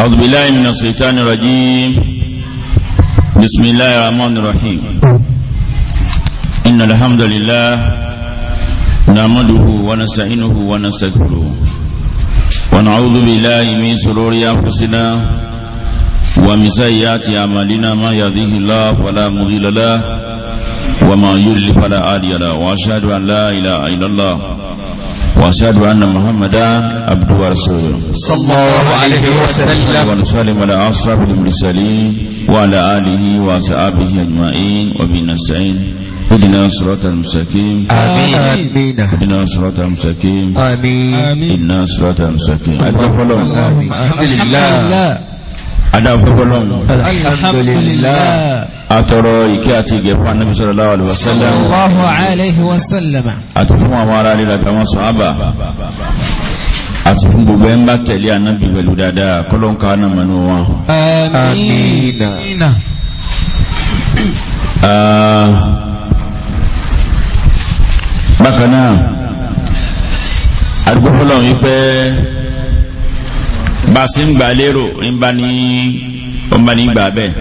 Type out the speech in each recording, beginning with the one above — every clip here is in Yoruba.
أعوذ بالله من الشيطان الرجيم بسم الله الرحمن الرحيم إن الحمد لله نعمده ونستعينه ونستغفره ونعوذ بالله من شرور أنفسنا ومن سيئات أعمالنا ما يهده الله فلا مضل له وما يضلل فلا هادي له وأشهد أن لا إله إلا الله وأشهد أن محمدا عبده ورسوله صلى الله عليه وسلم ونسلم على المرسلين وعلى آله وأصحابه أجمعين السعين اهدنا صراط المستقيم آمين اهدنا صراط المستقيم آمين اهدنا صراط المستقيم الحمد لله adáwọ̀fẹ́fọ́lọ́nù alhamdulillah àtọrọ ìkẹ́ àti ìgẹ̀fà náà sallallahu alaihi wasallam sallallahu alaihi wasallam àti fún àwọn ará rí ràtàwọn sọ́ábà àti fún gbogbo ẹ̀ ń bá tẹ̀lé ànábì bá sí ń gbà lérò ń bá ní ọmọ ní gbà bẹ́ẹ̀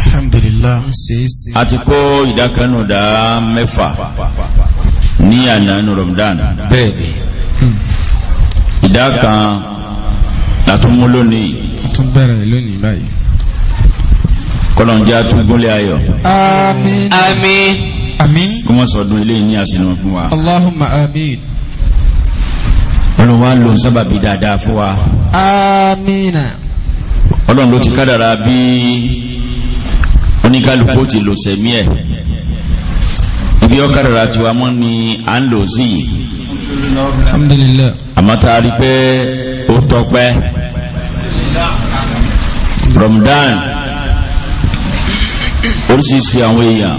alhamdulillah àti kó ìdákanùdá mẹ́fà ní ànánú Ramadan bẹ́ẹ̀ni ìdákan àtúnmú lónìí àtúnbẹ̀rẹ̀ lónìí báyìí kọlọ̀njá túnbúlẹ̀ ayọ̀ àmín àmín àmín kọmọ́sọ̀dún ilé ní àsìnà fún wa Allahumma àmín ọlọ́run wá lò sábàbí dáadáa fún wa amina ọlọ́run ló ti kádàrà bí oníkálukú ti lò sẹ̀mí ẹ̀ ibi ọkàdàrà tiwa mọ́ ni à ń lò sí yìí pé ó tọpẹ́ Ramadan oríṣiríṣi àwọn èèyàn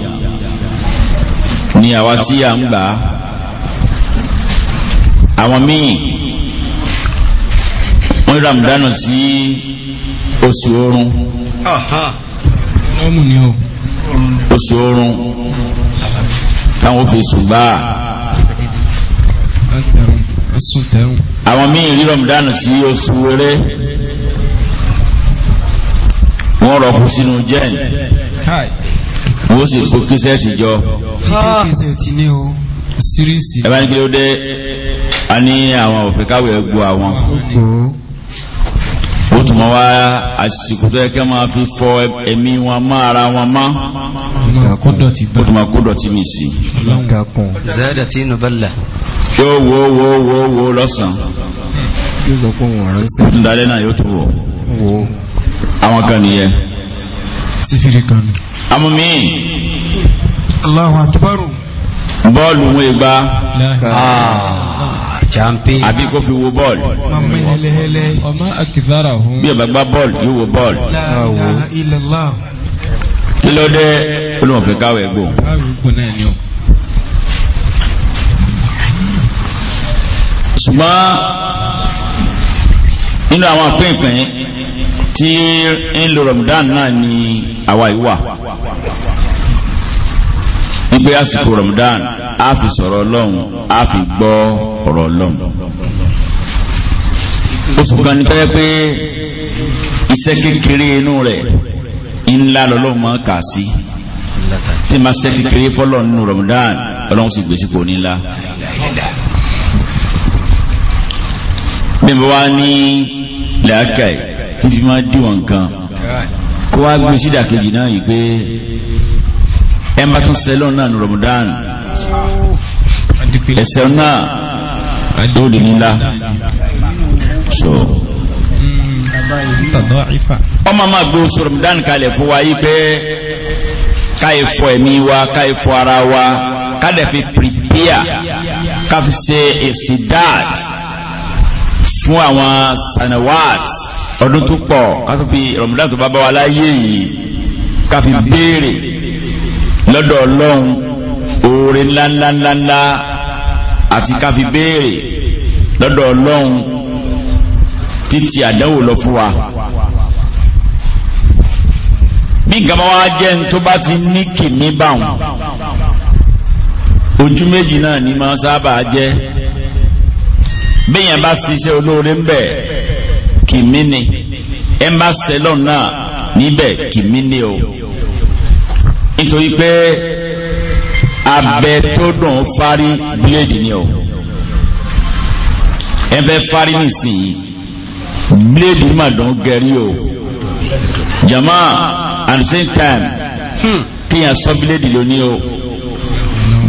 ni àwa tí a ń gbà àwọn míì wọ́n ramadanu sí oṣù oorun oṣù oorun táwọn fi ṣùgbà àwọn míì rí ramadanu sí oṣù eré wọ́n rọ̀kú sínú jẹ́n wọ́n sì kó kíṣẹ́ ẹ̀bá ní kí ló dé a ní àwọn òfin káwé ẹgbò àwọn ó túnmọ̀ wá àsìkò tó ẹkẹ́ máa fi fọ ẹ̀mí wọn má ara wọn má ó túnmọ̀ kó dọ̀tí mi sí zẹ́ẹ̀dẹ̀ tí inú bẹ́lẹ̀ yóò wo wo wo wo lọ́sàn ó tún dalẹ́ náà yóò tún wọ̀ àwọn kan nìyẹn amúmí Allahu akbaru bọ́ọ̀lù wọn ìgbà champion. àbí kó fi wo bọ́ọ̀lù. mama ilẹ̀lẹ̀. ọmọ akifara hun. bí ọba gbá bọ́ọ̀lù yóò wo bọ́ọ̀lù. láàá ah, ilẹ̀lá. kí ló dé olùwọ̀nfẹ́ káwẹ̀ gbò. ṣùgbọ́n nínú àwọn pínpín tí ń lo Ramadan náà ni àwa ìwà wípé àsìkò Ramadan a fi sọ̀rọ̀ ọlọ́run a fi gbọ́ ọ̀rọ̀ ọlọ́run oṣù kan ní pẹ́ pé iṣẹ́ kékeré inú rẹ̀ ńlá lọ́lọ́run máa kà sí tí ma ṣe kékeré fọ́lọ̀ nínú Ramadan ọlọ́run sì gbèsè kò ní ńlá bẹ́ẹ̀ wá ní làákàì tí fi máa díwọ̀n nǹkan kó wá gbèsè dàkejì náà yìí pé ẹ má tún sẹlọ náà ní Ramadan ẹsẹ náà ó nílá so ọmọ máa gbé oṣù Ramadan kalẹ̀ fún wa yí pé ẹ̀mí wa káìfọ ara wa kádẹ̀ fi prepare káfi ṣe ìsìdáàd fún àwọn sanawat ọdún tó pọ̀ káfi Ramadan tó bá bá wa láyé yìí káfi béèrè lọ́dọ̀ ọlọ́run oore ńláńláńláńlá àti káfí béèrè lọ́dọ̀ ọlọ́run títí àdánwò lọ fún wa bí nǹkan bá wá jẹ́ tó bá ti ní kìmí báwọn ojú méjì náà ni máa sábà jẹ́ bẹ́yẹn bá ṣiṣẹ́ olóore ń bẹ̀ kìmí ni ẹ má sẹ́lọ̀ náà níbẹ̀ kìmí ni o nítorí pé abẹ tó dùn fárí bíléèdì ni ọ ẹ fẹ́ fárí nísìnyí bíléèdì mà dùn gẹ̀rí o jama at the same time hmm. kí yàn sọ bíléèdì lóní o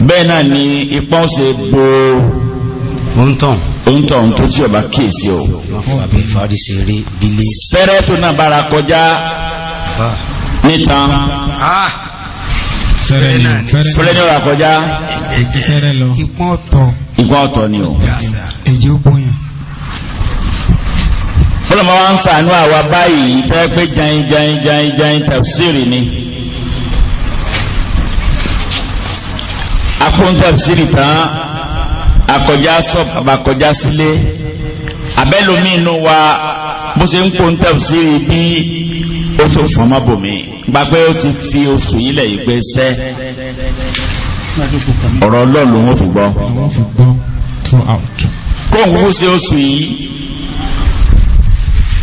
bẹ́ẹ̀ náà ni ipá ó ṣe bo oúntàn tó tí ọba kíyèsí o fẹ́rẹ́ tó náà bára kọjá ah. níta ah fẹ́rẹ́ ní ọ̀rà kọjá ìpọ́n ọ̀tọ̀ ni o èyí ó bóyàn fọ́lọ̀mọ́ wá ń sàánú àwa báyìí tẹ́ pé jain jain jain jain tafsiri ni akún tafsiri tán akọjá sọ́pù àbàkọjá sílé abẹ́lómi inú wa bó ṣe ń kó tafsiri bí ó tó fọmọ́ bòmíì gba pé ó ti fi oṣù yìí lẹ̀ yìí pé sẹ́ ọ̀rọ̀ ọlọ́run ló ń fi gbọ́ kóhùn kúkú sí oṣù yìí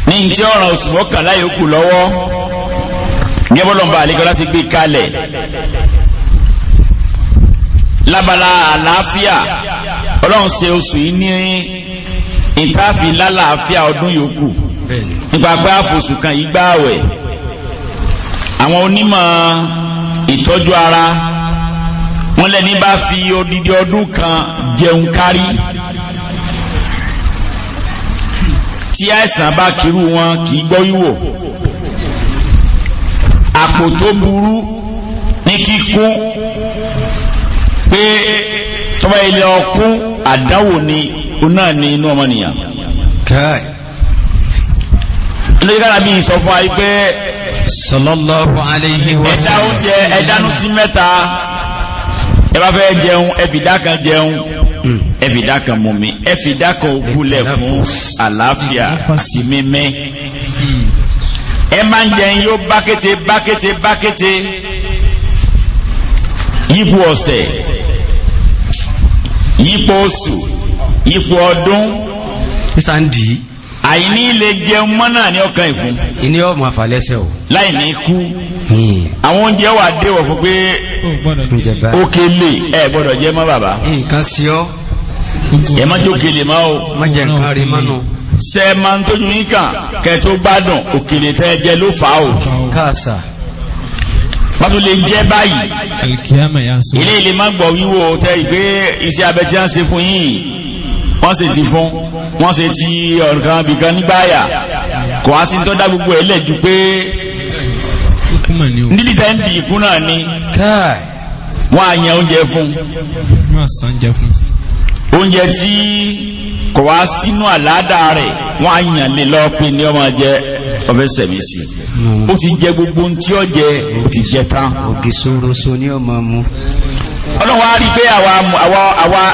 ní njẹ́ ọ̀ràn oṣù mọ́kànlá yòókù lọ́wọ́ gẹ́bọ́lọ́mbà àlekọ́ láti gbé kalẹ̀ lábala àlàáfíà ọlọ́run ṣe oṣù yìí ní ìtàfi lálàáfíà ọdún yòókù nípa pé àfòsù kan yìí gbáwẹ̀ àwọn onímọ̀ ìtọ́jú ara wọ́n lẹ́ni bá fi odidi ọdún kan jẹun kárí tí àìsàn bá kírú wọn kì í gbọ́ wíwò àpò tó burú ní kíkún pé tọ́wọ́ ilẹ̀ ọkún àdáwò ni ó náà ní inú ọmọnìyàn. káì lórí kára bí sọ fún ayé pé sallallahu alayhi wa sallam ẹ̀dá oúnjẹ ẹ̀dánú sí mẹ́ta ẹ bá fẹ́ jẹun ẹ̀fìdá kan jẹun hmm. ẹ̀fìdá kan mú mi ẹ̀fìdá kan ògúnlẹ̀ fún àlàáfíà àti mímí hmm. ẹ máa ń jẹun yóò bákété bákété bákété yípo ọ̀sẹ̀ yípo oṣù yípo ọdún. sísá àìní lè jẹun mọ́nà ní ọkàn ìfún ìní ọmọ àfàlẹ́sẹ̀ o láì ní kú hmm. àwọn oúnjẹ wà déwọ̀ fún pé òkèlè ẹ gbọ́dọ̀ jẹ mọ́ bàbá nǹkan sí ọ́ ẹ má jókèlè má o má jẹ nǹkan rí mọ́nà ṣe máa ń tójú yín kàn kẹ tó gbádùn òkèlè tẹ jẹ ló fà o káàsà wọ́n lè jẹ́ báyìí ilé ilé má gbọ̀ wíwò tẹ́ ìgbé iṣẹ́ abẹ tí a ń ṣe fún yìí wọ́n sì ti fún wọ́n sì ti ọ̀nkan abìkan nígbàyà kò á sí tó dá gbogbo ẹ̀lẹ̀ ju pé nílìtẹ̀ ń di ikú náà ni wọ́n á yan oúnjẹ fún oúnjẹ tí kò wá sínú àládà rẹ̀ wọ́n á yàn lè lọ pé ní ọmọ jẹ ọfẹ́ sẹ̀mí sí ó ti jẹ gbogbo tí ó jẹ ó ti jẹ tán ògìsoroso ní ọmọ mú ọlọ́wọ́ á rí pé àwa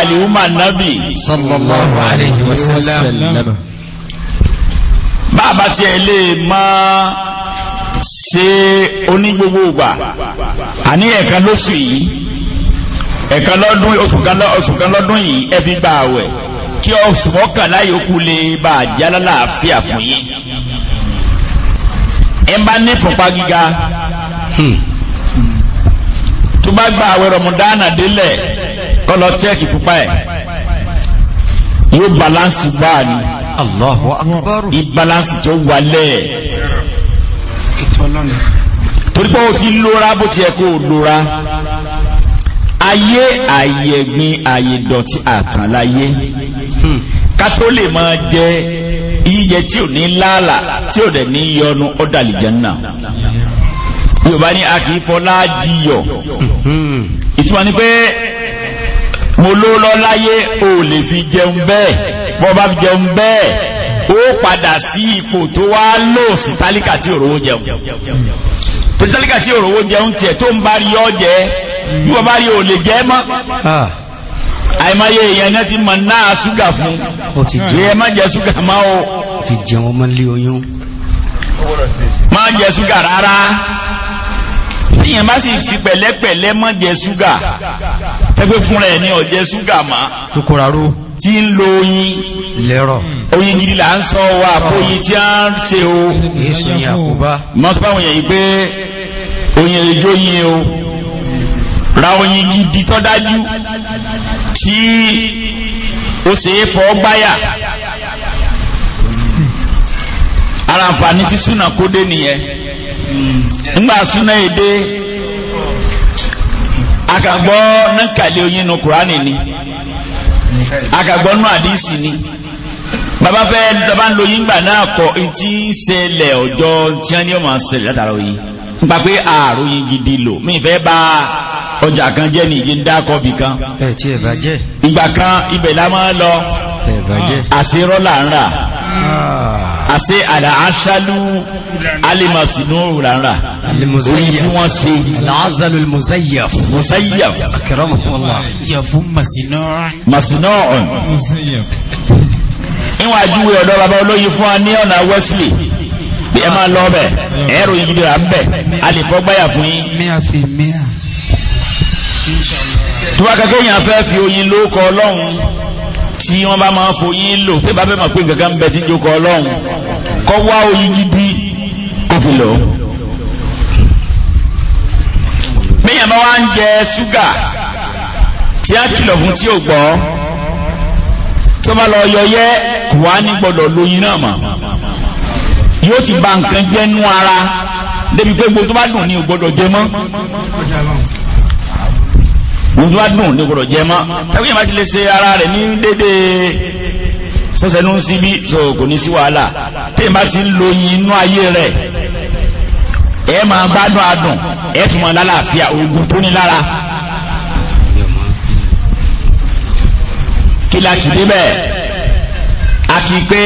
àlèhùmà nábì sallallahu alayhi wa sallam bàbá tí ẹ lè máa ṣe onígbogbo ìgbà àní ẹ̀kan lóṣù yìí ẹ̀kan lọ́dún oṣù kan lọ́dún yìí ẹbí gbà àwẹ̀ kí ọ sùmọ́kà láyòókù lè bá àjálá láàfíà fún yín ẹ bá ní fọ̀pá gíga hmm. tó bá gba àwẹ̀ rọmọdánà délẹ̀ kọ́ lọ chẹ́ẹ̀kì fúnpá ẹ̀ yóò balansi báà ni Akbar ìbalansi tó wálẹ̀ torípọ̀ ó ti lóra bó ti ẹ̀ kó lóra ayé àyẹ̀gbin àyèdọ̀tí àtàláyé hmm. ká tó lè máa jẹ iye tí ò ní láàlà tí ò dẹ̀ ní yọnu ọ̀dàlìjẹ́nà yorùbá ní akífọlá jiyọ̀ hmm. ìtumọ̀ ni pé mo ló lọ láyé o lè fi jẹun bẹ́ẹ̀ bọ́ bá fi jẹun bẹ́ẹ̀ ó padà sí ipò tó wá lò sí tálíkà tí òrówó jẹun tálíkà tí òrówó jẹun tiẹ̀ tó ń bá rí ọ jẹ́ bí bàbá rí ò lè jẹ́ mọ́ àìmáyé èèyàn náà ti mọ̀ náà ṣúgà fún ẹ má jẹ ṣúgà má o ti jẹun má lé oyún má jẹ ṣúgà rárá tíyàn bá sì fi pẹ̀lẹ́pẹ̀lẹ́ má jẹ ṣúgà tẹ́gbẹ́ fún rẹ̀ ní ọ̀jẹ́ ṣúgà má tukùràrú tí ń lo oyin lẹ́rọ̀ oyin gidi là ń sọ wà fóyí tí a ń ṣe o mọ́sípàwọn yẹ̀ yí pé oyin èjò yín o ra oyin gidi tó dájú tí ó ṣe é fọ́ gbáyà ara àǹfààní tí súnà kó dé nìyẹn ńgbà súnà èdè akagbọ́ nankali oyin nu kurani ni akagbọ́ nu àdìsí ni bàbá fẹ́ dọ́bà ń lo yín gbà náà kọ etí ń ṣẹlẹ̀ ọjọ́ tí wọ́n ní ọmọ látara oyin. nípa pé àròyìn gidi lò mí fẹ́ bá ọjà kan jẹ́ ní ìyí ń dákọ̀ bì kan ìgbà kan ibẹ̀ la máa lọ àṣẹ rọ́là ń rà ah. àṣẹ àdáṣálú alìmọ̀sínú rà ń rà orí tí wọ́n ṣe aláàzàlù musayyaf musayyaf akẹ́rọ̀mọ̀kọ́lá yẹ̀fún masinọ́ masinọ́ ọ̀n ìwọ̀n àjúwe ọ̀dọ́ bàbá olóyìn fún wa ní ọ̀nà Wesley ẹ máa lọ bẹ̀ ẹ̀rọ yìí dìrà ń bẹ̀ a lè fọ́gbáyà fún yín tó bá kẹ́kẹ́ yàn fẹ́ fi oyin ló kọ ọlọ́run tí wọ́n bá máa foyín lò tí bá fẹ́ mọ̀ pé gàgà ń bẹ tí ń jókòó ọlọ́run kọ́ wá oyin gidi kó fi lọ. bẹ́yàn bá wá ń jẹ ṣúgà tí a kìlọ̀ fún tí ò gbọ́ tó bá lọ yọ yẹ́ kò wá ní gbọ́dọ̀ lóyin náà mọ̀ yóò ti ba nǹkan jẹ́ nú ara débi pé gbogbo bá dùn ní o jẹ mọ́ gbogbo bá dùn ní o jẹ mọ́ tẹ́kùn yẹn bá ti lè ṣe ara rẹ̀ ní dédé sọ́sẹ̀nú síbí sọ kò ní sí wàhálà tẹ́yìn bá ti ń lo yin inú ayé rẹ̀ ẹ máa gbádùn adùn ẹ tún máa lálàáfíà oògùn tó ní lára kí la ṣì débẹ̀ àti pé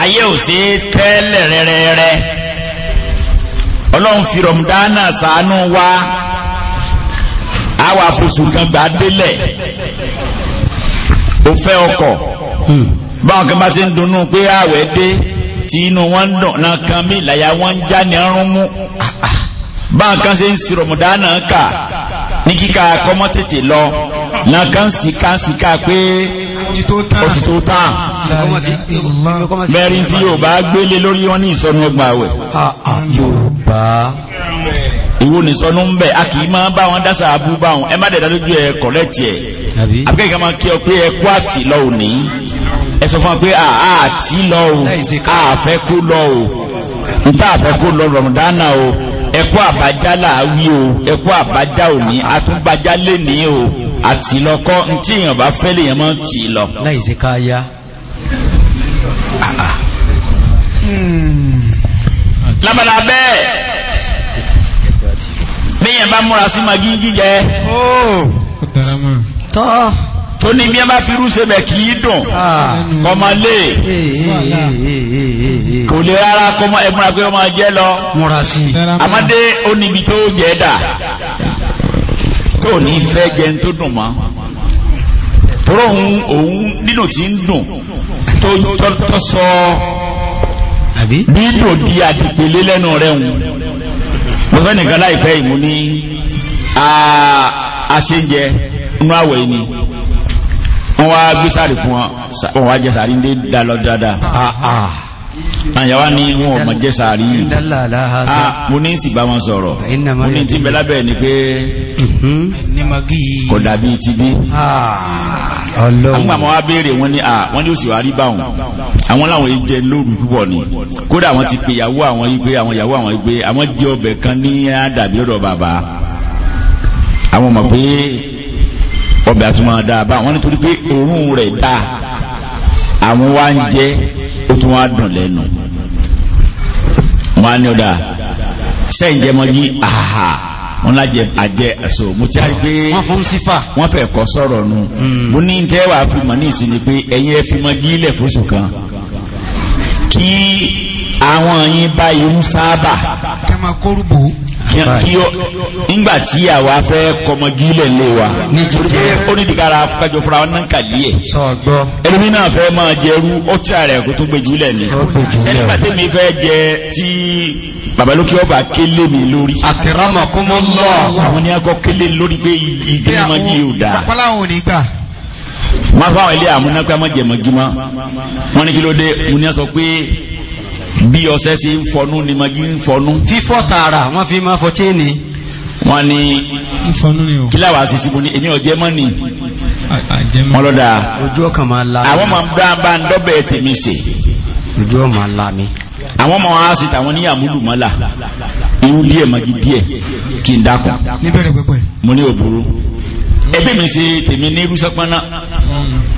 ayé ò sí tẹ́lẹ̀ rẹ́rẹ́rẹ́ ọlọ́run fi rọ̀mùdánà sàánú wá àwọn àfosù kan gbà délẹ̀ ó fẹ́ ọkọ̀ hmm. báwọn kan bá ṣe ń dunnú pé ààwẹ̀ dé tí inú wọn ń dùn náà kan mí ìlàyà wọn ń já ní ọrùn mú báwọn kan ṣe ń rọ̀mùdánà kà ní kíkà kọ́mọ́ tètè lọ náà kan sì ká sì ká pé. ti tó tán mẹ́rin tí yóò bá gbélé lórí wọ́n ní ìsọnù ọgbà àwẹ̀ ìwò nìsọnù ń bẹ̀ a kìí máa bá wọn dásà abú bá wọn ẹ má dẹ̀dá lójú ẹ kọ̀lẹ́tì ẹ̀ abẹ́kẹ̀kẹ́ máa kí ọ pé ẹ kú àtì lọ òní ẹ sọ fún wa pé àti lọ o àfẹ́ lọ o níta àfẹ́ lọ rọ̀mùdánà o ẹkú àbájá làáwí o ẹkú àbájá òní àtúgbájá lè ní o àtìlọkọ ntí èèyàn bá fẹ́ lèèyàn máa tì í lọ. láìsí ká yá. lábàlá bẹ́ẹ̀ bẹ́ẹ̀ yẹn bá múra sí magi jíjẹ. Oh. tọ́ tó ní bí ẹ bá fi rúṣe bẹ̀ kì í dùn ah. kọmọ lè eh, eh, eh, kò lè rárá kọmọ ẹgbùn àgbẹ̀ ọmọ jẹ́ lọ múra sí amadé ó níbi tó jẹ́ dà tó ní fẹ́ jẹ tó dùn mọ́ tọ́rọ òun nínú tí ń dùn tó sọ bí di àdìpèlé lẹ́nu rẹ̀ hùn mo fẹ́ nìkan láìpẹ́ ìmú ní àṣẹjẹ nínú àwẹ̀ ni wọ́n wá gbé sáré fún wọn wọ́n wá jẹ sáré ah, ah. ní dálọ́ dáadáa àyàwá ni wọn ò mọ̀ jẹ́ sáré ah, mo ní sì bá wọn sọ̀rọ̀ mo ní tí bẹ́lábẹ́ ni pé mm-hmm. kò dàbí ti bí àwọn àmọ́ wá béèrè wọn ni à wọ́n ní sì wá rí báwọn àwọn láwọn jẹ lóru púpọ̀ ni kódà àwọn ti pe ìyàwó àwọn yìí pé àwọn ìyàwó àwọn yìí pé àwọn jẹ ọbẹ̀ kan ní àdàbí lọ́dọ̀ bàbá àwọn mọ̀ pé ọbẹ̀ àtúmọ̀ dáadáa wọ́n nítorí pé òórùn rẹ̀ dáa àwọn wá ń jẹ́ ó tún wá dùn lẹ́nu wọ́n á ní ọ̀dà sẹ́yìn jẹmọ́gí àhà wọ́n lájẹ àjẹ àṣò mo ti rí pé wọ́n fún sífà wọ́n fẹ́ kọ́ sọ̀rọ̀ nu hmm. mo ní tẹ́wà fi mọ̀ ní ìsinmi pé ẹ̀yin ẹ fi mọ́ gílẹ̀ fóṣù kan kí àwọn yín báyìí ń sábà. kí a nígbà tí àwa fẹ́ kọmọgí ilẹ̀ lè wa ó ní dìkára kájọ fúnra wọn náà kàlí ẹ̀ ẹlòmí náà fẹ́ máa jẹrú ọtíra rẹ̀ kó tó gbèjú lẹ̀ ni ẹnìgbà tí mi fẹ́ jẹ tí babalókè ọba kélé mi lórí àtẹ̀rámọ̀kọ́mọ́lọ́ àwọn ní akọ kélé lórí pé ìdí ọmọdé yóò dáa wọ́n fáwọn ilé àmúnápẹ́ àmọ́jẹ̀mọ́júmọ́ wọ́n ní kí ló dé mo ní sọ pé bí ọ̀sẹ̀ sí ń fọnú ni magi ń fọnú fífọ́ tààrà wọ́n fi máa fọ chéènì wọ́n ní kíláwà sí síbú ní èmi ọ̀jẹ́ mọ́nì wọ́n lọ́dà ojú ọkàn máa la àwọn máa bá bá ń dọ́bẹ̀ tèmi sè ojú ọkàn máa mi àwọn máa wá sí tàwọn ní àmúlù mọ́là irú díẹ̀ magi díẹ̀ kí n dákọ̀ níbẹ̀rẹ̀ pẹ̀pẹ̀ mo ní òbúrú ẹbí mi ṣe tèmi ní irúsọ́pọ́nà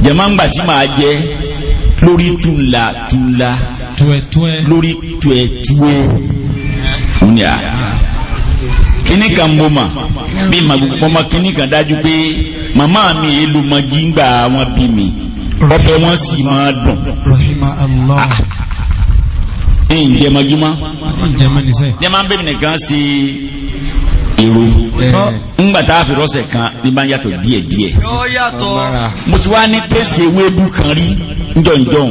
jẹ̀mọ́ ń gbà tí màá jẹ lórí tùlà tùlà lórí tuẹ̀tuẹ̀ ònìyà kíní kan bó ma bí màgbogbo ọmọ kíní kan dájú pé màmá mi èlò magi ń gbà wọn bí mi ọbẹ̀ wọn sì máa dùn ẹ̀yìn jẹ́ magímá jẹ́ máa ń bẹ̀rẹ̀ nìkan sí èrò ńgbàtà àfẹ́rọ́sẹ̀ kan ní bá ń yàtọ̀ díẹ̀díẹ̀ mo ti wá ní tẹ́sẹ̀ ewébú kan rí njọ̀njọ̀n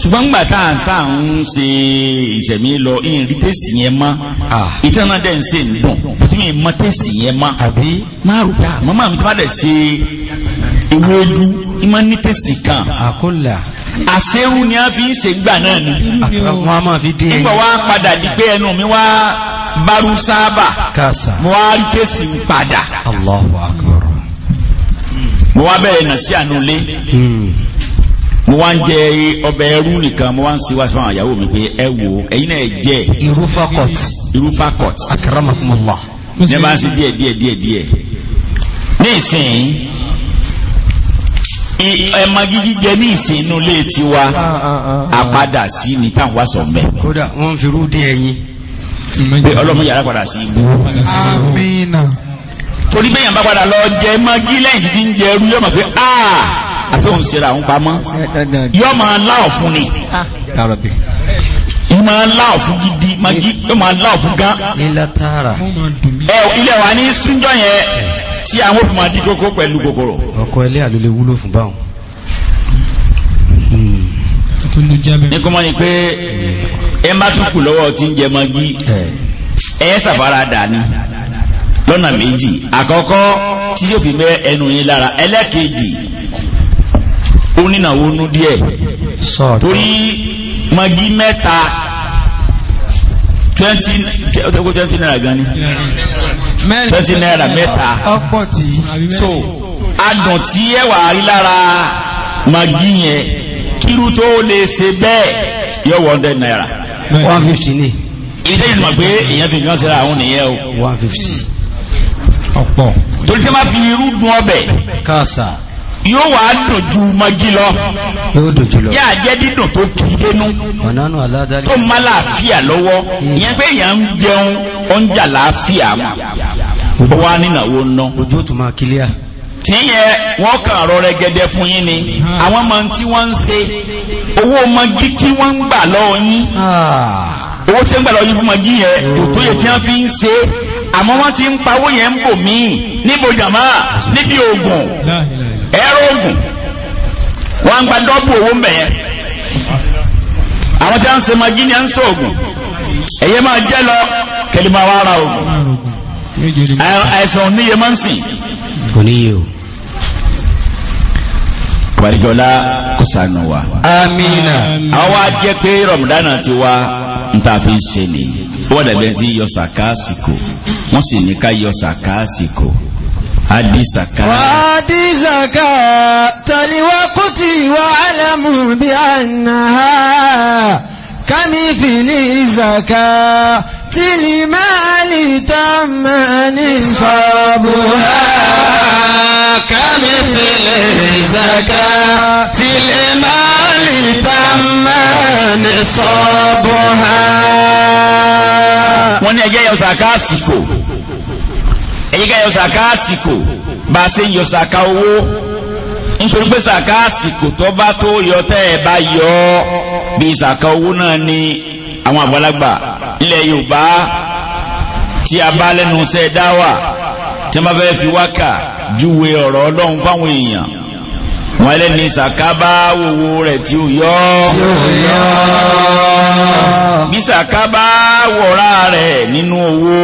ṣùgbọ́n gbà tá à ń sá ń ṣe ìṣẹ̀mí lọ ìyìn rí tẹ́sì yẹn mọ́ ìtẹ́nà dẹ̀ ń ṣe ń dùn tí mi mọ tẹ́sì yẹn mọ́ àbí máa rò pé àmọ́mọ́ mi tó bá dẹ̀ ṣe ewédú ìmọ̀ ní tẹ́sì kan àkólà àṣẹ́rù ni a fi ń ṣe gbà náà ni àtúnwá máa nígbà wá padà di pé ẹnu mi wá bárú sábà mo wá rí tẹ́sì padà Akbar mo wá bẹ̀rẹ̀ nà sí ànulé mo wá ń jẹ ọbẹ̀ ẹrú nìkan mo wá ń sí wá sí fáwọn ìyàwó mi pé ẹ wo ẹ̀yin náà jẹ irúfà court irúfà court akaramakumullah ní ẹ máa ń sí díẹ̀ díẹ̀ díẹ̀ díẹ̀ ní ìsìn ẹ̀ma gígí jẹ ní ìsinú lé ti wa àpadà ah, ah, ah, sí ní táwọn wá sọ mẹ́. kódà wọ́n fi rú dé pé ọlọ́mọ yàrá padà sí ibú. amina. torí bẹ́yàn bá padà lọ jẹ mọ́gí lẹ́yìn títí ń jẹ ẹrú yọ̀mọ̀ pé aaa àti òun ṣe ra òun pamọ́ yóò máa láọ̀ fún ni yóò máa láọ̀ fún gidi magi yóò máa láọ̀ fún gan ẹ ilẹ̀ wa ní súnjọ́ yẹn tí àwọn òfin máa dí kókó pẹ̀lú kòkòrò. ọkọ ilé àlólè wúlò fún báwọn ní kọ́mọ́ ni pé ẹ má tún lọ́wọ́ tí ń jẹ magi ẹ sàfara dání lọ́nà méjì àkọ́kọ́ tí yóò fi bẹ́ ẹnu yín lára ẹlẹ́kejì ó nínàwó nú díẹ̀ torí magi mẹ́ta 20 naira gan ni 20 naira mẹ́ta so adùn tí ẹwà rí lára magi yẹn kírú tó lè ṣe bẹ́ẹ̀ yọ 100 naira 150 ni ilé ìlú mọ̀ pé èyàn fi gán síra àwọn nìyẹn o 150 ọ̀pọ̀ torí tí wọ́n fi irú dùn ọbẹ̀ káàsà yóò wà dòjú mọ́jí lọ yóò dòjú lọ yáà jẹ́ dídùn tó kìí dénú tó má láàfíà lọ́wọ́ hmm. ìyẹn pé èèyàn ń jẹun oúnjẹ láàfíà mọ́ ó wá nínàwó ná ojú tó máa kílíà tí yẹ wọ́n kàn rọ rẹ̀gẹ̀dẹ̀ fún yín ni àwọn máa ń tí wọ́n ń ṣe owó mọ́jí tí wọ́n ń gbà lọ́wọ́ yín ah. owó tí ń gbà lọ́wọ́ yín yẹn kò tó yẹ tí wọ́n fi ń ṣe àmọ́ wọ́n ti ń pawó yẹn ń bò míì níbo jàmá níbi oògùn ẹ̀rọ ogun wọ́n ń gba dọ́bù owó mẹ́yẹ àwọn tí a ń ṣe magi ni a ń sọ ogun ẹ̀yẹ máa jẹ́ lọ kẹ́lí máa wá ara ogun àìsàn oníye máa ń sìn oníye o wàríjọlá kò sànù wa amina àwọn a jẹ́ pé rọ̀mùdánà ti wá ń ń ṣe nìyí ó wà dàbí yọ sàkáàsìkò wọ́n sì ní ká yọ sàkáàsìkò hadisaka hadisaka taliwakuti wa alamu bi annaha kami fili zaka tilimali tamani sabuha kami fili zaka tilimali tamani sabuha wọ́n ní ẹjẹ́ yọ sàkásìkò ẹ̀yíká yọ sàká àsìkò bá a ṣe yọ sàká owó nítorí pé sàká àsìkò tó bá tó yọ tẹ́ ẹ bá yọ ọ́ bí sàká owó náà ni àwọn àgbàlagbà ilẹ̀ Yorùbá tí a bá lẹ́nu sẹ́ dáwà tí wọ́n bá fẹ́ fi wákà júwe ọ̀rọ̀ Ọlọ́run fáwọn èèyàn wọ́n lè ní sàkábá wòwò rẹ̀ tí ó yọ́ bí sàkábá wọ̀rá rẹ̀ nínú owó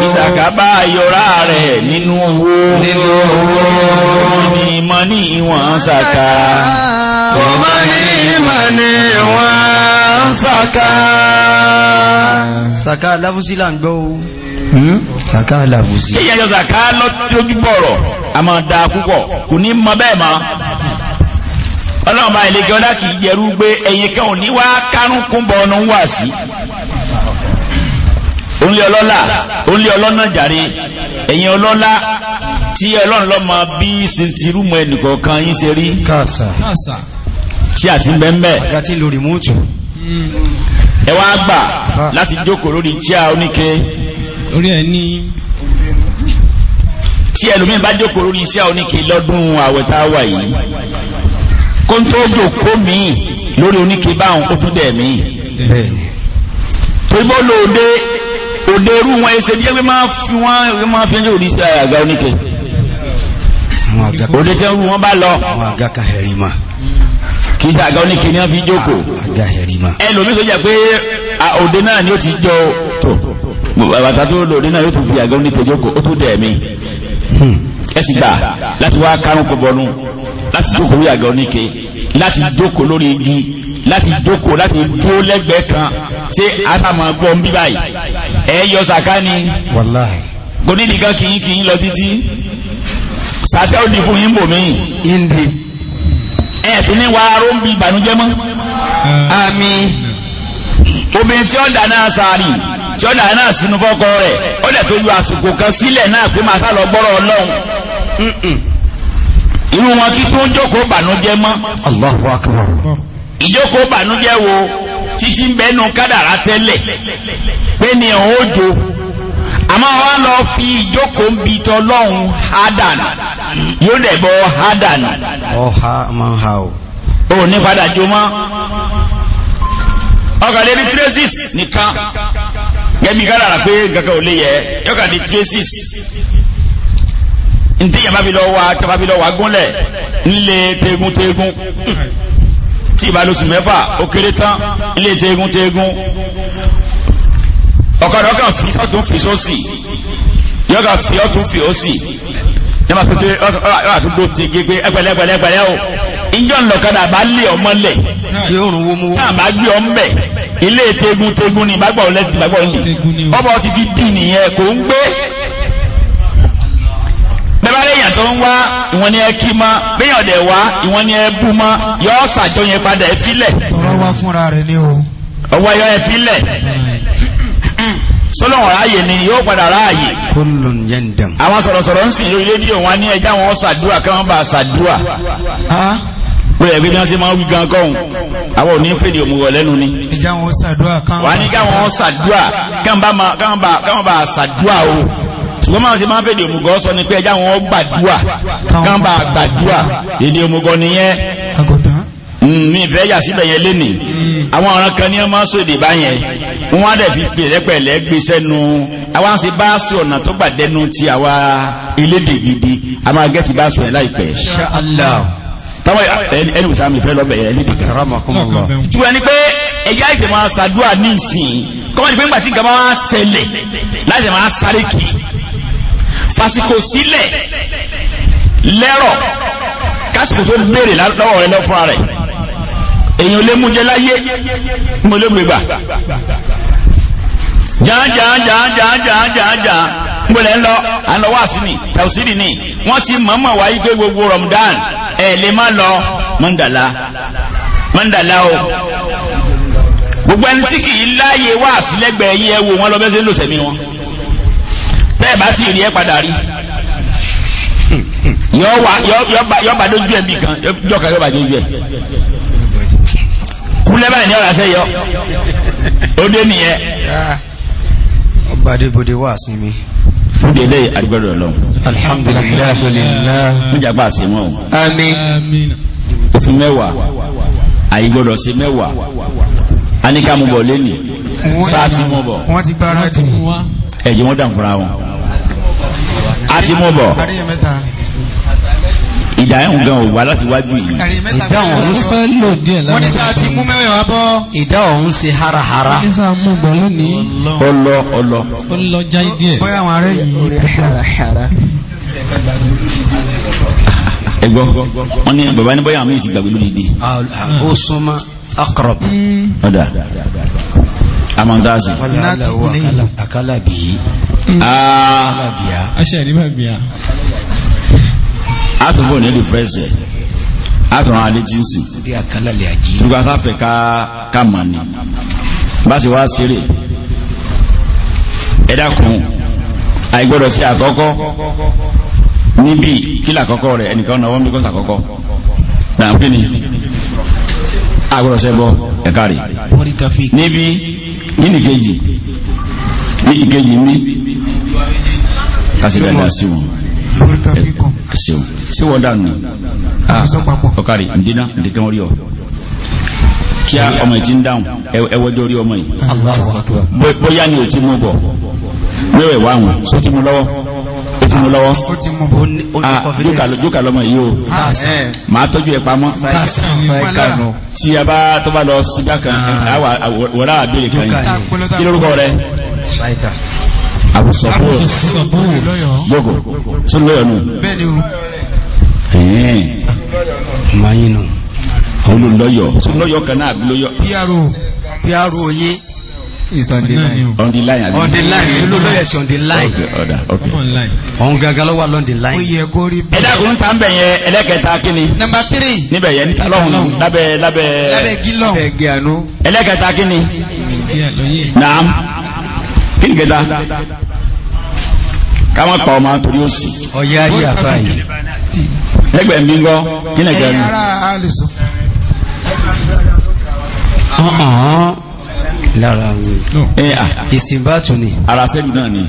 bí sàkábá yọ̀rá rẹ̀ nínú owó ní ìmọ̀ ní ìwọ̀n sàká ọmọ ní ìmọ̀ ní ìwọ̀n sàká sàká lábúsílà ń gbọ́ Hmm? kàkà àlàbùsí. kí ìyàjọ zàká lójúbọ̀rọ̀ a máa da púpọ̀ kò ní mọ bẹ́ẹ̀ mọ́ ọlọ́run bá ilé gẹ́ọ́dá kì í jẹ́rú gbé ẹ̀yìn kan ò ní wá kárùnkún bọ̀ ọ̀nà ń wà sí ònlé ọlọ́lá ònlé ọlọ́nà jàre ẹ̀yin ọlọ́lá tí ọlọ́run lọ́mọ bí sintirúmọ̀ ẹnìkọ̀ọ̀kan yín ṣe rí. káàsà tí àti bẹ́ẹ̀ bẹ́ẹ̀. àgàtì lori mọ́tò. Hmm ẹ wá gbà láti jókòó lórí chair oníke lórí ẹ ní tí ẹlòmíín bá jókòó lórí chair oníke lọ́dún àwẹ̀ tá a wà yìí kó n tó jókòó míì lórí oníke báwọn ó tún dẹ̀ míì torí bó lóde òde irú wọn ẹsẹ díẹ̀ pé máa fi wọn máa fi ẹjọ́ òdí sí àga oníke òde tí wọn bá lọ kìí ṣe àga oníkè ní wọ́n fi jókòó ẹlòmí tó jẹ́ pé òde náà ni ó ti jọ tó bàbàtà tó lòde náà yóò tún fi àga oníkè jókòó ó tún dẹ̀ mí hmm. ẹsì gbà láti wá kárùn kó bọnú láti jókòó lórí àga oníkè láti jókòó lórí igi láti jókòó láti dúró lẹ́gbẹ̀ẹ́ kan ṣé àtàmọ̀ gbọ́ ń bí báyìí ẹ yọ sàká ni kò ní nìkan kìí kìí lọ títí sàtẹ́ òdì fún yín bò ẹ̀fì ní wa aró ń bi ìbànújẹ́ mọ́ àmì obìnrin tí ó dáná sàárì tí ó dáná sínú fọ́kọ rẹ̀ ó dẹ̀ tó ju àsìkò kan sílẹ̀ náà pé màá sá lọ gbọ́rọ̀ ọlọ́run irú wọn kí tó ń jókòó bànújẹ́ mọ́ Allahu ìjókòó bànújẹ́ wo títí ń bẹ́nu kádàrá tẹ́lẹ̀ pé ni òun ó àmọ́ wọ́n lọ fi ìjókòó ń bi tọ́lọ́hun hadan yóò dẹ̀bọ̀ hadan ọha máa ha o ó ní padà jó mọ́ ọkàlẹ̀ ní traces nìkan gẹ́bí kára pé gàgà ò lè yẹ yọkà ní traces ntí yàrá bí lọ wá tàbá bí lọ wá gúnlẹ̀ ńlẹ̀ tegun-tegun tí ìbálòsùn mẹ́fà ó kéré tán ńlẹ̀ tegun-tegun ọ̀kadà ọkà fi sọ́tún fi sósì yọ́gà fi ọ̀tún fi òsì ní ma tuntun ọ̀rọ̀ àtúgbò ti gbégbé ẹgbẹ̀lẹ́gbẹ̀lẹ́gbẹ̀lẹ́ o ìjọ ńlọ̀kadà bá lé ọmọ lẹ̀ náà bá gbé ọmọ bẹ̀ ilé tegun tegun ni ìbágbọ̀ ọ̀lẹ́dì ìbágbọ̀ ọ̀lẹ́dì ọba ti fi dì nìyẹn kò ń gbé bẹ́bá lẹ́yìn tó ń wá ìwọ̀n ni ẹ kí ma bẹ́yàn dẹ̀ wá ìwọ̀n ni ẹ bú ma yọ́ sàjọyẹn padà ẹ fílẹ̀ ọwọ́ yọ ẹ fílẹ̀ sọ́lọ́wọ̀n ráyè ni yóò padà ráyè àwọn sọ̀rọ̀sọ̀rọ̀ ń sìn lórílẹ̀ ní òun ní ẹjá wọn sàdúà kí wọ́n bá sàdúà pé ẹ̀bí náà sí máa wí gan kọ́hùn àwọn ò ní fèdè òmùwọ̀ lẹ́nu ni wà ní ká wọn sàdúà káwọn bá sàdúà o ṣùgbọ́n máa ṣe máa fèdè òmùgọ̀ sọ ni pé ẹjá wọn gbàdúà káwọn bá gbàdúà mi fẹ́ yà síbẹ̀ yẹn lénìí àwọn ọ̀ràn kan ní ọmọ sóde báyẹn wọ́n á dẹ̀ fi pẹ̀lẹ́pẹ̀lẹ́ gbé sẹ́nu àwọn àti báàsù ọ̀nà tó gbà dẹnu ti àwa elédè gidi a máa gẹ́ ti báàsù ẹ̀ láìpẹ́. ẹni wùsà mi fẹ́ lọ́bẹ̀ yẹn lédè gidi. ju ẹni pé ẹ̀yà ìgbẹ́ máa ní ìsìn kọ́mọ̀ ní pé ńgbà máa ṣẹlẹ̀ láti máa sáré kì fásikò sílẹ̀ lẹ́rọ̀ kásìkò tó béèrè lọ́wọ́ rẹ lọ́fọ́ra rẹ̀ èyàn lè mú jẹ láyé mo lè mú ìgbà jàǹjàǹjàǹjàǹjàǹjàǹjà gbọ́lẹ̀ ń lọ àlọ́wà sí ni tàùsírì ni wọ́n ti mọ̀mọ̀ wáyé pé gbogbo Ramadan ẹ̀ lè má lọ mọ́ndàlá mọ́ndàlá o gbogbo ẹni tí kìí láàyè wá sílẹ́gbẹ̀ẹ́ yẹ wo wọn lọ bẹ́sẹ̀ ń lò sẹ̀mí wọn tẹ́ẹ̀ bá ti rí ẹ padà rí yọ bá dójú ẹ̀ bì kan yọ kà yọ bá dójú ẹ̀ kúlẹ́bà ní ọ̀rọ̀ àṣẹyọ ó dé nìyẹn. ọba adébọdé wà sí mi. fúdé ilé àdúgbòdò lọ. alhamdulilayi. níjà pa sí mẹ́wàá a ní ká mú bọ̀ lẹ́nì sáà ti bọ̀. wọ́n ti gbára jù. ẹ̀jẹ̀ wọ́n dàn fúnra wọn. a ti mú bọ̀ ìdáhùn gan ò wá láti wájú yìí ìdáhùn ọ̀hún fẹ́ lò díẹ̀ lára wọ́n ní sáà ti mú mẹ́rin wá bọ́ ìdáhùn ọ̀hún harahara ní sáà mú bọ̀ lónìí ọlọ hmm. ah. aṣẹ́ ìdíbàgbìyà Ataụnụ n'edipresịa atụ na adịtụ isi lụgasafụ ka ka maa nri. Ba si wasiri ịdakwu ayigbo ndọsị akọkọ n'ibi kila akọkọ ọrụ ndị ndị nke na ọ bụ ndị nkọsi akọkọ na nkwenye ayigbo ndọsị ọrụ n'ibi ndị keji ndị nkeji nri kasị ga ndị asị wu. lórí tàbí kan sí ah, wọ́n dànù ọkàrí ǹdínà ǹdíkan orí ọ kí a ọmọ ìtí ń dáhùn ẹwọ́jọ́ orí ọmọ yìí bóyá ni ò ti mú bọ̀ wẹ́wẹ̀ wà wọn só ti mú lọ́wọ́ ó ti mú lọ́wọ́ ah, jókà lọ́mọ yìí o eh. máa tọ́jú ẹ̀ pamọ́ tí a bá tó bá lọ sígbà kan wọ́n á béèrè kan yìí kí lórúkọ rẹ àbúsọ̀pọ̀ gbogbo tó lọ́yọ̀ nù ẹ̀yìn mayinu olùlọ́yọ̀ tó lọ́yọ̀ kan náà lọ́yọ̀ pr oye is on the line on the line on the line olùlọ́yọ̀ sí on the line on gangan ló wà lọ́n line oyè kò rí bẹ́ẹ̀ ẹ̀dá kò ń ta ń bẹ̀ yẹn ẹlẹ́kẹta number three níbẹ̀ yẹn níta lọ́hùn lábẹ́ lábẹ́ lábẹ́ gílọ̀n ẹlẹ́kẹta kíni naam kí ni kẹta káwọn pa ọmọ torí ó sì. ọ̀yá rí àfa yìí. ẹgbẹ́ mi ń gọ́ kí ni ẹgbẹ́ mi. lára ìsìnbátù ni. ara sẹ́lù náà ni.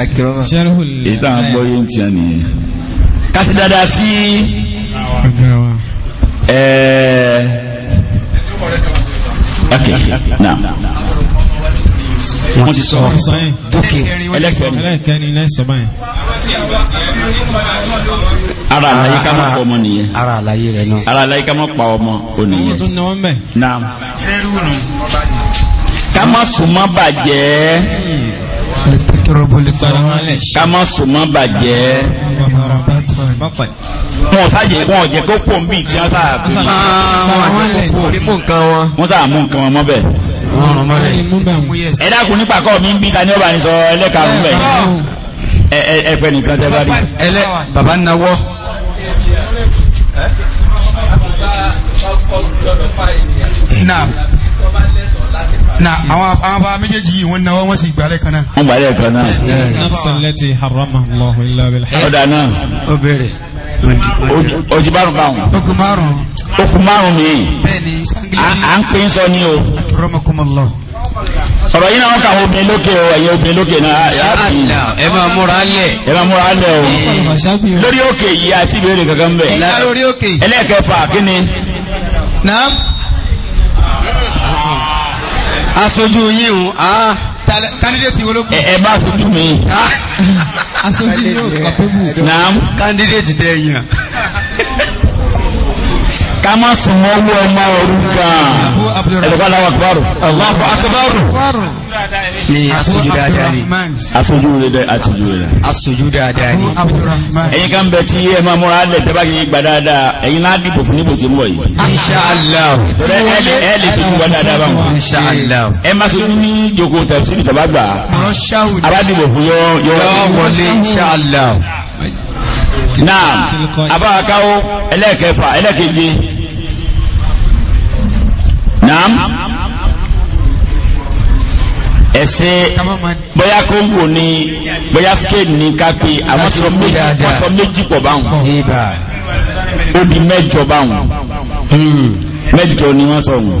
èyí táwọn gbọ́ yé ń tiẹ̀ nìyẹn. kásì dáadáa sí ẹ̀ẹ́ okay now wọ́n ti sọ tókè ẹlẹ́kẹ̀ẹ́ni ara àlàyé ká mọ́ ọmọ nìyẹn ara àlàyé rẹ̀ náà ara àlàyé ká mọ́ pa ọmọ ònìyẹn ká má sùn bàjẹ́ ká má sùn mọ́ bàjẹ́ wọn sáàjẹ́ wọn jẹ́ kó pò ń tí wọ́n sáà wọ́n sáà mú nǹkan wọn mọ́ bẹ̀ ẹ̀dá kùn nípa kọ́ mi ń bí ta ní ọba ní sọ ẹlẹ́karùn-ún bẹ̀ ẹ̀pẹ̀ nìkan tẹ́ bá rí bàbá náwọ́ náà na àwọn àbá méjèèjì yìí wọ́n náwọ́ wọ́n sì gbálẹ̀ kan náà wọ́n gbálẹ̀ kan náà nafsalati harama allahu illa bil ọ̀dà náà ó bẹ̀rẹ̀ ojú márùn báwọn okùn márùn okùn márùn mi à ń pín sọ ní o ọ̀rọ̀ yìí náà wọ́n kàwọn obìnrin lókè o ẹ̀yẹ obìnrin lókè náà ẹ máa múra lẹ̀ ẹ máa múra lẹ̀ o lórí òkè yìí àti ìbéèrè kankan bẹ̀ ẹlẹ́ẹ̀kẹfà kí ni. naam aṣojú yíhun àá kandidate ológun ẹ bá aṣojú mi ah. aṣojú yóò kọ̀pẹ́bù náà kandidate tẹ́yìn ká má sùn mọ́ owó ọmọ òrukàn ẹ̀lọ́gbà láwọ̀ akọbárò Allahu akọbárò ni aṣojú dáadáa ni aṣojú rẹ̀ àtijọ́ rẹ̀ aṣojú dáadáa ni ẹ̀yin kan bẹ tí ẹ máa múra lẹ̀ tẹ́bá kìí gbà dáadáa ẹ̀yin náà dìbò fún níbo tí ń bọ̀ yìí. Inshallah ẹ lè sojú wa dáadáa bá wọn. Inshallah ẹ má sojú ní jòkó tẹ̀sílì tàbá gbà aládìbò fún yọ yọ wọlé Inshallah náà abáwakáwó ẹlẹ́ẹ̀kẹfà ẹlẹ́ẹ̀keje naam ẹ̀sìn bóyá kóńgò ni bóyá spain ni ká pé àwọn sọ méjì wọ́n sọ méjì pọ̀ báwọn ó di mẹ́jọ báwọn hmm. mẹ́jọ ni wọ́n sọ wọn.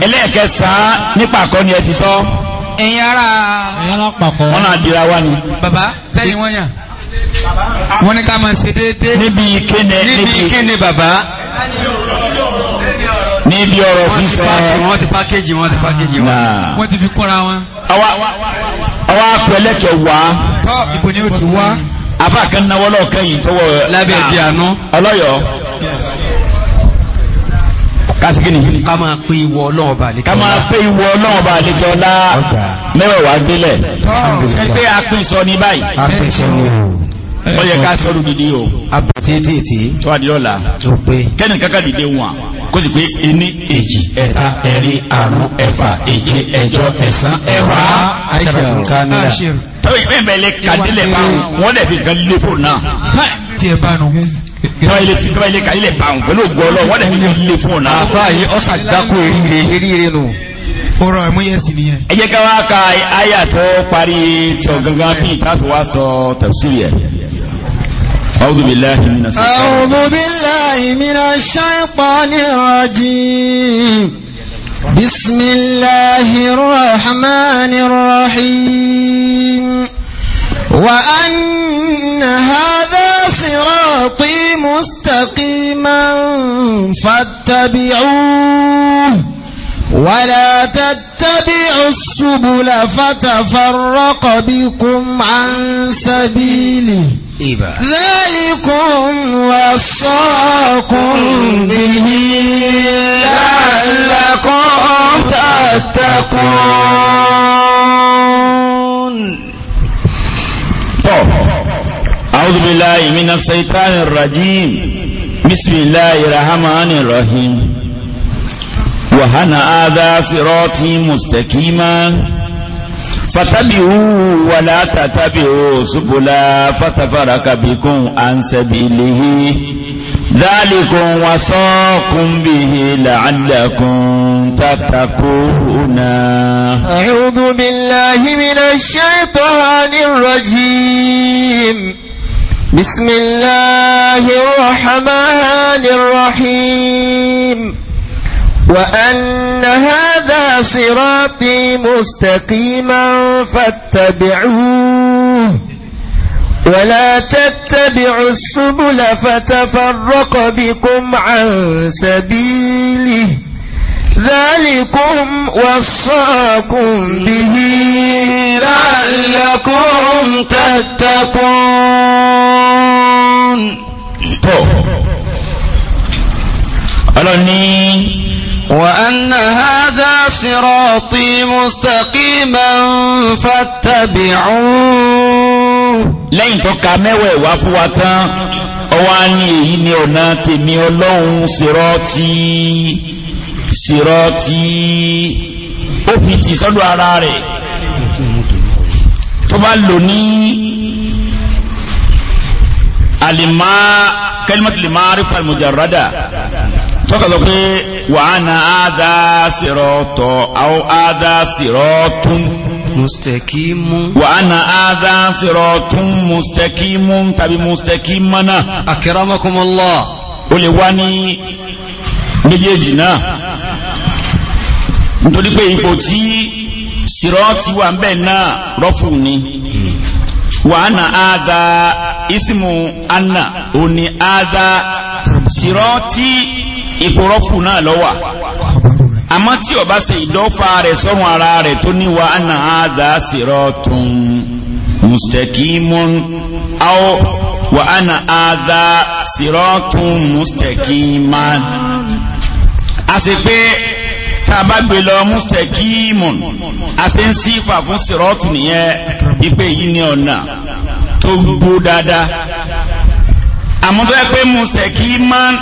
ẹlẹ́ẹ̀kẹsàn-án nípa àkọ́ni ẹ ti sọ. ẹ̀yin ara wọn náà dira wa ni. baba sẹ́yìn wọ́n yàn wọ́n ní ká máa ṣe déédéé níbi ìkéne baba níbi ọ̀rọ̀ fífẹ́ wọ́n ti pákéjì wọ́n ti pákéjì wọ́n ti fi kọ́ra wọn. àwa pẹ̀lẹ́kẹ̀ wá. tọ́ ìbò ni ó ti wá. àbá kan náwó lọ́ọ̀kan yìí tọwọ́ lábẹ́ ìdí àná. ọlọ́yọ̀. kásìkì ni. ká máa pé ìwọ ọlọ́wọ́ bá àlejò ọlá. ká máa pé ìwọ ọlọ́wọ́ bá àlejò ọlá mẹ́wẹ̀ẹ̀wá délẹ̀. tọ́ ṣe pé a pín sọ ní báyìí. a pín sọ ní o ó yẹ ká sọ́rù gidi o àbàtẹ́tẹ́tẹ́ tó wà ní ọ̀la tó pé kẹ́nì kákà dìde wọn kó sì pé ení èjì ẹ̀ta ẹ̀rin àrún ẹ̀fà èje ẹ̀jọ ẹ̀sán ẹ̀wá àṣàrùn kámẹ́rà tọ́wọ́ ìpẹ́ẹ̀mẹ́lẹ́ kàdílẹ̀ bá wọn lẹ̀ fi gan lílé fò náà tí ẹ bá nù tọ́wọ́ ilé fi tọ́wọ́ ilé kàdílẹ̀ bá wọn pẹ̀lú ògbọ́ ọlọ́ wọn lẹ̀ fi gan lílé fò náà àfáà yìí ọ̀sà dákú eríire eríire nù ọ̀rọ̀ àmúyẹ̀sì nìyẹn. ẹ jẹ́ ká wá ka àyà tó parí tó gangan bí ìtàfi wá sọ tafsiri ẹ̀. أعوذ بالله من الشيطان أعوذ بالله من الشيطان الرجيم بسم الله الرحمن الرحيم وأن هذا صراطي مستقيما فاتبعوه ولا تتبعوا السبل فتفرق بكم عن سبيله ذلكم وصاكم به لعلكم تتقون أعوذ بالله من الشيطان الرجيم بسم الله الرحمن الرحيم وهنا هذا صراطي مستقيما فتبعوا ولا تتبعوا سبلا فتفرق بكم عن سبيله ذلكم وصاكم به لعلكم تتقون أعوذ بالله من الشيطان الرجيم بسم الله الرحمن الرحيم وأن هذا صراطي مستقيما فاتبعوه ولا تتبعوا السبل فتفرق بكم عن سبيله ذلكم وصاكم به لعلكم تتقون طيب. وأن هذا صراطي مستقيما فاتبعوه lẹ́yìn tó ka mẹ́wẹ̀ẹ̀wá fún wa tán ó wá ní èyí ni ọ̀nà tèmi ọlọ́run sírọ́ọ̀tì sírọ́ọ̀tì ó fi tì sọ́dọ̀ ara rẹ̀ tó bá lò ní alima kalimatul ma'arifa al-mujarrada sọ́kàtọ̀ pé wàhánà ádá sírọ́tọ̀ àwọn ádá sírọ́tún mustakimu wàhánà ádá sírọ́tún mustakimu tàbí mustakimana akiramakumullah o lè wá ní méjèèjì náà nítorí pé ipò tí sírọ́tì wà ń náà rọ́fù ni wàhánà ádá ismu anna òní ádá sírọ́tì ipò rọ́fù náà lọ́wà àmọ́ tí ọba ṣe ìdọ́fà rẹ̀ sọ́run ara rẹ̀ tó níwa ana àdá siratun mustaqimun aw wa ana àdá siratun mustaqiman a sì pé tàbá gbé lọ mustaqimun a sì ń sífà fún sirọ́tù nìyẹn ipe yìí ní ọ̀nà tó gbó dáadáa àmọ́ tó pé mustaqiman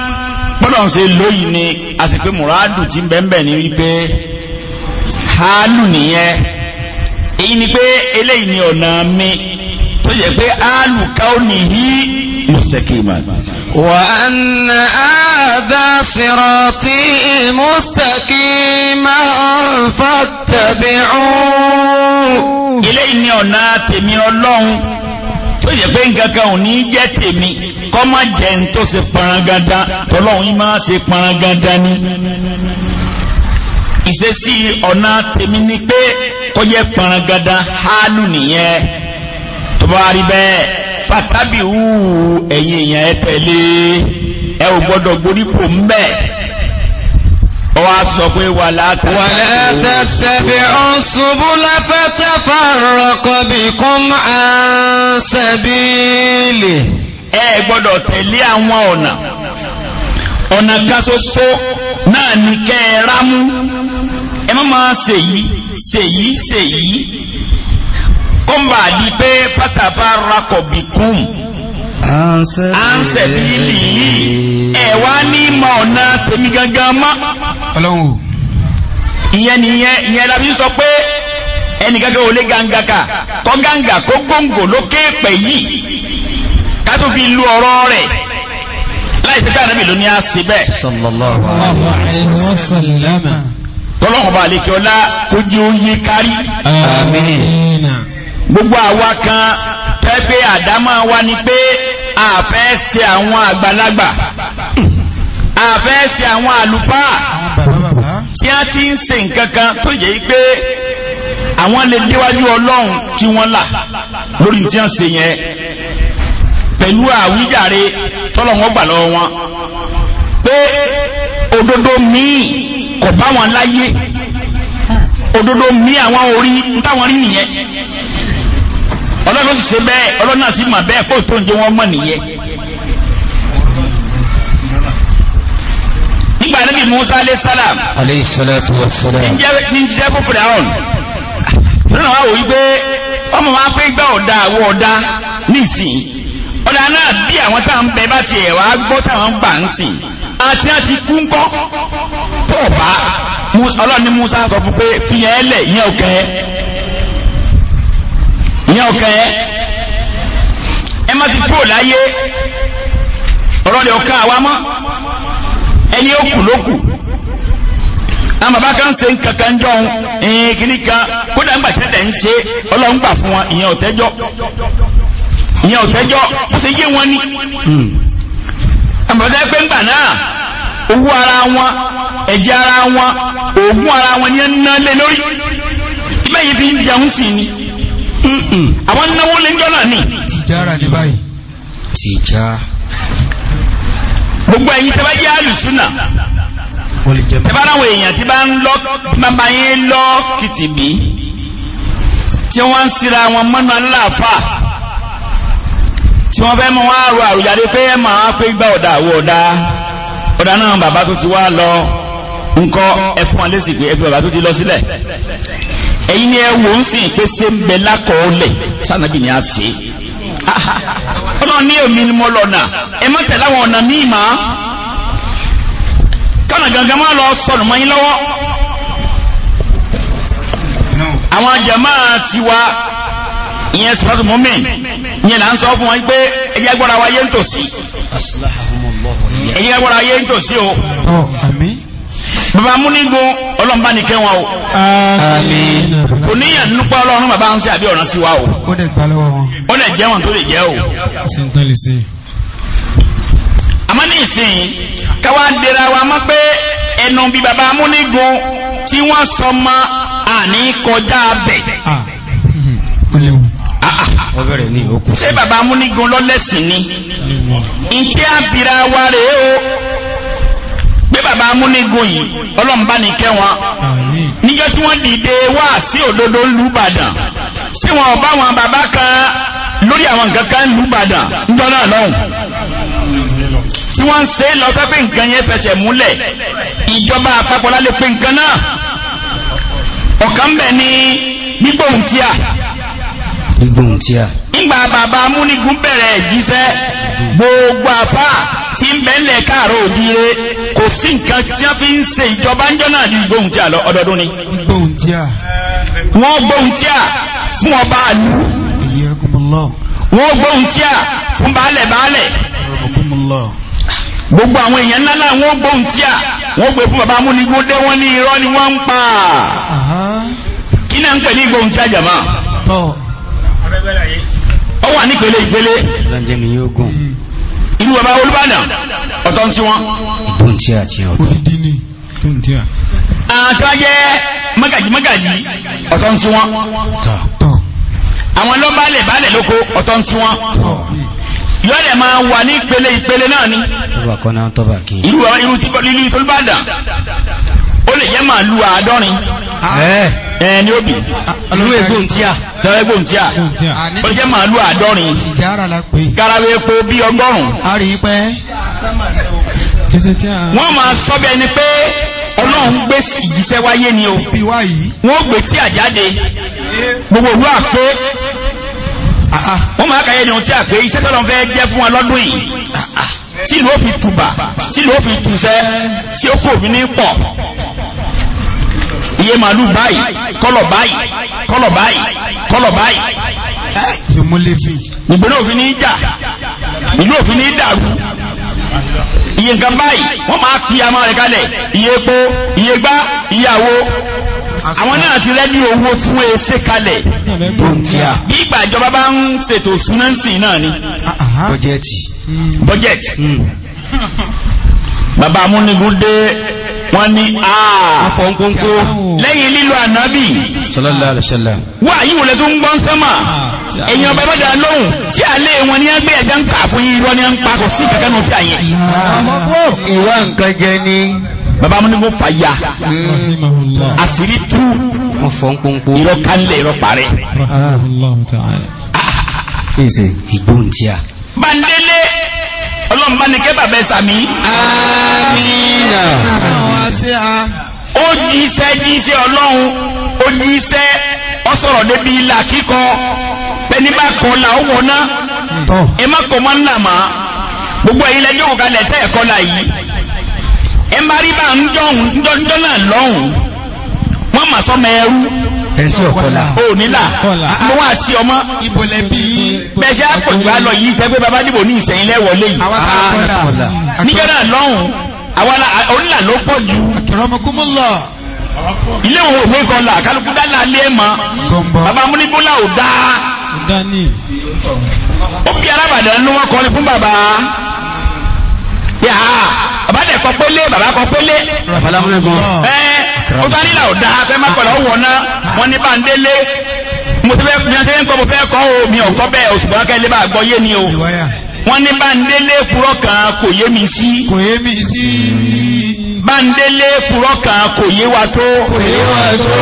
bọ́dọ̀ ṣe lóyìn ni a sì pé mùrádù ti bẹ́ẹ̀bẹ̀ ní wípé hálù nìyẹn èyí ni pé eléyìí ni ọ̀nà mi tó yẹ pé hálù káwọn nìyí مستقيما وأن هذا صراطي مستقيما فاتبعوه ilé ni ọ̀nà tèmi Ọlọ́run tó yẹ pé nǹkan kan ò ní jẹ́ tèmi kọ́ má jẹ́ ń tó ṣe parangada tọ́lọ́hún yìí máa ṣe parangada ni ìṣesí ọ̀nà tèmi ni pé kó jẹ́ parangada hálù nìyẹn tó bá rí bẹ́ẹ̀ fatabihu ẹ̀yin èèyàn ẹ tẹ̀lé ẹ ò gbọ́dọ̀ gborípò ń bẹ́ẹ̀ wá sọ pé wà látàtàbí ọ̀ṣùbú láfẹ́tẹ́fà rọ̀kọ̀ bí kún à ń ẹ gbọ́dọ̀ tẹ̀lé àwọn ọ̀nà ọ̀nà kan ṣoṣo náà ní kẹ́ ẹ rámú ẹ má máa ṣèyí ṣèyí ṣèyí kọ́mbà di pé pátápá rakọ̀ bí kùn ánsẹ̀ bí lìí ẹ wá ní mọ̀ ọ̀nà tèmi gangan mọ́ ọlọ́run ìyẹn nìyẹn ìyẹn lábí sọ pé ẹnìkankan ò lè gangaka kọ́ ganga kó gbòǹgò lókè pẹ̀ yìí ká tó fi lu ọ̀rọ̀ rẹ̀ láìsí pé ànábì ló ní á sí bẹ́ẹ̀. sallallahu alaihi wasallam. tọ́lọ́kọ̀ bá lékè ọlá kójú oyé kárí. àmín. gbogbo àwa kan tẹ́fẹ́ àdámọ́ wa ni pé àfẹ́ ṣe àwọn àgbàlagbà àfẹ́ ṣe àwọn àlùfáà tí a ti ń ṣe nǹkankan tó yẹ pé àwọn lè léwájú ọlọ́run kí wọ́n là lórí tí a ń yẹn pẹ̀lú àwíjàre tọ́lọ̀wọ́n gbà lọ wọn pé òdodo míì kò bá wọn láyé òdodo míì àwọn orí táwọn rí nìyẹn ọlọ́run sì bẹ́ẹ̀ ọlọ́run náà mà bẹ́ẹ̀ kó tó ń jẹ wọ́n mọ̀ nìyẹn Musa alayhi salam alayhi salatu ń jẹ́ fún Firaun Firaun wá ọ̀dà náà bí àwọn tá à ń bẹ bá ti ẹ̀wà gbọ́ táwọn gbà ń sìn àti àti kú ń kọ́ tó bá ọlọ́run Musa sọ fún pé fi yẹn ẹlẹ̀ ìyẹn ò kẹ́ ìyẹn ò kẹ́ ẹ má ti kú ò láyé ọ̀rọ̀ lè ọ̀ka àwa mọ́ ẹni ó kù ló kù àwọn bàbá kan ṣe nkankan jọ ń kìnnìkan kódà ńgbà tẹ́tẹ̀ ń ṣe ọlọ́run gbà fún wọn ìyẹn ò tẹ́jọ́ ìyẹn ọ̀sẹ́jọ́ ó ṣe yé wọn ní hmm. àmọ̀tẹ́ pé ńgbà náà owó ara wọn ẹ̀jẹ̀ ara wọn oògùn ara wọn ni ẹ ń ná lé lórí ìbẹ́yìí fi ń jẹun sí ni àwọn náwó lè ń jọ náà ni. tìjára ní báyìí tìjá. gbogbo ẹ̀yin tẹ́ bá jẹ́ àlùsùnà tẹ́ bá ráwọn èèyàn tí bá ń lọ bàbá yín lọ kìtìbí tí wọ́n ń sira wọn mọ́nà aláàfáà tí wọ́n fẹ́ mọ́ wá rọ àrùjáde pé ẹ máa pé gbá ọ̀dà àwọ̀ ọ̀dà ọ̀dà náà bàbá tó ti wá lọ ńkọ́ ẹfún alẹ́sì pé ẹgbẹ́ bàbá tó ti lọ sílẹ̀ ẹ̀yìn ni ẹ wò ń sìn pé ṣé ń bẹ lákọọ́lẹ̀ sànàbì ni a ṣe ọlọ́run ní èmi ni mo lọ nà ẹ má tẹ̀lé àwọn ọ̀nà míì mà kánà gangan má lọ sọnù mọ́ lọ́wọ́ àwọn jàmáà tiwa ìyẹn sọ́tù mọ́mìn yẹn là ń sọ fún wọn pé ẹ̀yẹ́ gbọ́ra wa yé ń tò sí ẹ̀yẹ́ gbọ́ra yé ń tò sí o bàbá múnigun ọlọ́mbà ní kẹwọn o àmín kò níyàn nípa ọlọ́run bàbá ń sí àbí ọ̀ràn sí wa o ó dẹ̀ gbà tó lè jẹ́ o àmọ́ ní ìsìn káwá dira wa mọ́ pé ẹnu bí bàbá múnigun tí wọ́n sọ mọ́ àní kọjá bẹ̀ ọbẹ̀rẹ̀ ní òkú ṣe bàbá múnigun lọ́lẹ́sìn ni in tí a bìra wa rẹ̀ o pé bàbá múnigun yìí ọlọ́mbá ní kẹwọn níjọ́ tí wọ́n dìde wá sí òdodo lùbàdàn sí wọn ọba wọn bàbá kan lórí àwọn nǹkan kan lùbàdàn níjọ́ náà lọ́hùn tí wọ́n ń ṣe lọ pé pé nǹkan yẹn fẹsẹ̀ múlẹ̀ ìjọba àpapọ̀ lálẹ́ pé nǹkan náà ọ̀kan bẹ̀ ni gbígbóhùn tíà gbígbóhùn tí a ńgbà bàbá múnigun bẹ̀rẹ̀ jíṣẹ́ gbogbo àfá tí ń bẹ̀lẹ̀ káàrọ̀ òdíire kò sí nǹkan tí a fi ń ṣe ìjọba ń jọ́nà ní gbóhùn tí a ọdọọdún ni gbóhùn tí a wọ́n gbóhùn tí a fún ọba àlú wọ́n gbóhùn tí a fún baálẹ̀ baálẹ̀ gbogbo àwọn èèyàn ńlá láwọn ó gbóhùn tí à wọ́n gbé fún bàbá múnigún dé wọ́n ní irọ́ ni wọ́n ń pa kí náà ń pè ní gbóhùn tí à jàmá tọ́ ọ wà nípele ìpele irú bàbá Olúbàdàn ọ̀tọ̀ tí wọ́n ìbóntí àti ọ̀tọ̀ àtúwájẹ́ mọ́gàjí mọ́gàjí ọ̀tọ̀ tí wọ́n àwọn lọ́bàálẹ̀ bàálẹ̀ lóko ọ̀tọ̀ tí wọ́n yọ́lẹ̀ máa wà ní ìpele ìpele náà ni irú tí Olúbàdàn ó lè yẹ́ màálù àádọ́rin ẹni òbí ìlú egbòm tí a lọ egbòm tí a ó jẹ́ màálù àádọ́rin garawe epo bí ọgọ́rùn-ún wọ́n máa sọ bẹ́ẹ̀ ni pé ọlọ́run gbé ìjíṣẹ́ wáyé ni o wọ́n gbé tí a jáde gbogbo òwú àpé ah, ah. wọ́n máa kàyé ni ohun tí a pé iṣẹ́ tọ́lọ́ fẹ́ jẹ́ fún wọn lọ́dún yìí ah, tí ló fi tùbà tí ló fi tùṣẹ́ tí ó kò fi ní pọ̀ iye màálù báyìí kọ́lọ̀ báyìí kọ́lọ̀ báyìí kọ́lọ̀ báyìí fi mú léfì ìgbóná òfin ní ìjà ìlú òfin ní ìdàrú iye nǹkan báyìí wọ́n máa fi àmọ́ rẹ̀ kalẹ̀ iye epo iye gbá ìyàwó àwọn náà ti rẹ́dí owó tí wọ́n e ṣe kalẹ̀ bí ìgbà ìjọba bá ń ṣètò súnánsì náà ni bọ́jẹ̀tì uh-huh. bọ́jẹ̀tì hmm. bàbá amúnigún dé wọ́n a. Ah. ààfọ̀nkónkó lẹ́yìn lílo ànábì sallallahu alaihi wasallam wà yí wòlẹ̀ tó ń gbọ́n sẹ́mà èyàn ah. bàbá dà lóhùn tí a lè wọn ní ẹgbẹ́ ẹ̀dá ń kà fún yí irọ́ ní à ń pa kò sí kankan nù tí a yẹ. ìwà nǹkan jẹ ni. bàbá mi ní kò fà ya àṣírí tú ọ̀fọ̀nkónkó irọ́ kánlẹ̀ irọ́ parẹ́. ọlọ́run bá ní kẹ́ bàbá ẹ sàmí. amina. ó jíṣẹ́ jíṣẹ́ ọlọ́run ó jíṣẹ́ ọ sọ̀rọ̀ débi ilà kíkọ pẹ̀lú bá kọ́ ó wọná ẹ má kọ́ má ń là gbogbo ẹ̀yin lẹ́jọ́ kọ̀ọ̀kan ẹ̀kọ́ yìí ẹ má rí bá ń ẹni tí ọ̀kọ́lá o nílà mo wá sí ọmọ ìbòlẹ̀ bí i bẹ́ṣẹ́ àpọ̀jù lọ yìí tẹ́gbẹ́ bàbá dìbò ní ìsẹ̀yìn lẹ́wọ̀lé yìí ah, níjọ́ ó bí alábàdàn ló wọ́n kọrin fún bàbá yàrá bàbá dẹ̀ kọ́ pélé bàbá kọ́ pélé ẹ́ ó bá nílà ọ̀dá fẹ́ má kọ̀lá ó wọ̀ná wọ́n ní bá ń délé mo ti fẹ́ fi hàn sẹ́yìn kọ́ mo fẹ́ kọ́ o mi ò kọ́ bẹ́ẹ̀ oṣù kan kẹ́lé bá gbọ́ yé ni o wọ́n ní bá ń délé purọ́ kan kò yé mi sí kò yé mi sí bá ń délé purọ́ kan kò yé wa tó kò yé wa tó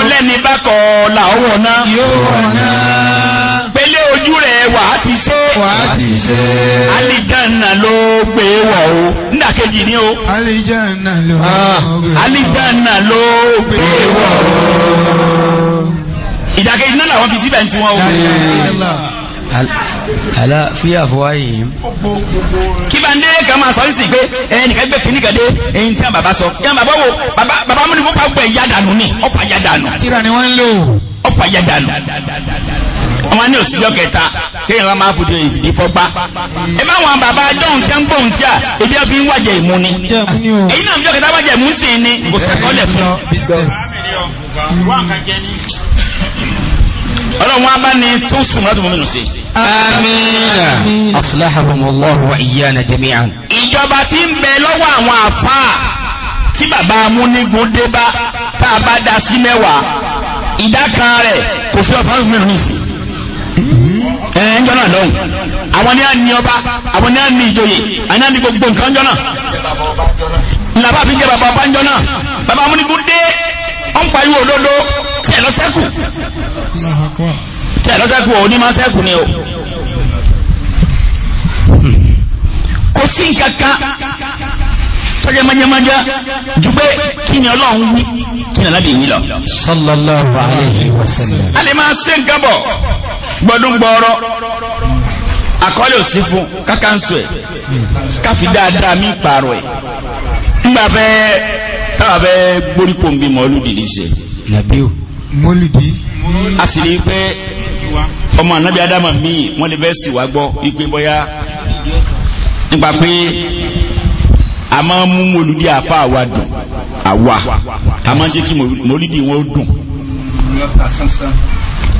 ọlẹ́ni bá kọ̀ làwọ̀ náà yóò wọ̀ náà ojú rẹ̀ wà á ti ṣe alìjánà ló gbé wọ̀ o nídàkejì ní o alìjánà ah, ló gbé wọ̀ o ìdàkejì náà làwọn fi síbẹ̀ tí wọ́n o àlá fí àfọwá yìí kí bá ń dé ká máa sọ sí pé ẹnìkan gbé kìíní gẹ̀dẹ́ ẹ̀yìn tí a bàbá sọ kí a bàbá wò bàbá múlùmọ́ pàgbẹ̀ yádànù ní ọ̀pá yádànù tíra ni wọ́n ń lò ọ̀pá yádànù wọn ní òsíjọ́ kẹta kéèyàn wọn máa fojú ìdí fọ́gbá ẹ bá bàbá dọ́hùn tí ń gbóhùn tí a ebi ọbí ń wájẹ ìmú ni èyí náà ìjọ́ kẹta wájẹ ìmú sí ni kò sẹ́kọ́lẹ̀ fún ọlọ́run wá bá ní tó sùn látò mọ́mínú sí àmín aslahahumullahu wa iyyana jami'an ìjọba tí ń bẹ lọ́wọ́ àwọn àfáà tí bàbá amúnigun dé bá tá a bá dá sí mẹ́wàá ìdá kan rẹ̀ kò sí ọ̀fà mọ́mínú sí ẹ̀ẹ́n eh, jọ́nà lọ́hùn àwọn ní à ní ọba àwọn ní à ní ìjòyè àní à ní gbogbo nǹkan jọ́nà làbá fi jẹ́ bàbá bá ń jọ́nà bàbá múnigun dé ọ̀n pariwo òdodo tẹ̀ lọ sẹ́kù tẹ̀ lọ sẹ́kù ò máa sẹ́kù ni o kò sí nǹkan kan tọ́jẹ́ mọ́jẹ́mọ́jẹ́ ju kí ni ọlọ́run wí kí ni alábì yìí lọ. sallallahu alayhi wa sallam. a lè máa ṣe nǹkan bọ̀ gbọdún gbọ́ọ̀rọ̀ àkọọ́lẹ̀ òsì fún kákàǹsù ẹ̀ káfí dáadáa mí pààrọ̀ ẹ̀ nígbà fẹ́ táwa fẹ́ gbórí pòǹbì mọ́lúdì ní ṣe. nàbíò mọ́lúdì. a sì ní pé ọmọ ànábì ádámà míì wọ́n lè fẹ́ sì wá gbọ́ wípé bóyá nípa pé a máa mú mòlúdí àfa àwa dùn àwa a máa ń jẹ́ kí mòlúdí wọn ó dùn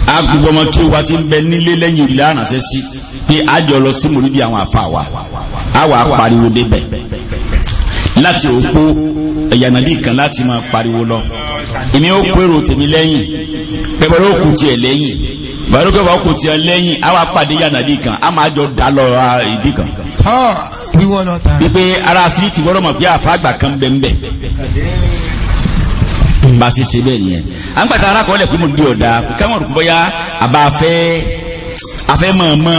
a gbogbo ọmọ tí ó wá ti ń bẹ nílé lẹ́yìn òrìlẹ̀ sí pé a jọ lọ sí mòlúdí àwọn àfa awa a wà á pariwo débẹ̀ láti òpó kan láti máa pariwo lọ èmi ó pèrò tèmi lẹ́yìn pẹ̀pẹ̀rẹ̀ ó tiẹ̀ lẹ́yìn leyin ó tiẹ̀ lẹ́yìn a wà pàdé kan a máa jọ dá lọ ìdí kan. wípé ara síríìtì gbọ́dọ̀ mọ̀ pé àfáàgbà kan bẹ̀ ń bẹ̀ bá sí ṣe bẹ́ẹ̀ nìyẹn à ń gbàtà arákọọ́lẹ̀ pé mo di ọ̀dà káwọn òrùkú bọ́yá àbá afẹ́ afẹ́ mọ̀ọ́mọ́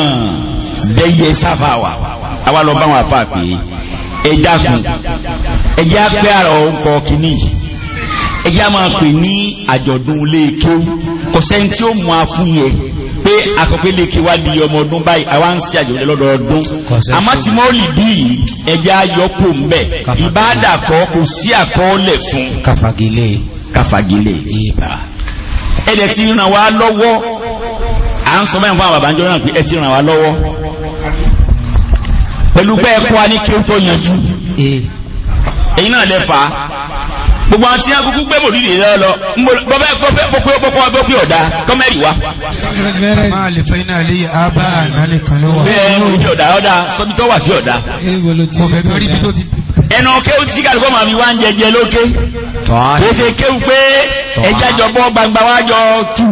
bẹ́yẹ sáfà wà lọ bá wọn àfà pé ẹja pé àkọ́pẹ́lẹ̀ kí wá di ọmọ ọdún báyìí àwa ń ṣe àjọyọ̀ lọ́dọọdún àmọ́ tí mo lì bí ẹja yọkò ń bẹ̀ ìbáàdà kọ́ kò sí àkọọ́lẹ̀ fún. kàfàgilé. kàfàgilé. ìbà. ẹ̀dẹ̀ ti ràn wá lọ́wọ́ à ń sọ báyìí fún àwọn bàbá náà pé ẹ ti ràn wá lọ́wọ́ pẹ̀lú pé ẹ kọ́ wa ní kí ó tó yanjú èyí náà lẹ́fà gbogbo àti akúkú gbé mòlúdì náà lọ pọ́pọ́ ọgbọ́pẹ́ ọ̀dá kọ́mẹ́rì wá. ẹnu kéwù tí kàlùkọ́ máa fi wá ń jẹjẹ lókè kò ṣe kéwù pé ẹjájọ bọ́ gbangba wájọ tú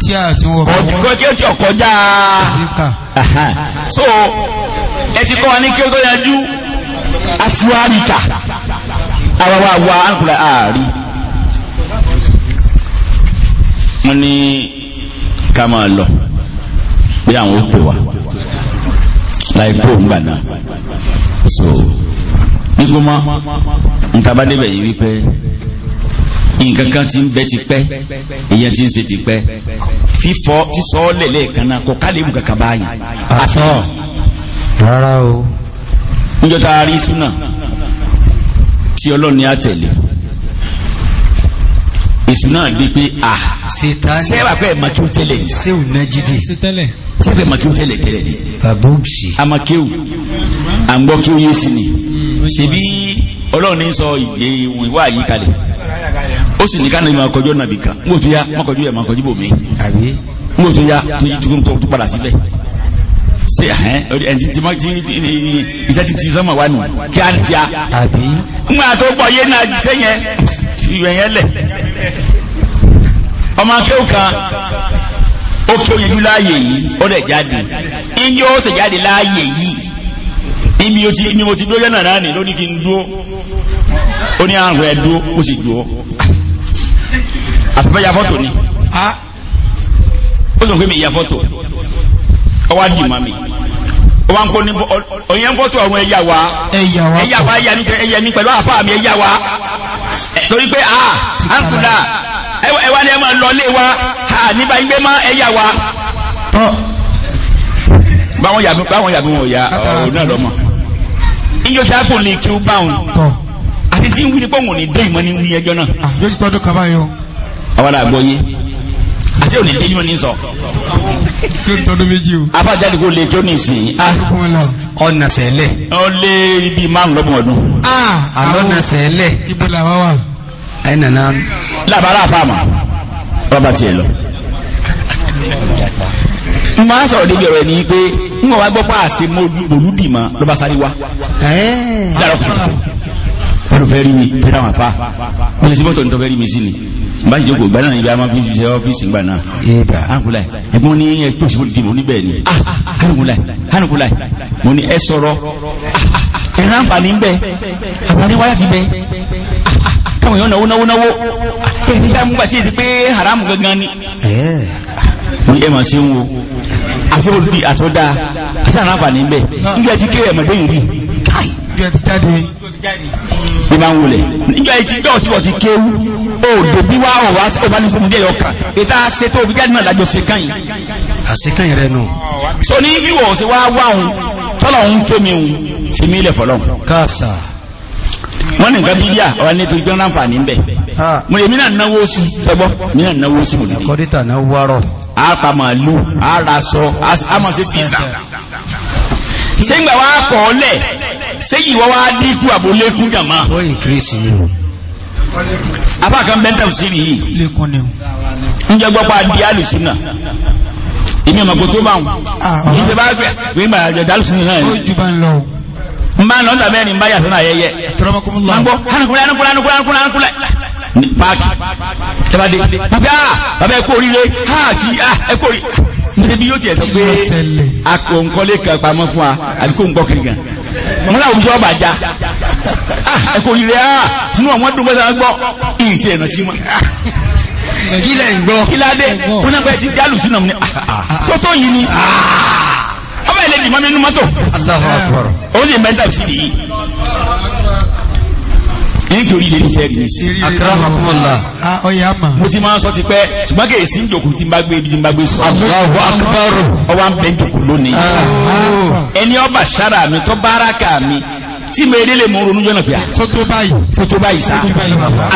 tí a ti wọ́n kọ́ kí o ti ọ̀kọ́já so ẹ ti kọ́ wa ní kí o tó yanjú aṣíwárìkà àwọwà wa ánkùnrin ààrí wọ́n ní ká máa lọ bí àwọn ó pè wá láìpò ńgbà náà so nígbọ́mọ́ ntaba débẹ̀ yìí wípé nǹkan kan ti ń bẹ ti pẹ́ èyàn ti ń ṣe ti pẹ́ fífọ́ tí sọ ọ́ lẹ̀ lẹ́ẹ̀kan náà kò kálí kankan báyìí. àtọ́ rárá o. níjọ́ rí súnà tí ọlọ́run ní àtẹ̀lé èsù náà gbé pé à sẹ́wà pẹ́ makiw tẹ́lẹ̀ yìí sẹ́wù náà jíde sẹ́wà pẹ́ makiw tẹ́lẹ̀ tẹ́lẹ̀ ni amakiw àgbọ́kiw yé sí ni ṣebí ọlọ́run ní sọ ìgbé ìwọ̀n ìwà yìí kalẹ̀ ó sì ní ká nàìjíríà kọjọ́ nàbìkan ń bò tó yá mọ́kọjú ẹ̀ mọ́kọjú bò mí ń tó yá tó yí tó padà síbẹ̀ ṣe ẹn ti mọ́ ti iṣẹ́ ti ti sọ́mọ̀ wá nù kí á ti a ńgbà tó pọ̀ yé náà ṣe yẹn ìwẹ̀ yẹn lẹ̀ ọmọ akéwù kan ó kí oyin láàyè yìí ó dẹ̀ jáde iye ó sì jáde láàyè yìí ibi mo ti dúró yẹ́nà náà nì lónìí kí n dúró ó ní àrùn ẹ̀ dúró ó sì dúró àfẹ́fẹ́ ya fọ́tò ni ó sì ń pè mí fọ́tò ọwá dì mọ́ mi ọwá ń kó ní ọyẹ ń ọ̀run ẹ̀yà wa ẹ̀yà wa ẹ̀yà mi pẹ̀lú àfáà mi ẹ̀yà wa torí pé a àǹkùlà ẹwà ni ẹ máa lọ lé wa nígbà yín gbé mọ́ ẹ̀yà wa báwọn yàgbé báwọn yàgbé wọn ya náà lọ́mọ. iye tí a kò lè kí ó bá wọn. àti tí ń wí ni pé òun ò ní dé ìmọ̀ ní wí ẹjọ́ náà. Ah, àwọn àgbọ̀ yé àti òní dé ìmọ̀ ní sọ tọdún méjì o afájáde kò lè kí ó ní ìsìn ọ̀nà sẹ́lẹ̀ ó lé ibi márùn lọ́gbọ̀n ọdún ah, ọ̀nà sẹ́lẹ̀ ibo làwọn wà ẹ̀nà náà lábàárà fáàmà rọ́bà tiẹ̀ lọ n sọ̀rọ̀ débi ọ̀rọ̀ ẹni pé n wọ́n wá gbọ́ pàṣẹ mọ́lúdì mọ́ lọ́ba sáré wa pẹ̀lú fẹ́ rí mi fẹ́ dáwọn afá mo ṣe sí bọ́tọ̀ nítorí rí mi sí ni bá ṣe jókòó gbáná ibi àmọ́ fífi ṣe ọ́fíìsì gbà náà ánkúlá ẹ̀gbọ́n ní ẹgbẹ́ òṣìṣẹ́ olùdí mo níbẹ̀ ni ah, ánkúlá ánkúlá mo ní ẹ sọ̀rọ̀ ẹ̀rọ àǹfààní ń bẹ àǹfààní wáyà ti bẹ káwọn èèyàn náwó náwó náwó kí ni sáà mú ní ẹ ojú ẹ ti jáde bí máa ń wọlé nígbà ìtì ìgbà òtí ọ̀tí kéwú òòdò bí wá ọ̀ wá ọba ní fún díẹ̀ ọkà ètà ṣe tó fi jáde náà lájọ ṣe káyìn àṣekáyìn rẹ nù so ní wíwọ̀ ṣe wá wá òun tọ́lọ̀ òun tó mi òun fi mí ilẹ̀ fọlọ́ káàsà wọ́n ní nǹkan bídíà ọ̀rọ̀ ní torí gbọ́n láǹfààní ń bẹ̀ mo lè mínà náwó sí tẹ́gbọ́ mínà náwó sí mo lè kọ́dítà náà wárọ̀ a pa màálù a ra sọ a mọ̀ sí pizza ṣé ń gbà wá kọ́ ọ lẹ̀ séyìí wọ́n wá dínkù àbólékún jàmá apákan bẹ́ntà sí rí yìí ń jẹ́ gbọ́pá di alùsùnà èmi ọmọ kò tó bá wọn ah, ah. ìjọba bá fẹ́ wí mà àjọ alùsùnà náà ń bá lọ́ndà mẹ́rin bá yàtọ̀ náà yẹyẹ hanukulẹ̀ hanukulẹ̀ hanukulẹ̀ papi ah baba ẹkọ oríire ha ti ah ẹkọ oríire níbi yóò tiẹ̀ sọ pé akọ̀ nǹkan lè fún wa àbíkó nǹkan wọn náà wùsọ ọba já ah, ẹkọ yìí rẹ á ah, tinú àwọn dùn mọ́ta gbọ́ ìyìn tí ẹ̀nà tí wọn. kílẹ̀ ń gbọ́ kíládé wọn náà fẹ́ẹ́ ti jálù sínú ọmọ ní sọ́tò yìí ni ah, ọba ìlẹ́ni mọ́mí inú mọ́tò ó lè mẹ́ta òsì nìyí nítorí ilé iṣẹ́ rí akramakumullah ah, ah, mo ti máa ń sọ ti pẹ́ ṣùgbọ́n kèé sí ìjòkó tí bá gbé ibi tí bá gbé sọ Allahu akbar ọwọ́ ń bẹ ìjòkó lónìí ah, ẹni ọba ṣára mi tó báraka mi tí mo èdè lè mú ronú jọ́nà pé fótó báyìí fótó báyìí sá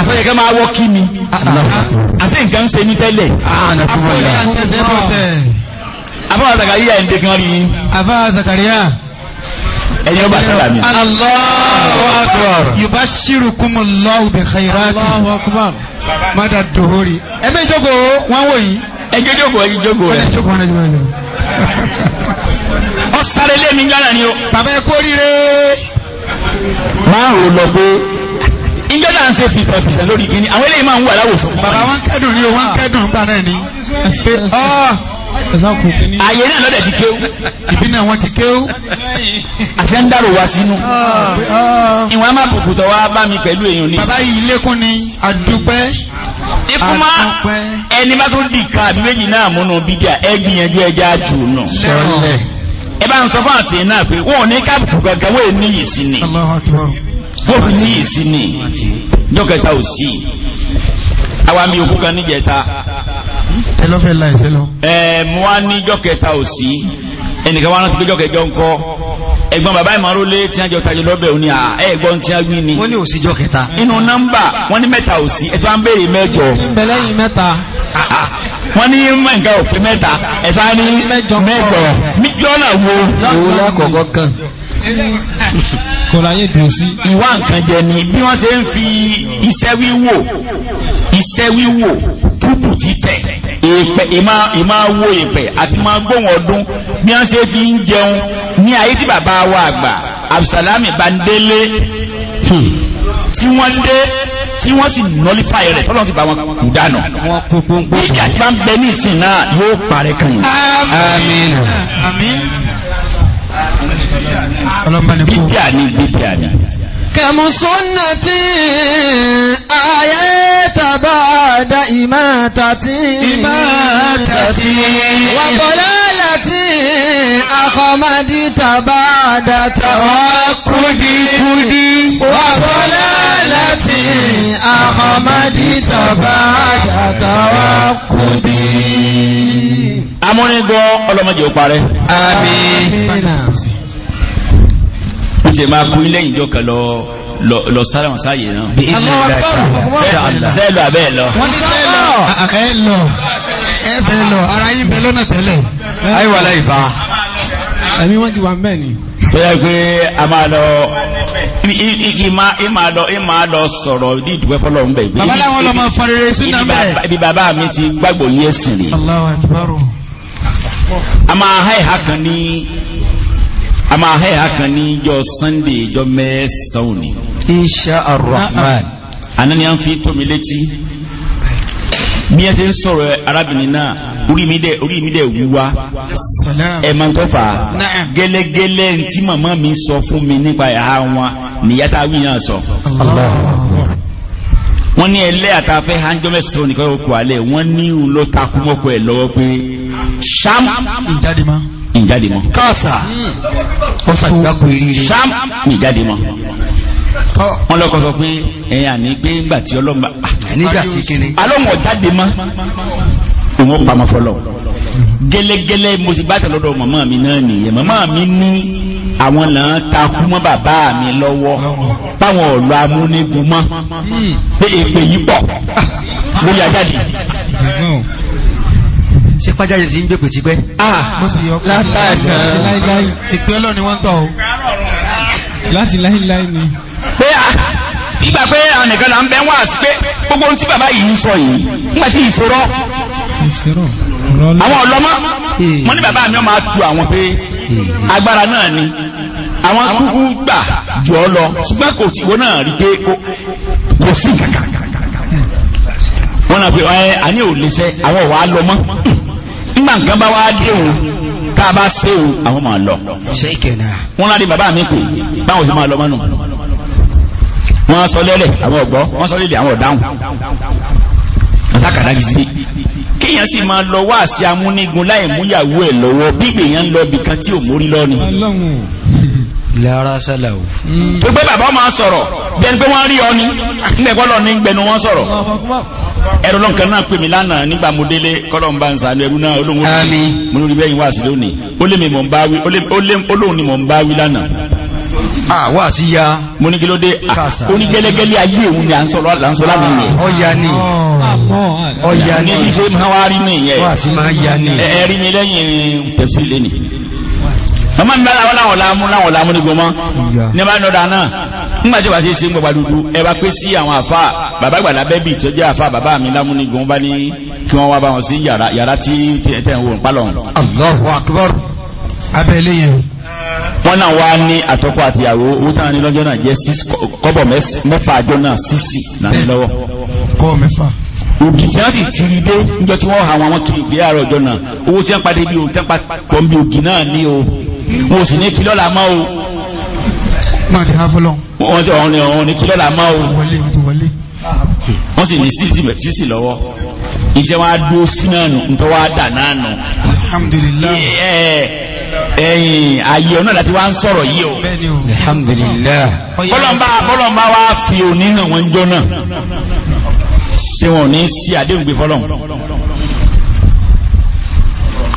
àfẹ́yẹ̀kẹ́ máa wọ́ kí mi àti nǹkan ń ṣe ní tẹ́lẹ̀ àbọ̀ àzàkàríyà ẹ̀ ń dẹ́kan rí àbọ̀ àzàkàríyà ẹni ọba sálàmì. Allahu akbar. Yubashirukumullahu bi khairati. Allahu akbar. Mada dohori. Ẹgbẹ́ ìjókòó wọn wò yìí. Ẹgbẹ́ ìjókòó ẹgbẹ́ ìjókòó rẹ̀. Ẹgbẹ́ ìjókòó ẹgbẹ́ ìjókòó ni o. Bàbá ẹ kórìíre. Máa ń lọ pé ìjọ náà ń ṣe fìfẹ́ fìfẹ́ lórí kíní àwọn eléyìí máa ń wà láwòsàn. bàbá wọn kẹ́dùn ni wọn kẹ́dùn ń gbà náà ni. ààyè náà lọ́dẹ̀ ti kéwú. ìbí náà wọ́n ti kéwú. àti ń dàrò wá sínú. Ah, ah. ìwọ̀n á máa bùkù tọ́ wá bá mi pẹ̀lú èèyàn ni. bàbá yìí lékún ni àdúpẹ́. ìfúnmá ẹni bá tó dì ká àbí méjì náà múnú bídíà ẹ ẹ bá ń sọ fún àtìyẹn náà pé wọn ò ní káàbùkù kankan wọn ò ní ìsinmi wọ́n kò tí ni jọ́kẹta ò sí àwa mi òkú kan níjẹta ẹ lọ́fẹ́ láìsẹ́ lọ ẹ mú wá ní jọ́kẹta ò sí ẹnìkan wá rántí pé jọ́kẹjọ ń kọ́ ẹ̀gbọ́n bàbá ìmọ̀ró lé tí a jọ tajọ lọ́bẹ̀ òní à ẹ̀gbọ́n tí a wí ni wọ́n ní òsì jọ́kẹta inú nọ́mbà wọ́n ní mẹ́ta òsì ẹ̀tọ́ à ń béèrè mẹ́jọ bẹ̀lẹ́yìn mẹ́ta wọ́n ní nǹkan òpin mẹ́ta ẹ̀tọ́ à ní mẹ́jọ mẹ́jọ níjọ́ kọ̀láyé dùn sí. ìwà nǹkan jẹ ni bí wọ́n ṣe ń fi iṣẹ́ wíwò iṣẹ́ wíwò túbù títẹ̀ èèpẹ̀ ìmá wo èèpẹ̀ àti máa gbóhùn ọdún bí wọ́n ṣe fi ń jẹun ní ayé tí bàbá wa àgbà Absalami Bandele hmm, tí wọ́n dé tí wọ́n sì nọlífàì rẹ̀ tọ́lọ́n ti bá wọn kù dánà wọn kò gbogbo ìjà bá ń bẹ ní ìsìn náà yóò parẹ́ kan yìí. àmín. àmín bídíà ni bídíà ni. kẹmù súnà tí ayé tàbá àdá ìmá tàtí ìmá tàtí wàbọ̀lá láti àkọmọdé tàbá àdá tàwá kúdí kúdí wàbọ̀lá láti àkọmọdé tàbá àdá tàwá kúdí. amúnigbọ́ ọlọ́mọdé ó parẹ́. àmín tẹ máa kú ilé ìjọ kan lọ lọ sára wọn sáàyè náà bí ìṣẹ́lẹ̀ sẹ́lọ abẹ́ lọ wọ́n ní sẹ́lọ ẹ lọ ẹ bẹ lọ ara yín bẹ lọ́nà tẹ́lẹ̀ àìwà láìfà ẹ̀mí wọ́n ti wà mẹ́ ni tó yẹ pé a máa lọ ìmá lọ sọ̀rọ̀ ní ìdúpẹ́ fọ́lọ̀ ń bẹ̀ bí bàbá láwọn lọ máa fọrẹrẹ sínú mẹ́ ibi bàbá mi ti gbàgbọ́ yẹ́sìn rè a máa háìhá kan ní a máa hẹ́ ni ní ìjọ sunday ìjọ mẹ́sàn-án òní. insha arrahman. anani à fi tó mi létí bí ẹ ti ń sọ̀rọ̀ arábìnrin náà orí mi dẹ̀ mi wúwa ẹ máa ń tọ́fà gẹ́lẹ́gẹ́lẹ́ tí mi sọ fún mi nípa ìhà wọn níyàtà wí náà sọ. wọ́n ní ẹlẹ́ àtàfẹ́ hanjọ́mẹ́sọ̀rọ̀ nìkan ó kọ alẹ́ wọ́n ní òun ló takú mọ́kọ ẹ̀ lọ́wọ́ pé sam ìjáde máa. ìjáde mọ́ káàsà ọ̀sà ìgbàkùn ìrírí sam ìjáde mọ́ wọ́n lọ́kọ́ sọ pé ẹ̀yà ní pé ńgbà tí ọlọ́mà ah, nígbà sí kíni alọ́mọ̀ jáde mọ́ òun pàmọ́ fọlọ́ gẹ́lẹ́gẹ́lẹ́ mo sì bá tẹ̀lọ́dọ̀ màmá mi náà nìyẹn màmá mi ní àwọn takú mọ́ bàbá mi lọ́wọ́ báwọn ọ̀lọ́ amúnigun mọ́ pé èpè yìí lórí ajáde ah ṣe pàjáyé sí ń gbé pètí pẹ́ ah, pé ìgbà ah, pé ànìkan ń bẹ́ wà sí pé gbogbo tí bàbá yìí ń sọ yìí nígbà tí ìṣòro àwọn ọlọ́mọ mọ́ ní bàbá mi ọmọ atu àwọn pé agbára náà ni àwọn kúkú gbà jù ọ lọ ṣùgbọ́n kò tí wọ́n náà rí pé kò sí kankan wọ́n náà pé àní ò lè ṣe àwọn ọ̀wà lọ nígbà nǹkan bá wá dé òun tá a bá ṣe òun àwọn máa lọ. wọ́n láti bàbá mi pè báwọn sì máa lọ mọ́nu wọ́n sọ lẹ́lẹ̀ àwọn ọ̀gbọ́ wọ́n sọ lẹ́lẹ̀ àwọn ọ̀dáhùn ọ̀sákàdá gidi kíyàn sì máa lọ wá sí amúnigun láì múyàwó ẹ̀ lọ́wọ́ bí gbèyàn lọ bìkan tí ò mórí lọ́ni lára sálàwò hmm. tó gbé bàbá máa sọ̀rọ̀ bí ẹni pé wọ́n rí ọ ní àtìlẹ́kọ́lọ́ ní gbẹnu wọn sọ̀rọ̀ ẹ̀rọ lọ́nkà náà pè mí lánàá nígbà mo délé kọ́lọ̀ ń bá ń sàánú ẹrú náà olóhùn mo lórí bẹ́yìn wá sí lónìí olóhùn ni mọ̀ ń bá wí lánàá. à wá sí ya. mo ní kí ló dé onígẹ́lẹ́gẹ́lẹ́ ayé òun ni à ń sọ̀rọ̀ à ń sọ̀rọ̀ àná yẹn. ọ̀ya ni ọ̀ya ni ní ìṣe máa wá rí nìyẹn. wá sí máa ya ni. ẹ mi lẹ́yìn tẹ̀sílẹ̀ mama n bala wọn làwọn làmú làwọn làmú ni gbọmọ ní bá nọ dáná nígbà tí wàá ṣe ṣe ń gbọgbà dúdú ẹ bá pé sí àwọn àfa bàbá gbàdá bẹbí tó jẹ àfa bàbá mi làmú ni gbọmọ bá ní kí wọn wá bá wọn sí yàrá yàrá tí tẹ ń wò ń palọ. Allahu akbar abẹ́lé yẹn. wọ́n náà wá ní àtọ́kọ́ àtìyàwó owó táwọn ní lọ́jọ́ náà jẹ́ kọ́bọ̀ mẹ́fà àjọ náà sísì náà ní lọ́wọ́. kọ́ ògì tí wọ́n sì ti rí dé níjọ́ tí wọ́n hàn wọn kiri ìgbé àárọ̀ ọjọ́ náà owó tí wọ́n padà bí òun tí wọ́n pa pọ̀ bí ògì náà ní o wọn ò sì ní kílọ́là mọ́ o máa ti ha fọ́lọ́ wọ́n tí ọ̀rọ̀ ní kílọ́là mọ́ o wọ́n sì ní sí títì lọ́wọ́ ìjẹ́ wá dúó sí náà nù tó wá dà náà nù alhamdulillah ẹ̀yìn ayé ọ̀nà láti wá ń sọ̀rọ̀ yìí o alhamdulillah bọ́lọ̀mbá bọ́lọ̀mbá wá fi òní hàn wọ́n jọ náà ṣe wọn ní sí àdéhùn gbé fọ́lọ́m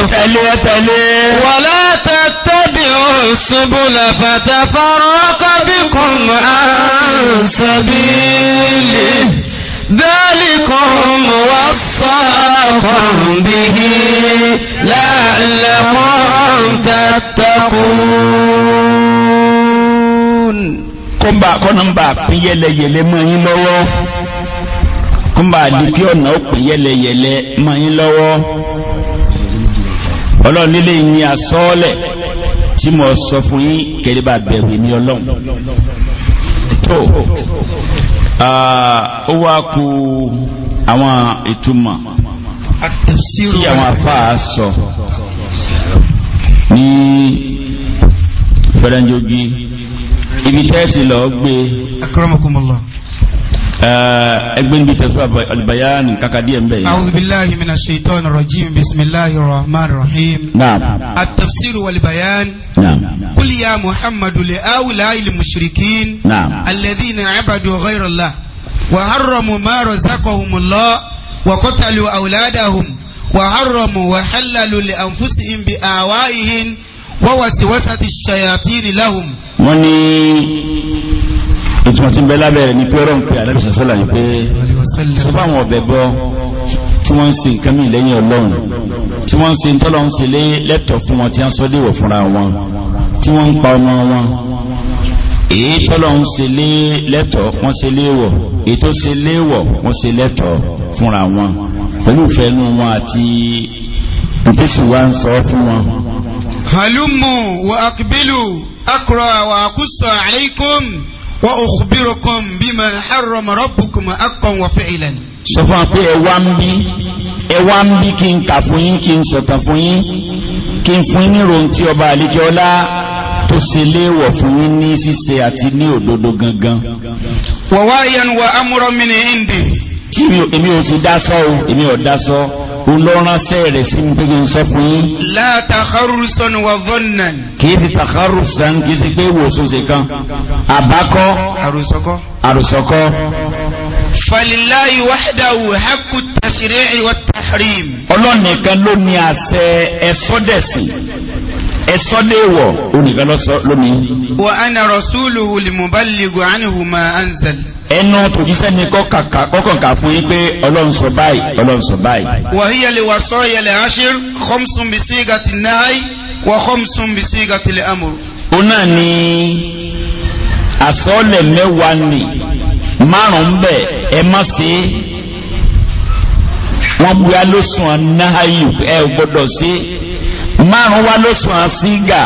ẹ̀tẹ̀lé ẹ̀tẹ̀lé wala tattabi'u subula fatafarraqa bikum an sabili dhalikum wassaqakum bihi la'allakum tattaqun kọ́mbà kọ́nàmbà pín yẹlẹyẹlẹ mọ́ yín lọ́wọ́ kọ́mbà dìkí ọ̀nà ó pín yẹlẹyẹlẹ mọ́ yín lọ́wọ́ ọlọ́run nílé ní asọ́ọ́lẹ̀ tí mo sọ fún yín kẹrìbà bẹ̀rù ní ọlọ́run tó ó wá ku àwọn ìtumọ̀ tí àwọn afáà sọ ní fẹ́rẹ́njogi ibi tẹ́ẹ̀tì lọ gbé akramakumullah Eh, ẹgbẹ́ níbi tẹ̀sọ́ albayani kaka díẹ̀ mbẹ̀ yìí. a'udhu billahi minash shaitanir rajim bismillahir rahmanir rahim. naam. at-tafsir wal bayan. naam. qul ya muhammadu li awla'i lil mushrikin. naam. alladhina abadu ghayra allah wa harramu ma razaqahumullah wa qatalu awladahum wa harramu wa halalu li anfusihim bi awaihim ìtumọ̀ tí ń bẹ lábẹ́rẹ̀ ní pé ọ̀rọ̀ ń pè àdábìsà sọ́là ní pé sọ́fàwọn ọ̀bẹ̀ bọ́ tí wọ́n ń ṣe nǹkan mí lẹ́yìn ọlọ́run tí wọ́n ń ṣe ń ń ṣe lẹ́tọ̀ fún wọn tí wọ́n sọ déwọ̀ fúnra wọn tí wọ́n ń pa ọmọ wọn èyí tọ́lọ́ ń ṣe lẹ́tọ̀ wọ́n ṣe léèwọ̀ èyí tó ṣe léèwọ̀ wọ́n ṣe lẹ́tọ̀ fúnra wọn pẹ̀lú ìfẹ́nu wọn àti ìpèsè wa ń sọ fún wọn. halumu wa akbilu akra wa akusa aleikum وأخبركم بما حرم ربكم حقا وفعلا sọ fún wa pé ẹwà ń bí ẹwà ń bí kí n kà fún yín kí n sọ̀tàn fún yín kí n fún yín ní ìròyìn ọba àlejò ọlá tó ṣe léèwọ̀ fún yín ní ṣíṣe àti ní òdodo gangan. wọ̀wá yẹn wọ amúrọ́mìnì indi tí èmi ò sì dásọ́ o èmi ò dásọ́ o lọ ránṣẹ́ rẹ̀ sí mi pé kí n sọ fún yín. la takharusan wa dhannan. kì í ti takharusan kì ti pé wòsàn ṣe kan àbákọ́ àròsọkọ́ àròsọkọ́. falilayi wahdahu haqqu tashri'i wa tahrim. ọlọ́run ló ní àṣẹ ẹ̀sọ́dẹ̀sì ẹ̀sọ́dẹ̀wọ̀ onìkan ló ní. wa ana rasuluhu limuballigu anhu ma anzal ẹnu pòjíṣẹ́ ni kọ́kànká fún yí pé ọlọ́run sọ báyìí ọlọ́run sọ báyìí. wàhíyà lè wà sọ yẹlẹ ashir khomsun bí sí gàtì náàí wà khomsun bí sí gàtì lè amòrò. ó náà ní àsọlẹ̀ mẹ́wàá nì márùn-ún bẹ̀ ẹ má ṣe é wọ́n gbé lóṣùn náàí ẹ gbọ́dọ̀ ṣe márùn-ún wá lóṣùn sígà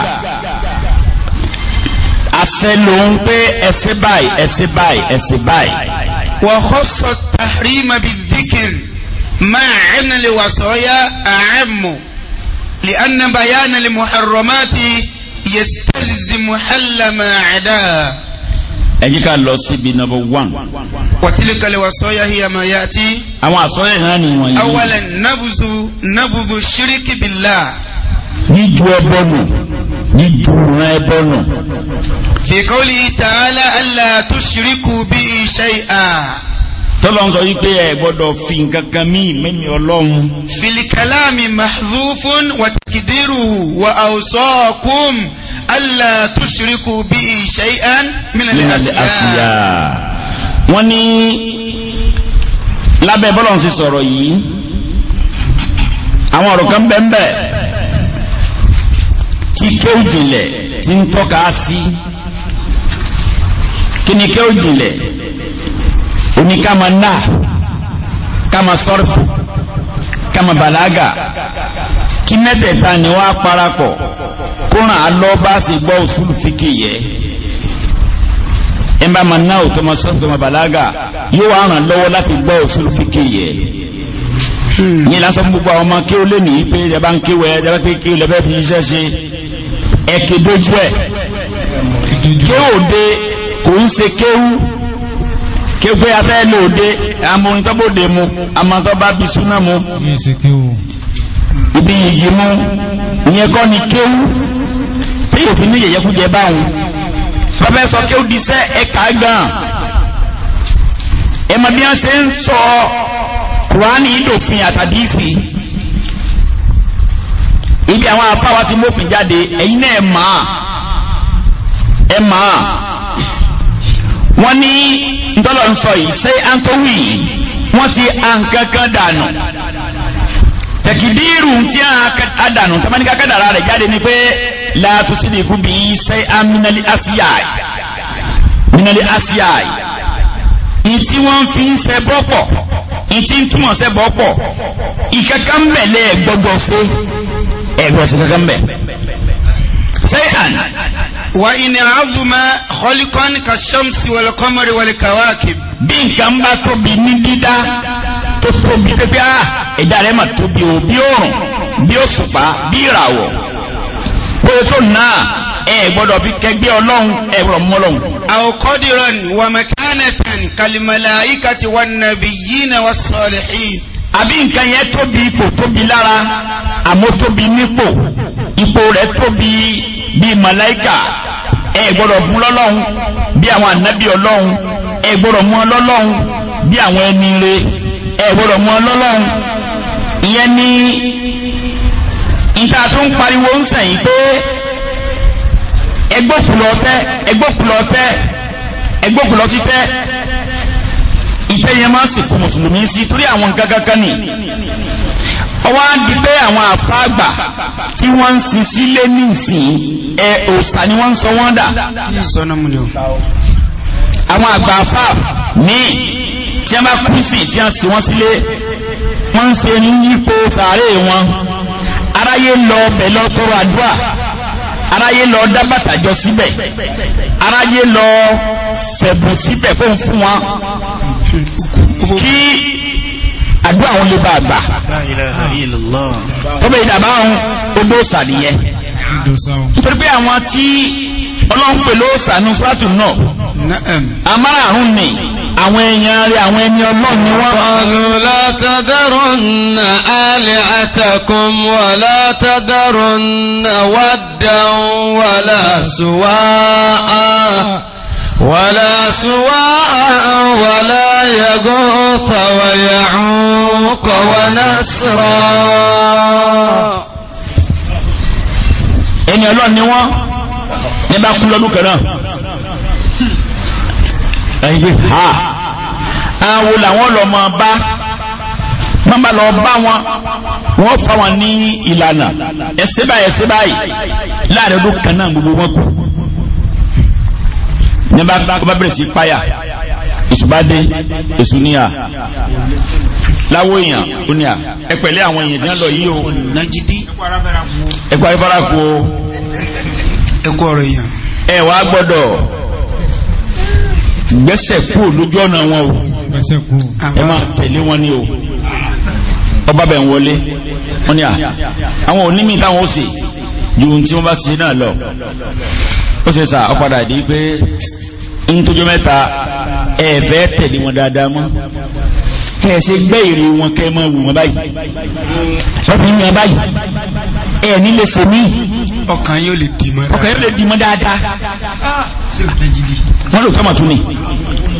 àṣẹ lòun pé ẹsẹ báyìí ẹsẹ báyìí ẹsẹ báyìí. wa khassa at-tahrima bidh-dhikr ma'an al-wasaya a'ammu li'anna bayana al-muharramati yastalzimu halla ma 'adaha. ẹ jẹ́ ká lọ síbi number one. wa tilka al-wasaya hiya ma ya'ti. àwọn àsọyà náà nìwọ̀nyí. awalan nabdhu nabdhu shirki billah. jíju ẹbọ nù jíjúmọ̀ ẹbọ́nù. fi qawli ta'ala alla tushriku bi shay'a tọ́lọ́n sọ wípé ẹ gbọ́dọ̀ fi nkankan mí mẹ́mí ọlọ́run filikalami mahzufun watakidiru wa awsaakum alla tushriku bi shay'an minal asiya wọ́n ní lábẹ́ bọ́lọ̀ sí sọ̀rọ̀ yìí àwọn ọ̀rọ̀ kan bẹ́ẹ̀ bẹ́ẹ̀ tí kéwù tí ń tọ́ka sí kí ni kéwù jìnlẹ̀ oníkàmà náà kàmà sọ́rfù kàmà bàlágà kí mẹ́tẹ̀ẹ̀ta ni wá parapọ̀ kóran alọ́ bá sì gbọ́ òṣùlù fíkì yẹ ẹ̀ ń bá ma náà tó ma sọ́rfù tó ma bàlágà yóò wá ràn lọ́wọ́ láti gbọ́ òṣùlù fíkì yẹ. Hmm. yẹn lásán gbogbo àwọn ọmọ kí ó lè ní pé ẹ bá ń kíwẹ ẹ bá pé kí ó lẹ́bẹ̀ẹ́ fi iṣẹ́ ṣe ẹ kì í dojú ẹ kí ó de kò ń ṣe kéwú kéwú pé afẹ́ lòde amóhintọ́bòde mu amọ́tọ́bá bisúná mu ibi yìí mú ìyẹn kọ́ ni kéwú tí yóò fi ní yẹ̀yẹ́kújẹ báwọn bàbá sọ kéwú di sẹ́ ẹ̀ka gan ẹ̀ mọ̀ bí wọ́n ṣe ń sọ kùránì ìdòfin àtàdísì ibi àwọn afáwa ti mófin jáde ẹ̀yin náà ẹ̀ máa ẹ̀ máa wọ́n ní ntọ́lọ̀ ń sọ yìí ṣé à ń tó wì yìí wọ́n ti à ń kankan dànù tẹ̀kìdírù tí a dànù tẹ́mọ́nìkà kádàrà rẹ̀ jáde ni pé láàtú sí ni kúbi ṣe àmìnàlì àṣìyà mìnàlì àṣìyà yìí tí wọ́n fi ń ṣe bọ́pọ̀ ìtí ń túmọ̀ sẹ́bọ̀ pọ̀ ìkẹ́kẹ́ ń bẹ̀ lẹ́ gbọ́gbọ́ sí ẹ̀gbọ́ sí kẹ́kẹ́ ń bẹ̀. sẹ́yìn wa in azuma khaliqan ka shamsi wal qamari wal kawakib. bí nǹkan bá tóbi ní dídá tó tóbi pé á ah, ẹ̀dá rẹ̀ mà tóbi o bí òrùn bí òṣùpá bí ìràwọ̀ pé tó náà ẹ gbọ́dọ̀ fi kẹgbẹ́ ọlọ́run ẹ gbọ́dọ̀ mú ọlọ́run. àwòkọ́dìrán wà mẹ́kánẹ́tàn kàlìmọ̀lá ìkàtí wà nàbí yìí náà wà sọ̀rọ̀ yìí. àbí nǹkan yẹn tóbi ipò tóbi lára àmọ́ tóbi nípò ipò rẹ̀ tóbi bíi màláìkà ẹ gbọ́dọ̀ lọ́lọ́run bí àwọn ànábì ọlọ́run ẹ mú ọlọ́run bí àwọn ẹni re ẹ mú ọlọ́run ìyẹn ni ìta tó ń pariwo ń sẹ̀yìn pé ẹgbókulọ̀tẹ́ ẹgbókulọ̀tẹ́ ẹgbókulọ̀títẹ́ ìfẹ́ yẹn máa sì kú mùsùlùmí sí torí àwọn nǹkan kankan ni ọwọ́ á di pé àwọn àfáàgbà tí wọ́n ń sin sílé ní ìsìn ẹ òòsà ni wọ́n ń sọ wọ́n dà àwọn àgbà àfá ní tí a bá kú sí tí a sì wọ́n sílé wọ́n ń ṣe ní yípo sàárè wọn aráyé lọ bẹ̀ lọ àdúrà aráyé lọ dá bàtà jọ síbẹ̀ aráyé lọ fẹ̀bùn síbẹ̀ kó ń fún wọn kí àdúrà wọn lè bá àgbà tọ́bẹ̀ ìdàbáhùn odó sàníyẹn torí pé àwọn tí ọlọ́run pẹ̀lú sànú sátù náà amára àrùn ni àwọn èèyàn rẹ̀ àwọn ẹni ọlọ́run ni wọ́n qalu la tadharunna alihatakum wa la tadharunna waddan wa la suwa'a ولا سواء ولا يغوث ويعوق ونسرا ọlọ́run ni wọ́n ní bá kú lọ́dún kan ẹ̀yìn ha àwọn làwọn lọ mọ bá wọ́n bá lọ bá wọn wọ́n fa wọn ní ìlànà ẹ̀sẹ̀ báyìí ẹ̀sẹ̀ báyìí láàrin ọdún kan náà gbogbo wọn kú ní bá bá bẹ̀rẹ̀ sí páyà ìṣùbádé èṣù níyà láwọ èèyàn ó níyà ẹ pẹ̀lẹ́ àwọn èèyàn jẹ́ lọ yìí o ẹ̀kọ́ ayéfárá kú o. ẹkú ọ̀rọ̀ èèyàn ẹ wá gbọ́dọ̀ gbẹ́sẹ̀ kú lójú ọ̀nà wọn o ẹ máa tẹ̀lé wọn ni ọba bẹ̀ ń wọlé wọn ni à àwọn onímì táwọn ó sì ju ohun tí wọ́n bá ti ṣe náà lọ ó ṣe sà pé ń mẹ́ta ẹ fẹ́ tẹ̀lé wọn dáadáa mọ́ wọn kẹ wù wọn báyìí fi ọkàn yóò lè dìmọ̀ dáadáa ọkàn yóò lè dìmọ̀ dáadáa wọ́n lò tọ́mà tún ní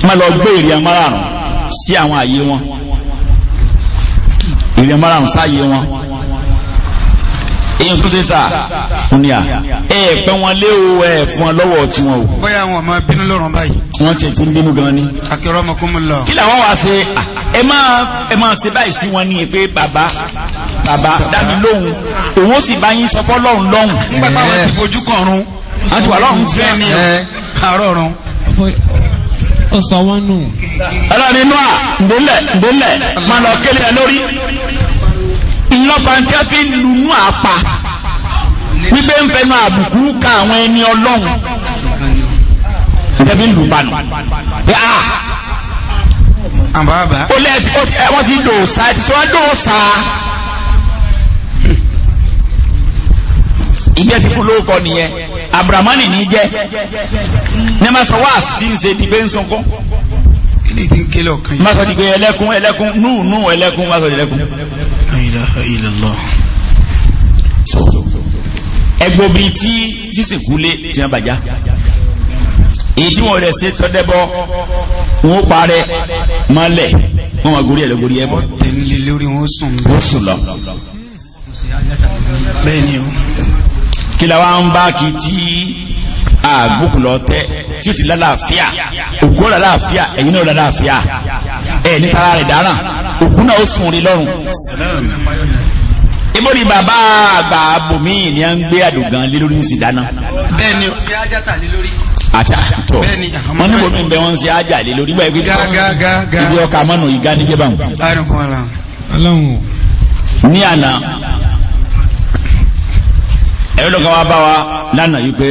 ma lọ gbé èrè amáràrùn sí àwọn àyè wọn èrè amáràrùn sáàyè wọn èyàn tó ṣe sáà òníà ẹ pẹ́ wọn lé o ẹ fún wọn lọ́wọ́ tí wọn o. bóyá wọn ọmọ bínú lọ́rùn báyìí. wọn tiẹ̀ ti ń bínú gan ni. akérò ọmọ kún mi lọ. kí làwọn wá ṣe ẹ máa ẹ máa ṣe báyìí sí wọn ní pé bàbá bàbá dábì lóhùn òun ó sì bá yín sọ fọlọ́run lọ́hùn. nígbà táwọn ti fojú kàn a ti wà lọ́hùn ìlọ́fà tí a fi lùnú àpá wípé ń fẹ́nu àbùkù ka àwọn ẹni ọlọ́run tẹ́bí lù bànú ah! wọ́n ti dòòsà ẹ̀ ti sọ wọ́n dòòsà ìgbẹ́ ti fún lóòkọ nìyẹn abramani ní jẹ́ ní ẹ máa sọ wá sí ń ṣe ní bẹ́ńsọ̀kọ́ ilé tí ń kélé ọ̀kan yìí. Másọ̀ dìgbé ẹlẹ́kún ẹlẹ́kún nù nù ẹlẹ́kún másọ̀ dìlẹ́kún. Ilaha illallah. Ẹgbẹ́ obi tí sísìnkú lé ti hàn bàjá. Èyí tí wọ́n rẹ̀ ṣe tọ́dẹ́bọ́, wọ́n parẹ́ mọ́lẹ̀, wọ́n máa gorí ẹ̀ lọ́gorí ẹ̀ bọ̀. Tẹ̀lé lórí wọn sùn. Ó sùn lọ. Bẹ́ẹ̀ni o. Kí la wá ń bá kìí tí àgbókùnlọ ah, tẹ́ tí ó ti lálàáfíà òkú lálàáfíà ẹ̀yìn náà lálàáfíà ẹ̀ ní tara rẹ̀ dáràn òkú náà ó sùn rí lọ́rùn ibo ni bàbá àgbà bòmí ni a ń gbé àdògán lé lórí ìsìn dáná bẹ́ẹ̀ni ó ṣe ájátà lé lórí àtàtọ̀ wọ́n ní bòmí bẹ wọ́n ṣe ájà lé lórí gbà ẹgbẹ́ ibi ọkà mọ́nà ìgá ní jẹ́bà ní àná ẹ̀rọ lọ́kàn wá bá wa lánàá yí pé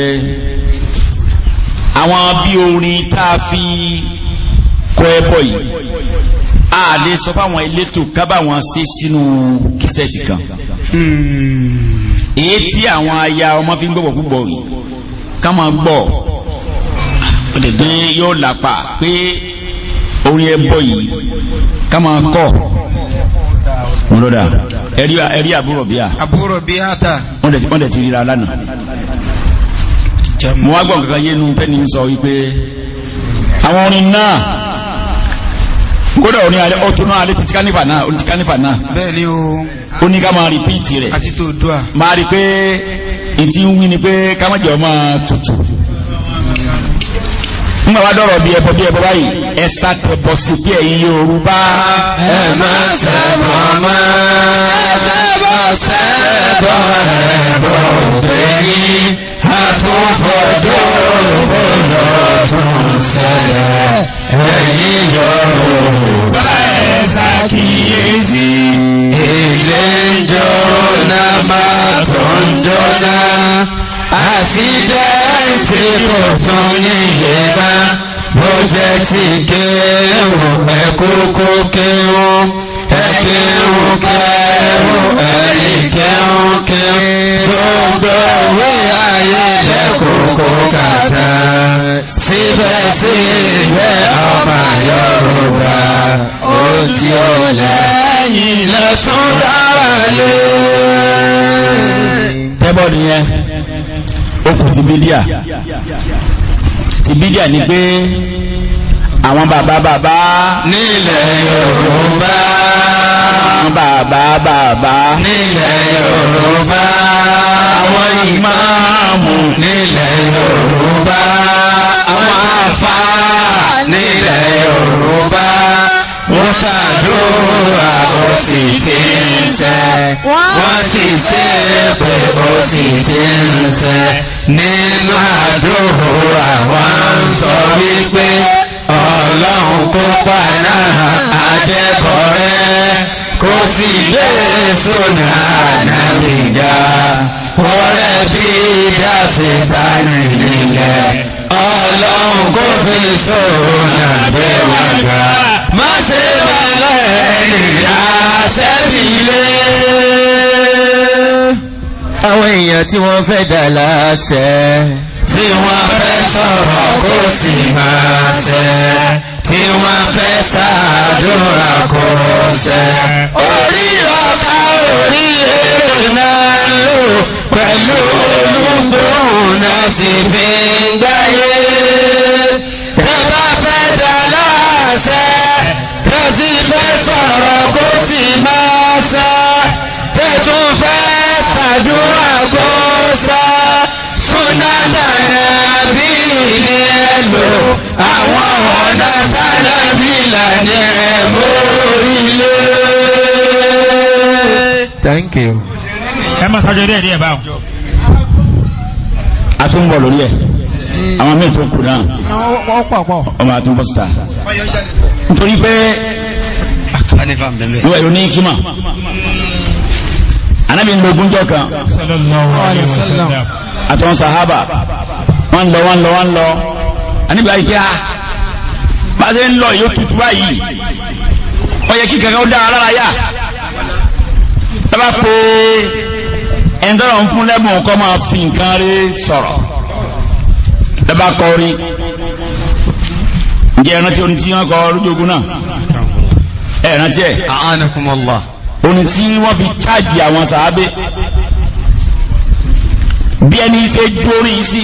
àwọn bí orin tá a fi kọ ẹbọ yìí a lè sọ fáwọn elétò kábà wọn sí sínú kíṣẹ́ẹ̀tì kan èyí tí àwọn aya ọmọ fi ń gbọ́bọ̀ púpọ̀ yìí ká máa gbọ́ ọ̀dẹ̀dẹ̀ yóò lápá pé orin ẹbọ yìí ká máa kọ́ wọn lọ́dà ẹ̀rí àbúrò bíà àbúrò bíà ta wọ́n dẹ̀ ti ríra lánàá mo wá gbọ́n kankan yénu tẹ́ni ń sọ wípé àwọn orin náà kódà orin ọtún alẹ́ ti kánífà náà orin ti náà bẹ́ẹ̀ ni o ó ní ká máa rìpíìtì rẹ̀ àti tó dùà máa rí pé ìtí ń wí ni pé ká má jọ máa tutù nígbà wá dọ̀rọ̀ bí ẹbọ bí ẹbọ báyìí ẹ̀sà tẹ̀bọ̀ sí bí ẹ̀yìn Yorùbá ẹ má ṣẹbọ mọ́ ẹ̀sẹ̀bọ̀ ṣẹbọ ẹ̀bọ̀ bẹ́yìn àtúnfọ̀dọ́ ọ̀rọ̀ tún ṣẹlẹ̀ ẹ̀yìn Yorùbá ẹ̀ ṣàkíyèsí ilé jọ́nà máa tún jọ́nà àṣìjẹ́ tí kò tún níye bá bó jẹ́ ti kéwọ̀n ẹ̀kókó kéwọ̀n kẹrùkẹrù ẹni kẹrùkẹrù gbogbo owó ayé lẹ́kòókò kàtà síbẹ̀síbẹ̀ ọmọ Yorùbá ó tí ó lẹ́yìn lẹ́tún dára lé tẹ́bọ̀ nìyẹn ó kù ti bídíà ti bídíà ni pé àwọn bàbá bàbá nílẹ̀ Yorùbá bàbá bàbá nílẹ̀ Yorùbá àwọn ìmáàmù nílẹ̀ Yorùbá àwọn àfà nílẹ̀ Yorùbá wọ́n ṣàdúrà ó sì ti ń ṣẹ wọ́n sì ṣe pé ó sì ti ń ṣẹ nínú àdúrà wọ́n ń sọ wípé ọlọ́run kó pa náà adẹ́kọ̀ọ́rẹ́ kò sí bẹ́ẹ̀ sọ́nà ànàbìjà kọ́rẹ́ bí dáṣe tánì nílẹ̀ ọlọ́run kò fi sọ́nà bẹ́ẹ̀ wá gbà má ṣe bẹ́ẹ̀ nìyà sẹ́bìlẹ̀ àwọn èèyàn tí wọ́n fẹ́ dà láṣẹ tí wọ́n fẹ́ sọ̀rọ̀ kó sì máa ṣẹ tí wọ́n fẹ́ ṣàdúrà kò ṣẹ. orí ọ̀tá orí èrò náà lò pẹ̀lú olúndùn náà sì fi ń gbáyé. tó bá fẹ́ dá láṣẹ tó sì fẹ́ sọ̀rọ̀ kó sì máa ṣá tó tún fẹ́ ṣàdúrà kó ṣá súnádà ilé ẹ̀lò àwọn ọ̀nà sálábí lànà mórílé. thank you. ẹ máa sájọ ilé ẹ̀rí ẹ̀ báwọn. a tún bọ̀ lórí ẹ̀ àwọn míì tó kù náà ọmọ àtúnbọ̀ síta nítorí pé ìwà ìlú ní kíma anábì ń lo kan àtọ́n sahaba wọ́n lọ wọ́n lọ wọ́n lọ àníbà yìí pé ah, a bá ṣe ń lọ yóò tutù báyìí ó yẹ kí kankan ó dára lára yá sábà pé ẹni tọ́rọ ń fún lẹ́bùn kọ́ máa fi nǹkan rí sọ̀rọ̀ lọ́ba kọrin ǹjẹ́ ẹran tí oní tí wọ́n kọ lójoogun náà ẹran tí ẹ̀ oní tí wọ́n fi chájì àwọn sàábé bí ẹni ṣe jórí sí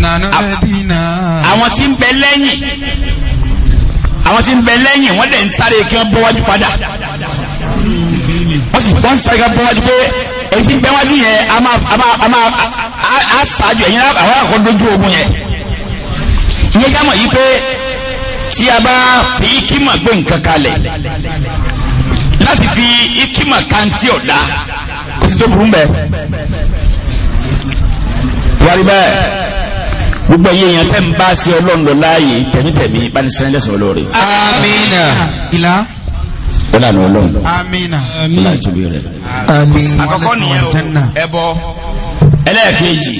àwọn tí ń bẹ lẹ́yìn àwọn tí ń bẹ lẹ́yìn wọ́n dẹ̀ ń sáré kí wọ́n bọ́wájú padà wọ́n sì wọ́n sáré kí wọ́n bọ́wájú pé èyí tí ń bẹ wájú yẹn a máa a máa a ṣáájú ẹ̀yìn àwọn àkọ́ dojú ogun yẹn ìyẹn ká mọ̀ yí pé tí a bá fi ikima gbé nǹkan kalẹ̀ láti fi ikima kan tí kò sí tó burú mbẹ wárí gbogbo ayé èèyàn tẹ́ ń bá sí ọlọ́run lọ láàyè tẹ̀mítẹ̀mí bá ní sẹ́yìn lẹ́sìn olóore. amina. ìlà. ó lànà ọlọ́run. amina. ó lànà ìtúbi rẹ̀. amina. àkọ́kọ́ nìyẹn o ẹbọ ẹlẹ́ẹ̀kejì.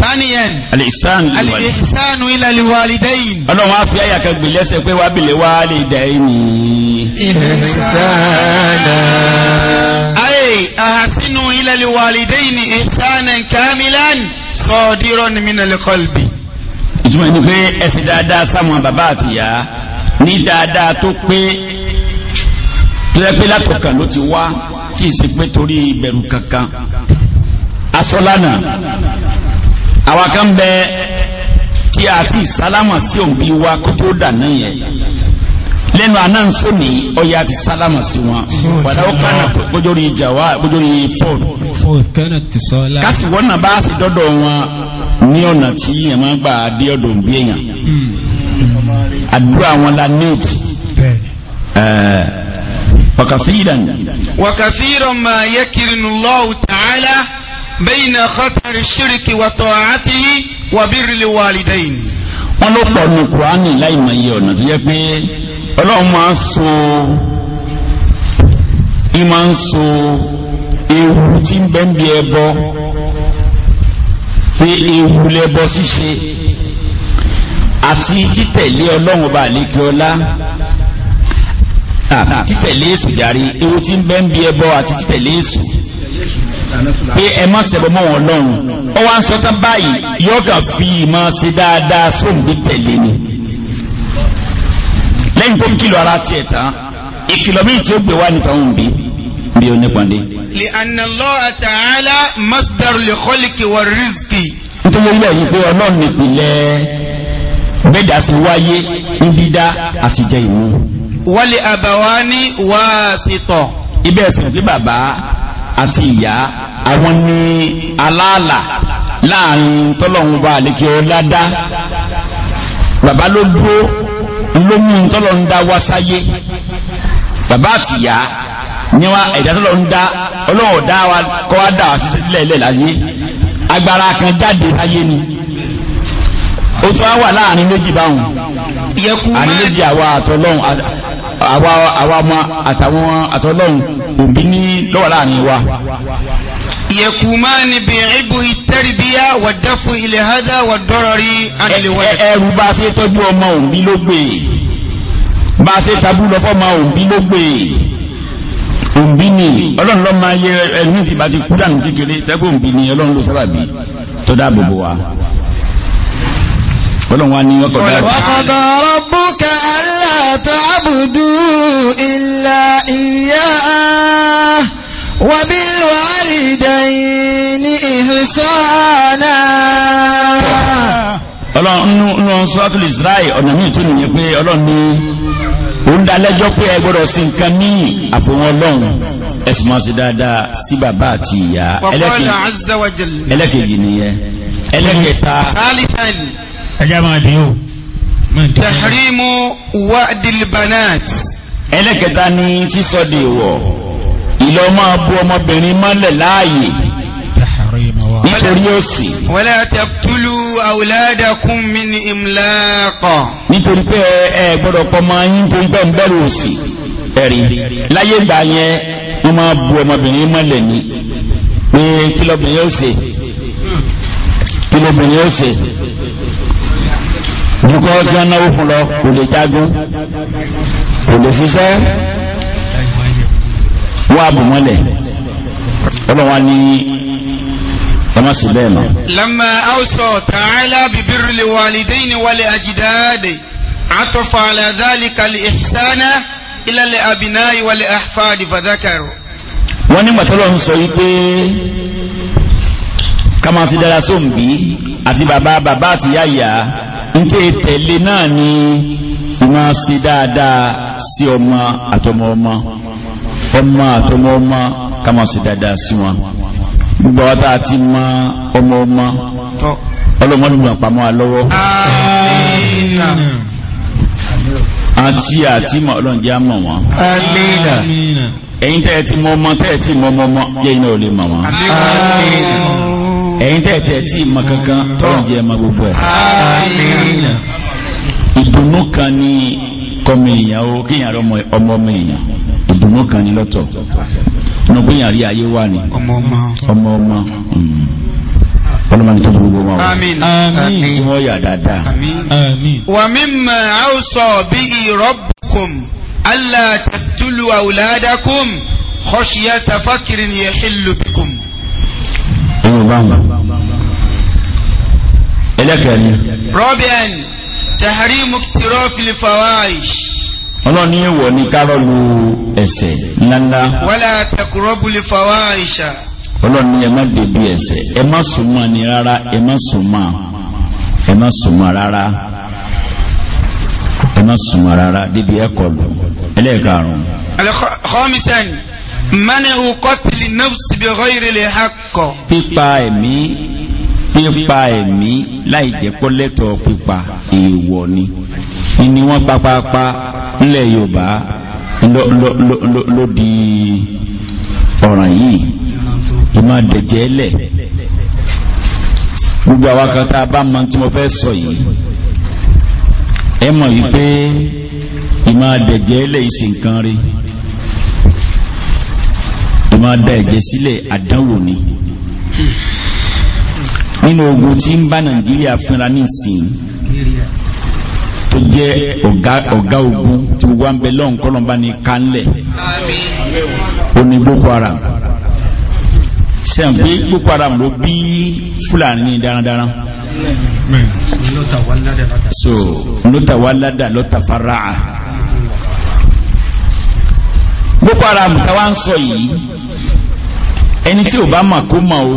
ثانيا الإحسان الإحسان إلى الوالدين الله ما في أيك بلسة كوي وبالوالدين إحسانا أي أحسنوا إلى الوالدين إحسانا كاملا sadiran minal qalbi ìtumọ̀ ní pé ẹsẹ̀ dáadáa sáwọn bàbá àti ìyá ní dáadáa tó pé tó yẹ pé látọ̀kàn ló ti wá kì í pé torí ìbẹ̀rù kankan asọ́lánà àwa kan bẹ tí a ti sí òbí wa kó tó dà náà yẹn lẹ́nu anáǹsó ní ọya àti sálámà sí wọn padà ó kánà gbójórí jàwá gbójórí fọ́ọ̀nù kásì wọ́n náà bá sì dọ́dọ̀ wọn ní ọ̀nà tí yẹn máa gbà dé ọ̀dọ̀ bí èèyàn hmm. àdúrà wọn la need wàkàfíìràn wàkàfíìràn ma yakirinu Allahu ta'ala bayna khatar shirki wa ta'atihi wa birril walidayn wọ́n ló pọ̀ ní kùránì láì mọ̀ iye ọ̀nà tó yẹ pé ọlọ́run máa ń so ìmọ̀ ń so ewu tí ń bẹ́ ń bí ẹbọ pé ewu lẹ́bọ ṣíṣe àti títẹ̀lé ọlọ́run ọba àlékè ọlá títẹ̀lé èṣù jàre ewu tí ń bẹ́ ẹbọ àti títẹ̀lé èṣù pé ẹ má ṣẹbọ mọ́ wọn lọ́run ó wá ń sọ tán báyìí yọ́gà fi ìmọ̀ ṣe dáadáa sóǹgbé tẹ̀lé ni lẹ́yìn tó ń kìlọ̀ ara tiẹ̀ tán ìkìlọ̀ míì tí ó gbé wá ní tàwọn òbí bí ó nípa dé. li anna Allaha ta'ala masdar li khalqi wa rizqi. nítorí ilé yìí pé ọlọ́run nípìnlẹ̀ gbẹ́dà sí wáyé ń dídá àti jẹ ìmú. wali abawani wasita. ibẹ̀ ẹ̀sìn pé bàbá àti ìyá àwọn ní aláàlà láàrin tọ́lọ́run bá àlékè ọlá bàbá ló dúró lómi tọ́lọ̀ ń dá wá sáyé bàbá àtìyá ní wa ẹ̀dá tọ́lọ̀ ń dá ọlọ́wọ̀ dá wa kọ́ wá dá wa sí lẹ́lẹ́ láyé agbára kan jáde láyé ni ó tún á wà láàrin méjì báwọn àní méjì àwa àtọlọ́hun òbí ní lọ́wọ́ láàrin wa yẹkùmánì بعبه التربية ìtẹ́rìbíyà إلى هذا hádá wà dọ́rọ̀rí àdìlẹ̀wọ̀dẹ̀. ẹrù bá ṣe tọ́jú ọmọ òǹbí ló gbé bá ṣe tabú lọ fọ́mọ òǹbí ló gbé òǹbí ni ọlọ́run lọ́ máa yẹ ẹni tí bá ti kú dànù kékeré tẹ́gbẹ́ òǹbí ni ọlọ́run ló sábàbí tó dáàbò bò wá ọlọ́run ní ọkọ̀ dáàbò. وبالوالدين إحسانا ọlọ́run nínú sọ́tùlù israel ọ̀nà míì tún nìyẹn pé ọlọ́run ní ó ń dalẹ́jọ́ pé ẹ gbọ́dọ̀ sí nǹkan ní àfòwọn ọlọ́run ẹ̀sùn máa sí dáadáa sí bàbá àti ìyá ẹlẹ́kejì nìyẹn ẹlẹ́kẹta ẹjá máa dé o. tahrimu wa'dil banat. ẹlẹ́kẹta ni sísọ de wọ̀ ìlọ máa bú ọmọbìnrin mọ́lẹ̀ láàyè nítorí ó sì wala taqtulu awladakum min imlaq nítorí pé ẹ gbọ́dọ̀ pọ̀ máa yín tó gbẹ́ ń bẹ̀rù òsì ẹ̀rí láyé ìgbà yẹn wọ́n máa bú ọmọbìnrin mọ́lẹ̀ ní pé kí ó ṣe kí ó ṣe dùkọ́ gánà ó fún lọ kò lè jágún kò lè ṣiṣẹ́ wọ́n á bù mọ́lẹ̀ ọlọ́wọ́n ní ẹmọ́ sí bẹ́ẹ̀ mọ́. lamma awsọ ta'ala bibirri li walidaini wal ajdadi atọfa ala dhalika li ihsana ila li abinai wal ahfadi fadhakaru. wọ́n ní mọ̀tọ́lọ́ ń sọ wípé ká máa fi dára sóǹbí àti bàbá bàbá àti yáyà ń tẹ́ tẹ̀lé náà ní ìmọ̀ sí dáadáa sí ọmọ àtọmọ ọmọ fọ́mọ́ àtọmọ́ ọmọ kama sí dáadáa sí wọn gbogbo àwọn tàà ti ma ọmọ ọmọ ọlọ́mọdún àpamọ́ alọ́wọ́ àti àti ma ọlọ́njẹ́ àmọ̀ wọn ẹ̀yin tẹ́ẹ̀ ti mọ ọmọ tẹ́ẹ̀ ti mọ ọmọ yẹ́ iná ò lè mọ̀ wọn ẹ̀yin tẹ́ẹ̀ tẹ́ẹ̀ ti mọ kankan ọlọ́njẹ́ ẹ̀ma gbogbo ẹ̀ ìdùnnú kan ní kọ́mọ ó kíyàn ọmọ ọmọ èèyàn ọmọ kan ní lọ́tọ̀ ọ̀nà pé yàrí ayé wà ní ọmọ ọmọ hmm. ọlọ́mọdé tó gbogbo wọn wọ́n àmín wọ́n yà dáadáa wà mímọ̀ àwùsọ̀ bí ìrọ́bùkùn allah tàtúlù àwùládàkùn kọ́ṣíyà tàfàkìrì ni yẹ̀hìlù bìkùn. ẹ̀yìn báwọn ẹlẹ́kẹ̀ẹ́ni. rọ́bìán tàhárí mùkítírọ́fìlì fàwáìṣ. ọlọ́ni ìwọ̀ ni kárọ̀lù ẹ̀ṣẹ̀ ńláńlá. wala taqrabul fawahisha. ọlọ́run ni ẹ má débi ẹ̀ṣẹ̀ súnmọ́ ni rárá ẹ má súnmọ́ ẹ má súnmọ́ rárá ẹ má súnmọ́ rárá débi ẹ̀kọ́ lò ẹlẹ́ẹ̀karùn-ún. al-khamisan manahu qatli nafsi bi ghayril haqq. pípa ẹ̀mí láì jẹ́ kó lẹ́tọ̀ọ́ pípa èèwọ̀ ni ni wọ́n pápápá ńlẹ̀ Yorùbá ló di ọ̀ràn yìí ìmá dẹ̀jẹ̀ lẹ̀ gbogbo àwọn kan tá a bá mọ tí mo fẹ́ sọ yìí ẹ mọ̀ yìí pé dẹ̀jẹ̀ lẹ̀ ìsìn nǹkan rí ìmá da sílẹ̀ àdánwò ni nínú ogun tí ń bá Nàìjíríà fúnra ní ìsìn tó jẹ́ ọ̀gá ogun tí wà ń bẹ lọ́n kọ́lọ̀mbá ní kánlẹ̀ ó boko haram sẹ́n boko haram ló bí fúlàní darandaran so lọ́ta wà ládà lọ́ta fara boko haram táwa ń sọ yìí ẹni tí ò bá mà kó mà o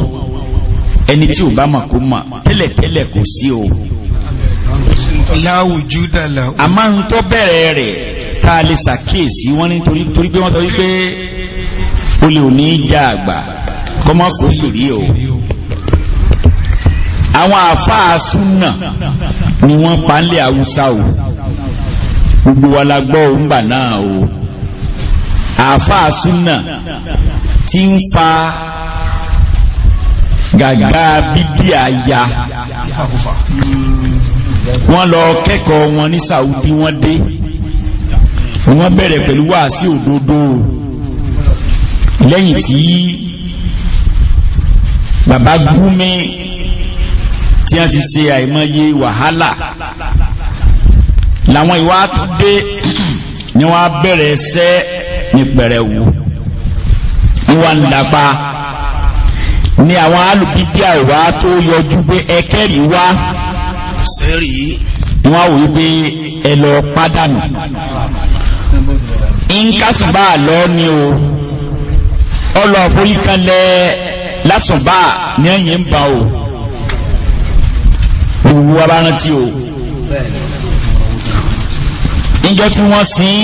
ẹni tí ò bá mà kó mà tẹ́lẹ̀tẹ́lẹ̀ kò sí o láwùjú dàlà a máa ń tọ́ bẹ̀rẹ̀ rẹ̀ tá a lè ṣàkíyèsí wọ́n ní torí pé wọ́n sọ wípé o lè ní ìjà àgbà kọ́mọ́ kò fìrí o àwọn àfáà súnà ni wọ́n pa ń haúsá o gbogbo wa la gbọ́ òǹgbà náà o àfáà súnà ti ń fa gàgà bídíà ya wọ́n lọ kẹ́kọ̀ọ́ wọn ní Saudi wọ́n dé wọ́n bẹ̀rẹ̀ pẹ̀lú wáàsí òdodo lẹ́yìn tí bàbá gúnmí tí a ti ṣe àìmọye wàhálà làwọn ìwà tó dé ni wọ́n á bẹ̀rẹ̀ ṣẹ́ ní pẹ̀rẹ̀wò ní wọ́n ń ni àwọn alùpípíà ìwà tó yọjú pé ẹkẹ́rì wá sẹ́rí wọ́n á wò wípé ẹ lọ pádànù nkásùbà lọ ni o ọlọ àforíkalẹ̀ lásùbà ní ẹ̀yìn ń bá o gbogbo abárántí o níjọ́ tí wọ́n sin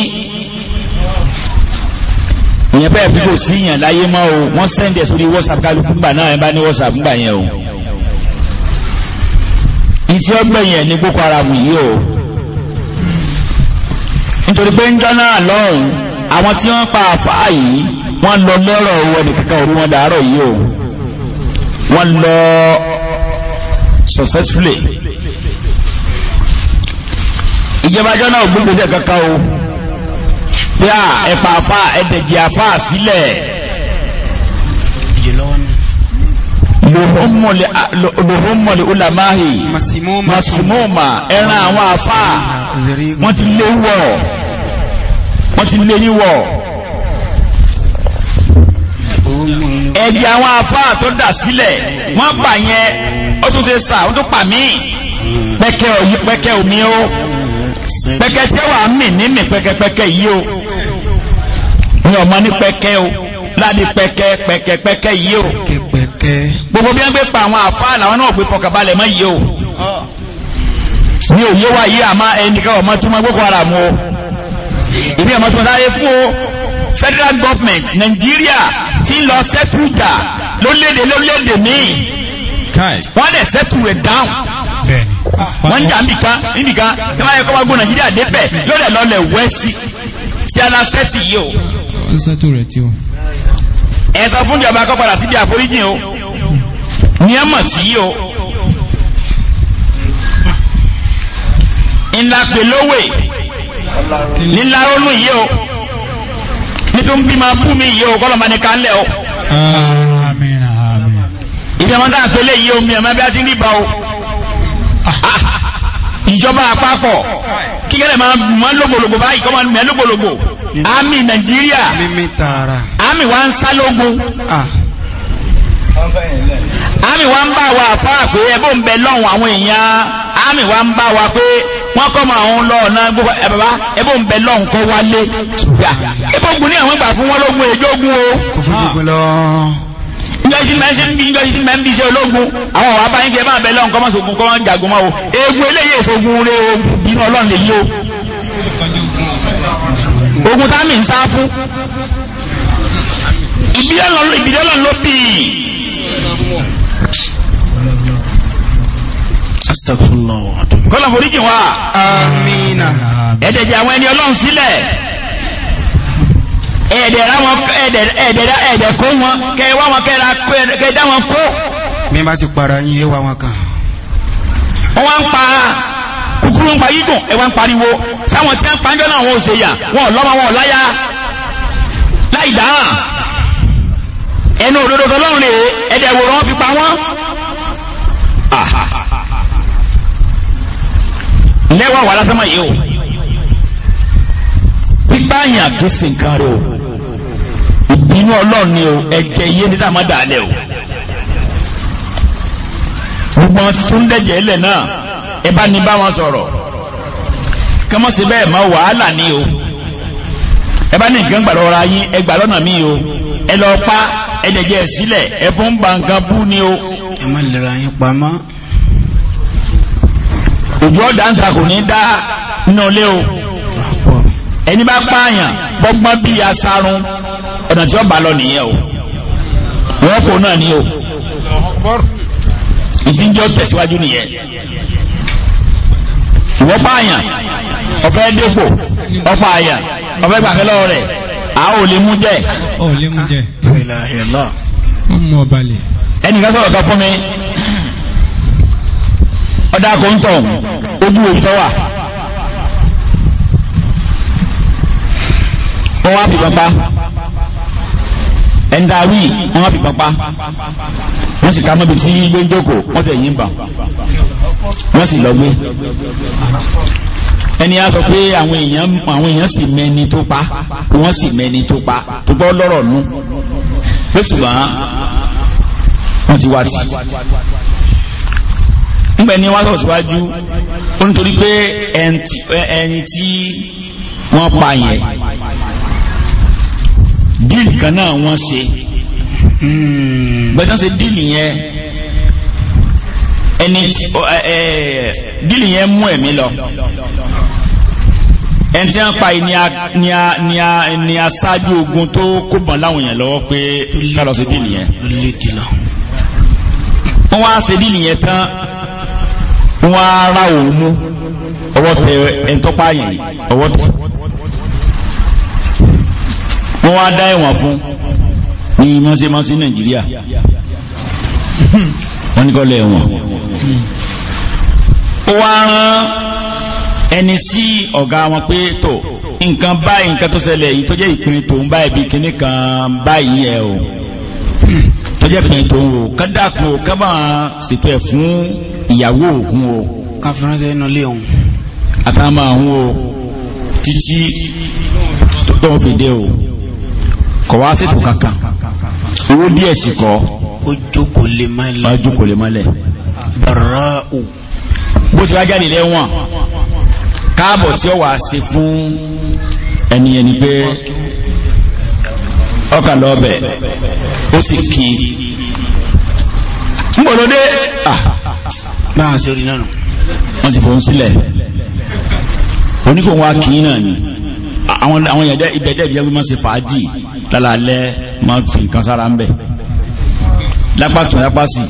ìyẹn bẹ́ẹ̀ kò sí láyé mọ́ o wọ́n sẹ́ndẹ̀ sórí whatsapp kálukú gbà náà ẹ ní whatsapp gbà yẹn o ìtí ọgbẹ̀yìn ní Boko Haram yìí o nítorí pé ń jọ́nà lọ́rùn àwọn tí wọ́n pa àfáà yìí wọ́n lọ lọ́rọ̀ owó ẹnìkẹ́kẹ́ orí wọn dàárọ̀ yìí o wọ́n lọ successfully ìjọba jọ́nà ògbógbèsè kankan o pé à ẹ̀pà àfáà ẹ̀dẹ̀jì àfáà sílẹ̀ lòhùnmọ̀lẹ̀ olàmáhì masimoma ẹran àwọn afá wọ́n ti lé wọ̀ wọ́n ti lé yíwọ̀ ẹ̀jẹ̀ àwọn afá tó dà sílẹ̀ wọ́n bà yẹn ó tún ṣe sà ó tún pà mí pẹ́kẹ́ omi ó pẹ́kẹ́ tẹ́wà mì ní mì pẹ́kẹ́pẹ́kẹ́ yìí ó ní ọmọ ní pẹ́kẹ́ o láti pẹ́kẹ́ pẹ́kẹ́pẹ́kẹ́ yìí ó kẹ́. gbogbo bí wọ́n gbé pa àwọn àfáà làwọn náà gbé fọkàbalẹ̀ mọ́ yìí o ní òye wa yìí àmá ẹnìkan ọmọ túnmọ́ Boko Haram o ìbí ọmọ túnmọ́ sáré fún o federal government Nigeria ti lọ sẹ́tù jà lórílẹ̀-èdè lórílẹ̀-èdè míì wọ́n lè sẹ́tù rẹ̀ down wọ́n ń jà nìkan nìkan tí wọ́n yẹ kọ́ wá gbó Nàìjíríà débẹ̀ lọ́lẹ̀ lọ́lẹ̀ wẹ́sì tí a la sẹ́tì yìí o. wọ́n o ẹ sọ fún ìjọba kọ́ padà síbi àforíjìn o ní ẹ mọ̀ tí o ńlá pè lówè nílá rónú yìí o nítorí ń bí máa bú mi yìí o kọ́ lọ́mọ ní kálẹ̀ o. àmín ọmọdé àpẹẹlẹ yìí mi ọmọ bí a ti o ah. Ah, ìjọba àpapọ̀ kíkẹ́lẹ̀ máa lógbòlògbò báyìí kọ́ máa mẹ́ lógbòlògbò Nigeria. àmì nàìjíríà àmì wa ń sálógún àmì ah. wa ń bá wa fáà pé ẹbó ń bẹ lọ́hùn àwọn èèyàn àmì wa ń bá wa pé wọ́n kọ́ ma àwọn lọ ọ̀nà gbogbo ẹ̀bàbá ẹbó ń bẹ lọ́hùn kọ́ wálé ẹbógun ní àwọn ìgbà fún wọn lógún èjógún o ìjọ́sí mẹ́sí ń jọ́sí mẹ́bí iṣẹ́ ológun àwọn ọ̀rọ̀ abáyín kẹ máa bẹ̀ lọ́n kọ́mọ́ sógun kọ́mọ́ jàgùn máa o ewu eléyè sógun rẹ̀ ogun bínú ọlọ́run lè yí o ogun tami ń sá fún ìbílẹ̀ lọ ló bí i astagfirullah kọ́lá foríjì wá amina ẹ̀dẹ̀jẹ̀ àwọn ẹni ọlọ́run sílẹ̀ ẹ̀ẹ̀dẹ̀ra wọn ẹ̀ẹ̀dẹ̀ra ẹ̀ẹ̀dẹ̀ kó wọn kẹwàá wọn kẹdá wọn kó mẹ́bá sì para yín wọn kan wọ́n ń pa á tí wọ́n ń pa yídùn ẹ̀wọ̀n ń pariwo sáwọn tí wọ́n ń pa ẹjọ́ náà wọ́n ò ṣe yà wọ́n lọ́mọ wọn láyà láìdá ẹnu òdodo tọ́lọ́run rèé ẹ̀dẹ̀ ìwòrán fi pa wọ́n. lẹ́wọ̀n wà lásán yìí o pípa àyàn kì í sì nǹkan rẹ o ìbínú ọlọ́run ni o ẹ̀jẹ̀ iye ní dàmọ́dà alẹ́ o gbogbo àwọn tuntun dẹ̀jẹ̀ ilẹ̀ náà ẹ bá ní bá wọn sọ̀rọ̀ kọ́mọ́ sí bẹ́ẹ̀ mọ́ wàhálà ni o ẹ bá ní nǹkan gbà lọ́ra yín ẹ gbà lọ́nà mi o ẹ lọ pa ẹ̀dẹ̀jẹ̀ sílẹ̀ ẹ fún gbàǹkan bú ni o. ẹ má lera yín pamọ́. òjò ọ̀dà ń ta kò ní dá nínú ilé o ẹni bá pààyàn gbọ́gbọ́n bí asárun ọ̀nà tí ó bá lọ nìyẹn o wọ́n kò náà ni o ìdíjọ́ tẹ̀síwájú nìyẹn ìwọ́n pààyàn ọ̀fẹ́ dépò ọ̀pọ̀ àyà ọ̀fẹ́ gbàgbé lọ́wọ́ rẹ̀ a ò lè mú jẹ́ ò lè mú jẹ́ ẹnìkan sọ̀rọ̀ kan fún mi ọ̀dà kò ń tọ̀ ojú òbí tọ́wà wọ́n wá fi bàbá ẹ̀ndàwí wọ́n fi pápá wọ́n sì ká mọ́bí sí gbẹ́ndókò wọ́n tẹ̀ yìnbà wọ́n sì lọ gbé ẹni a sọ pé àwọn èèyàn sì mẹni tó pa wọ́n sì mẹni tó pa tó gbọ́ lọ́rọ̀ nú lóṣùgbọ́n wọ́n ti wá tì nígbà ní wọ́n sọ̀rọ̀ síwájú ó nítorí pé ẹni tí wọ́n pa yẹn díìlì kan náà wọ́n ṣe hmm. bẹ́tán ṣe díìlì yẹn ẹni díìlì yẹn mú ẹ̀mí lọ ẹni tí wọ́n pa ní aṣáájú ogun tó kó bọ̀ láwọn èèyàn lọ́wọ́ pé ká lọ ṣe díìlì yẹn wọ́n wá ṣe díìlì yẹn tán wọ́n á ra òun mú ọwọ́ tẹ ẹni tó pààyàn ọwọ́ tẹ wọ́n wá dá ẹ̀wọ̀n fún ní mọ́sẹ́mọ́sí nàìjíríà wọ́n ní kọ́lẹ̀ ẹ̀wọ̀n ó wá rán ẹni sí ọ̀gá wọn pé tó nǹkan báyìí nǹkan tó ṣẹlẹ̀ yìí tó jẹ́ ìpín tó ń báyìí bí kíní kan báyìí ẹ̀ o tó jẹ́ ìpín tó ń wò kádàkùn ò kábà ṣètò ẹ̀ fún ìyàwó òhun o káfíńsẹ́ inú ilé òun àtàwọn àwọn o títí tó tó ń fi o kọ̀ wá ṣètò kankan owó díẹ̀ sì kọ́ ojókòlè mọ́lẹ̀ bó ti wá jáde lẹ́wọ̀n káàbọ̀ tí ó wà sí fún ẹni ẹni pé ọkà lọ́ọ̀bẹ̀ ó sì kí ń bọ̀ lóde máa ah. ṣe orí náà wọ́n ti fòun sílẹ̀ oníkòwò akìí náà ni àwọn ìyàjẹ́ ìbẹ̀dẹ̀ ìbíyàgbé máa ṣe fàájì lálàálẹ́ ma fi nǹkan sára ń bẹ̀ lápàtún lápàsì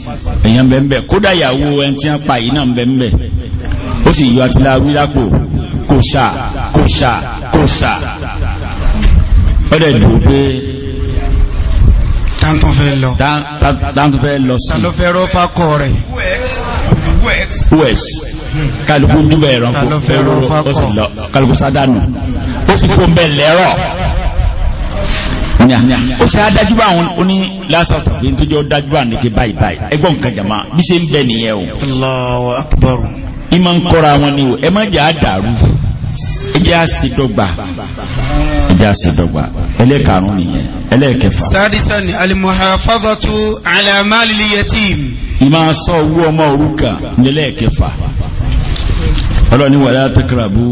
èèyàn bẹ̀ ń bẹ̀ kódà ìyàwó ẹni tí wọ́n pa yìí náà ń bẹ̀ ń bẹ̀ ó sì yọ àti láàrú lápò kò sà kò sà kò sà ó dẹ̀ dùn pé tántún fẹ́ lọ tántún fẹ́ lọ sí tántún fẹ́ rọ́ fákọ̀ rẹ̀ us kálukú dúbẹ̀ ẹ̀rọ kò ó sì fún bẹ́ẹ̀ lẹ́rọ̀ ní ó ṣe adájú bá àwọn oní lásàtọ̀ bí n tó jẹ́ ó dájú bá báyìí báyìí ẹgbọ́n nǹkan jàmá bí ṣe ń bẹ nìyẹn o. Allahu Akbar. ìmọ̀ ń kọ́ra wọn ni o ẹ má jẹ́ àdàrú ẹ jẹ́ àṣìdọ́gba ẹ jẹ́ àṣìdọ́gba ẹlẹ́karùn-ún nìyẹn ẹlẹ́kẹfà. sadisan alimuhafadatu alamaliyatim. ìmọ̀ sọ owó ọmọ òrukàn nílẹ̀ kẹfà ọlọ́ni wà láà takrabu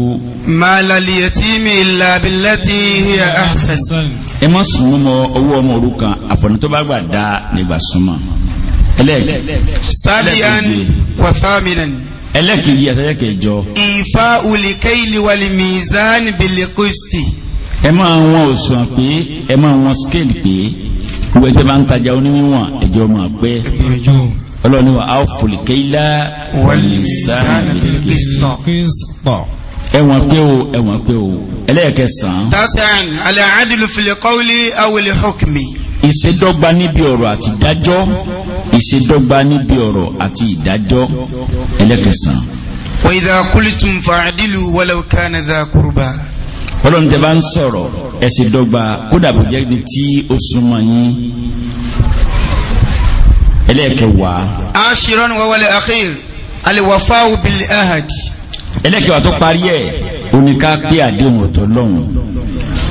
màálàlì ẹ̀tìmì ìlàbílẹ́tì hiya ahsan ẹ má súnmọ́ mọ́ owó ọmọ òrukàn àfọ̀nà tó bá gbà dá nígbà súnmọ́ sábíán wàfáàmìnàn ẹlẹ́kìí àtẹ́lẹ́kẹjọ ìfà ulìkẹ́ ìlìwàlì mìzán bìlẹ̀kùsì ẹ máa wọn òṣùwọ̀n pé ẹ máa ọlọ́ni wa áwọ̀fòlì kéílá ẹwọ̀n pé o ẹwọ̀n pé o ẹlẹ́ẹ̀kẹsàn. tasan alaadilu filikawuli awele hukumi. ìṣedọ́gba níbi ọ̀rọ̀ àti ìdájọ́ ìṣedọ́gba níbi ọ̀rọ̀ àti ìdájọ́ ẹlẹ́ẹ̀kẹsàn. wa idha qultum fa'dilu walaw kana dha qurba. ọlọ́run tẹ́ bá ń sọ̀rọ̀ ẹ ẹlẹ́ẹ̀kẹwàá ashiran wa wal akhir alwafa'u bil ahad ẹlẹ́kẹ̀wà tó parí ẹ̀ oníká pé àdéhùn ọ̀tọ̀ lọ́hùn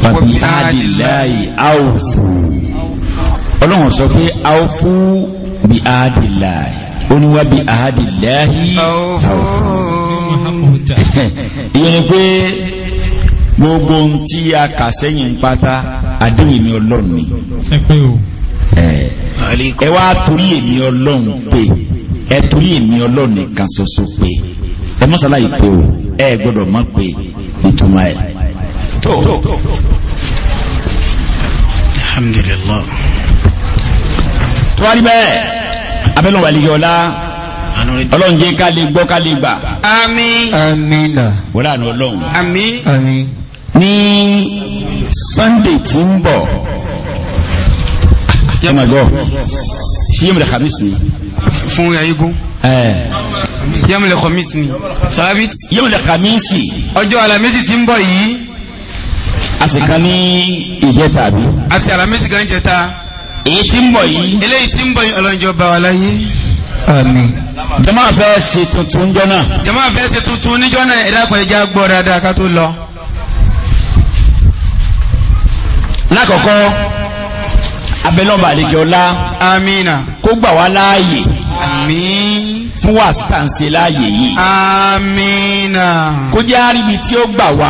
pàbí àdìláì áòfù ọlọ́hùn sọ pé áòfù bí àdìláì oníwà bí àdìláì áòfù ìyẹn ni pé gbogbo ohun tí a kà sẹ́yìn pátá àdéhùn ni ọlọ́run ni ẹ wá torí èmi ọlọ́run pé ẹ torí èmi ọlọ́run nìkan ṣoṣo pé ẹ mọ́sálá yìí pé o ẹ gbọ́dọ̀ mọ̀ pé ìtumọ̀ ẹ̀ tó. alhamdulillah. tuwari bẹ́ẹ̀ abẹ́lẹ̀ wàlíyọ̀ ọ̀la ọlọ́run jẹ́ ká lè gbọ́ ká lè gbà. àmín. àmínà. wọ́n lànà ọlọ́run. àmín. àmín. ní sunday tí ń bọ̀ oh my god ṣíyẹ́mù lẹ̀ khamis ni fún ayégún yẹ́mù lẹ̀ khamis ni sabit yẹ́mù lẹ̀ khamis ọjọ́ alamisi tí ń bọ̀ yìí a sì kan ní alamisi kan jẹta èyí tí ń bọ̀ yìí eléyìí tí ń bọ̀ yìí ọlọ́njọ́ bá wa láyé jama fẹ́ ṣe tuntun níjọ́ jama fẹ́ ṣe tuntun níjọ́ náà ẹ̀dá kan ẹja gbọ́ dáadáa ká tó lọ lákọ̀ọ́kọ́ abẹ́lọ́mbà àlejò ọlá amina kó gbà wá láàyè fún wà síkànsí láàyè yìí amina kó jẹ́ àríbi tí ó gbà wá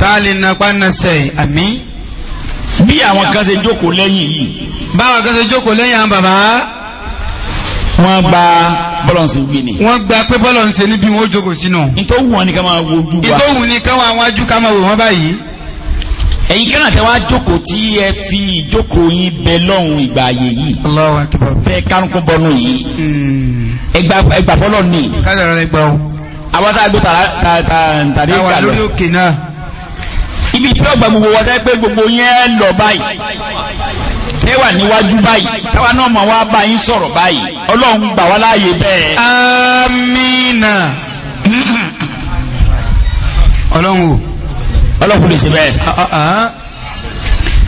tààlì nàpá nàṣẹ àmì bí àwọn kan ṣe jókòó lẹ́yìn yìí báwọn kan ṣe jókòó lẹ́yìn àwọn bàbá wọ́n gba bọ́lọ̀nsì gbé ni wọ́n gba pé bọ́lọ̀nsì níbi wọ́n jókòó sínú ìtòhùn ní ká máa wojú wa ìtòhùn ní ká máa wájú ká máa wò wọ́n báyìí ẹ̀yin kẹ́nà tẹ́wà jókòó tí ẹ fi ìjókòó yín bẹ lọ́hùn ìgbà ayé yìí bẹ kárùnkún bọnú yìí hmm. ẹgbà fọlọ́ ní. kájàrá rẹ o. ó. àwọn tá a gbé tàdé ìgbà lọ. àwọn lórí òkè náà. ibi tí ọgbà gbogbo wọn dẹ́ pé gbogbo yẹn lọ báyìí tẹ́wà níwájú báyìí táwa náà mọ̀ wá bá yín sọ̀rọ̀ báyìí ọlọ́run gbà wá láàyè bẹ́ẹ̀. amina ọlọ́run o ọlọ́pù lè ṣe bẹ́ẹ̀ ah, ah, ah.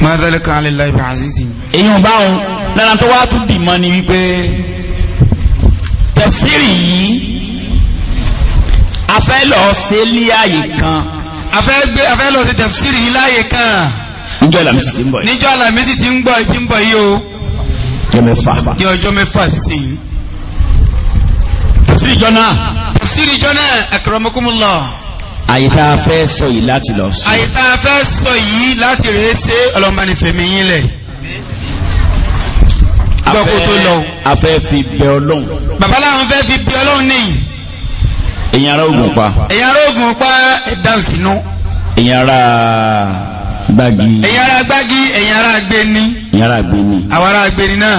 ma zalika alillahi bi azizi èyàn báhùn lára tó wá tún dìmọ́ ni wípé tẹ̀sírì yìí afẹ́ lọ sí láàyè kan afẹ́ lọ sí tẹ̀sírì yìí láàyè kan níjọ́ àlàmísì ti ń bọ̀ níjọ́ àlàmísì ti ń bọ̀ ti ń bọ̀ yìí o ọjọ́ mẹ́fà sísìn yìí tẹ̀sírì jọ náà tẹ̀sírì jọ náà akramakumullah àyíká fẹ́ sọ yìí láti lọ sí. àyíká fẹ́ sọ yìí láti rèé sí ọlọ́mọbánifẹ̀mí yín lẹ̀. gbọ́kú tó lọ. a fẹ́ fi bẹ ọlọ́run. bàbá làwọn fẹ́ fi bẹ ọlọ́run nìyí. èyàn ará ogun pa. èyàn ará ogun pa dáhùn sínú. èyàn ará gbági. èyàn ará gbági èyàn ará gbéni. èyàn ará gbéni. àwọn ará gbéni náà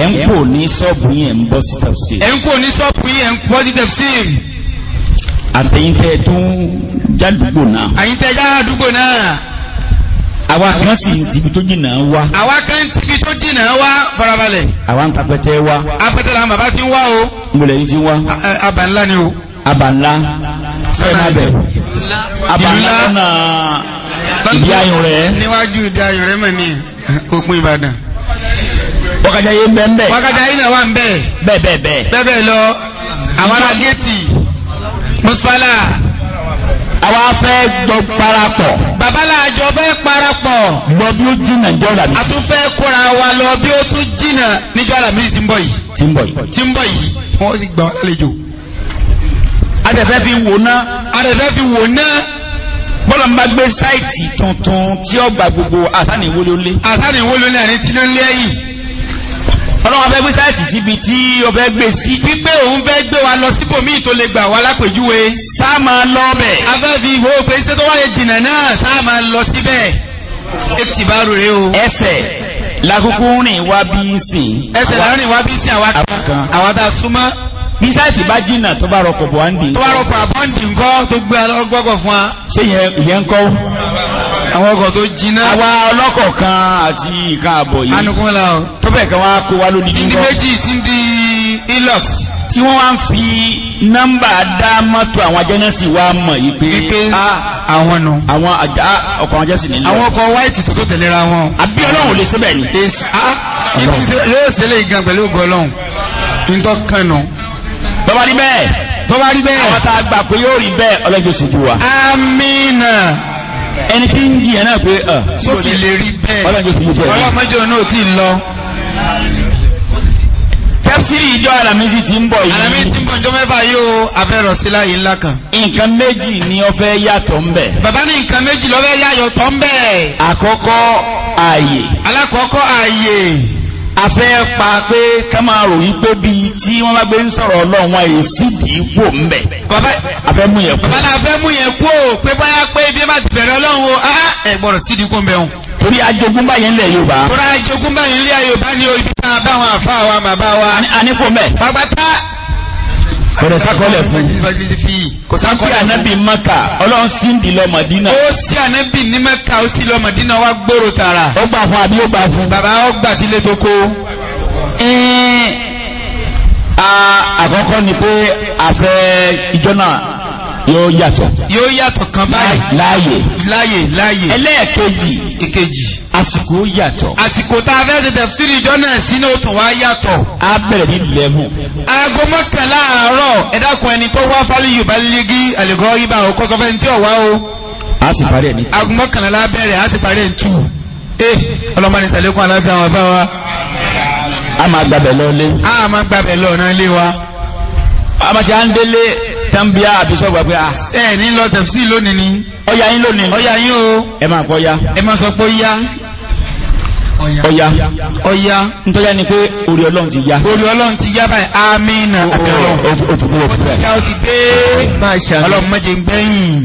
ẹ̀ ń kò ní sọ́ọ̀bù yẹn ń bọ́ sí tẹ̀síìrì. ẹ̀ ń kò ní sọ́ọ̀bù yẹn ń bọ́ sí tẹ̀síìrì àtẹ̀yìntẹ́ tó ń jádùgbò náà àyíntẹ́ jádùgbò náà àwa kan sì tìbí tó jìnà wá àwa kan tìbí tó jìnà wa farabalẹ̀ àwa ń tapẹ́tẹ́ wá apẹ́tẹ́ làwọn bàbá ti wá o mọ̀lẹ́ yìí ti wá àbà ńlá ni o àbà ńlá sẹ́yìn abẹ àbà ńlá náà ìdí ayùn rẹ̀ níwájú ìdí ayùn rẹ̀ mọ̀ ní òpin Ìbàdàn wákàtí ayé ń bẹ́ẹ̀ bẹ́ẹ̀ wákàtí ayé náà wà ń bẹ́ẹ̀ bẹ́ẹ̀ bẹ́ẹ̀ bẹ́ẹ̀ lọ àwọn ará géètì mùsùlá àwa fẹ́ gbọ́ parapọ̀ babalá àjọ fẹ́ parapọ̀ lọ bí ó jìnà ìjọ àlàmísì a tún fẹ́ kóra wa lọ bí ó tún jìnà níjọ àlàmísì tí ń bọ̀ yìí tí ń bọ̀ yìí tí ń bọ̀ yìí wọ́n sì gbà wọ́n lálejò adẹ̀fẹ́ fi wò ná adẹ̀fẹ́ fi wò ná bọ́lá ń bá gbé sáìtì tuntun tí ó gba gbogbo àtàníwólólé àtàníwólólé àti ló ń lé yìí ọlọ́wọ́ fẹ́ gbé sáyẹ̀sì síbi tí ó fẹ́ gbé sí. wípé òun fẹ́ gbé wa lọ síbòmíì tó lè gbà wá lápèjúwe. sáà máa lọ bẹ̀. afẹ́fi ìwé òpè iṣẹ́ tó wáyé jìnnà náà sáà máa lọ síbẹ̀. ètì bá rò rè o. ẹsẹ̀ lakúkú rìn wá bí ń sìn. ẹsẹ̀ la rìn wá bí ń sìn àwa kan súnmọ́. bí sáyẹ̀sì bá jìnnà tó bá rọkọ̀ bọ̀ tó bá rọkọ̀ àbọ̀ ńkọ́ tó gbé ọgbọ́gọ̀ fún wa. ṣé ìyẹn àwọn ọkọ̀ tó jiná àwa ọlọ́kọ̀ kan àti ìkan àbọ̀ yìí anukunla o tó bẹ̀ kan wá kó wá lónìí nǹkan méjì ti di ilox tí wọ́n wá ń fi nọ́mbà dá mọ́tò àwọn ajẹ́nẹ́sì wa mọ̀ yìí pé àwọn nù àwọn ọkọ̀ ajẹ́sì nílò àwọn ọkọ̀ white tó tó tẹ̀lera wọn àbí ọlọ́run lè sẹ́bẹ̀ ni. yóò ṣẹlẹ̀ ìgan pẹ̀lú ògo ntọ́kànnù. bọ́bá bẹ́ẹ̀. bọ́bá bẹ́ẹ̀. àwọn tá a gbà pé yóò rí bẹ́ẹ̀ ọlọ́jọ́ ṣojú wa. amínà ẹni tí ń jìyàn náà pé ọ̀ tó fi lè rí bẹ́ẹ̀ ọlọ́mọdé ọ̀nà ò tí ì lọ tẹ́psìrì ìjọ alamisi ti ń bọ̀ yìí alamisi ti ń bọ̀ ìjọ mẹ́fà yóò abẹ́rọ̀ sí láyé ńlá kan nǹkan méjì ni ó fẹ́ yàtọ̀ ń bẹ̀ bàbá ní nǹkan méjì ló fẹ́ yàtọ̀ ń bẹ̀ àkọ́kọ́ ààyè alákọ̀ọ́kọ́ ààyè a fẹ́ pa pé ká máa rò wípé bí tí wọ́n bá gbé ń sọ̀rọ̀ ọlọ́run àyè sídìí pò ń bẹ̀. bàbá a fẹ́ mú yẹn kú. bàbá a fẹ́ mú yẹn kú o pé báyà pé bí bá ti bẹ̀rẹ̀ ọlọ́run o ẹ gbọ́dọ̀ sídìí ń bẹ̀ torí bàbá wa. a ní Bẹ̀rẹ̀ sákọ́lẹ̀ fún. Kò sí ànábì Mẹ́kà, ọlọ́run sí ń di Ó sí ànábì ní Mẹ́kà, ó sí lọ wá gbòòrò tààrà. Ó gbà fún àbí ó gbà fún. Bàbá ó gbà sílé tó kó. Àkọ́kọ́ ni pé àfẹ́ ìjọ náà yóò yàtọ̀ yóò yàtọ̀ kan báyìí láàyè láàyè láàyè ẹlẹ́ẹ̀kejì ìkejì àsìkò yàtọ̀ àsìkò tá a fẹ́ ṣe tẹ̀síìrì ìjọ náà sínú òtún wa yàtọ̀ a bẹ̀rẹ̀ ní lẹ́mù. aago mọ́kànlá àárọ̀ ẹ̀dàkùn ẹni tó wá fáliyù bá léegi àlèkọ́ ibà òkò sọfẹ́ ní tí o. a sì parí ẹ̀ ní. aago mọ́kànlá bẹ̀rẹ̀ a sì parí ẹ̀ ní tù. ẹ eh, sàlékún aláfíà wọn bá wa. a máa gbàbẹ̀ lọ lé. a máa gbàbẹ̀ lọ náà lé wa. a máa ṣe à ń délé tán bí àbí sọ́gbà pé à. Ah. ẹ ní lọ tẹ̀sí lónìí ni. ọya yín lónìí. ọya yín o. ẹ máa kọ ya. ẹ máa sọ pé ya. ọya. ọya. nítorí ni pé orí ọlọ́run ti ya. orí ọlọ́run ti ya báyìí amínà abẹ́rọ̀. o ti kú o ti kú. o ti kú o ti kú. ọlọ́run mọ̀jẹ̀ gbẹ̀yìn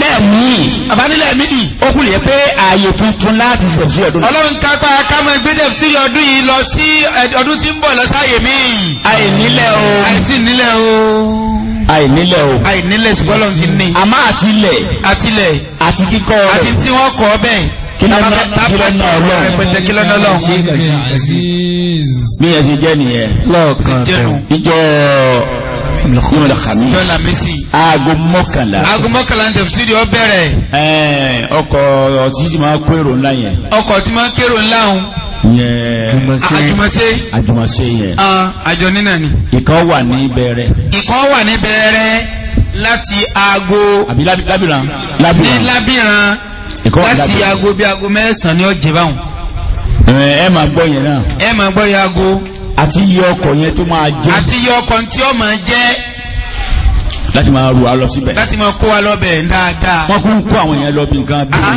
lẹ́ẹ̀mí àbánilẹ̀ míì ó kú lè pé ààyè tuntun láti ṣẹ̀fí ọdún ọlọ́run kápá kámọ́ ìgbésẹ̀ sí ọdún yìí lọ sí ọdún tí ń bọ̀ lọ sáàyè míì àìnílẹ̀ o àìsínílẹ̀ o àìnílẹ̀ o àìnílẹ̀ ṣùgbọ́n lọ́n ti ní àmá àtilẹ̀ àtilẹ̀ àti kíkọ́ rẹ̀ àti tí wọ́n kọ́ bẹ́ẹ̀ kílọ́nà ọlọ́run bí ẹ ṣe jẹ́ nìyẹn lọ́ọ̀kan ìjọ ìmìlẹ̀ kàmí aago mọ́kànlá aago mọ́kànlá ní tẹ̀fisìrì ó bẹ̀rẹ̀ ọkọ̀ ọ̀tí sì máa kó èrò ńlá yẹn ọkọ̀ tí máa kérò ńlá òun àjùmọ̀ṣe àjùmọ̀ṣe yẹn àjọ nínà ni ìkan wà ní bẹ̀rẹ̀ ìkan wà ní bẹ̀rẹ̀ láti aago àbí lábìrán ní lábìrán láti aago bí aago mẹ́sàn-án ni ó jẹ báwọn ẹ máa gbọ́ yẹn náà ẹ máa gbọ́ yẹn aago àti iye ọkọ̀ yẹn tó máa jẹ́ àti iye ọkọ̀ tí ó máa jẹ́ láti máa rù wá lọ síbẹ̀ láti máa kó wa lọ́bẹ̀ dáadáa wọ́n kún kó àwọn èèyàn lọ bí nǹkan bí mi ah.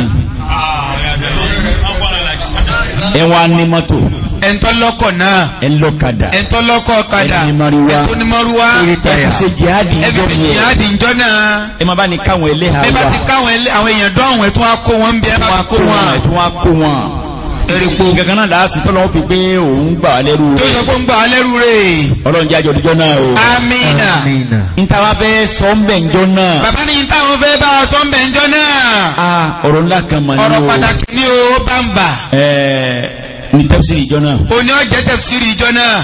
ẹ wá ní mọ́tò ẹ̀ntọ́lọ́kọ̀ náà ẹ̀lọ́kadà ẹ̀ntọ́lọ́kọ̀ ọ̀kadà ẹ̀tọ́nimaruwa ẹ̀fẹ̀sẹ̀ jihadi ìjọ náà ẹ ma bá ní káwọn ẹlẹ́hàá wà ẹ bá ti káwọn àwọn èèyàn dán àwọn ẹ̀tún wá kó wọn bí ẹ bá kó wọn eripo gẹ̀gẹ̀ náà láàásì tó lọ́wọ́ fi pé òun gbà lẹ́rú rẹ̀ tó sọ pé gbà lẹ́rú rẹ̀ ọlọ́run jẹ́ àjọ̀dújọ́ náà o amina ìtawà fẹ́ sọ́mbẹ̀njọ́ náà bàbá ní ìtawà fẹ́ bá sọ́mbẹ̀njọ́ náà ọ̀rọ̀ ńlá kan mà ní o ọ̀rọ̀ pàtàkì ní o bàǹbà ní tẹ́fsìrì ìjọ náà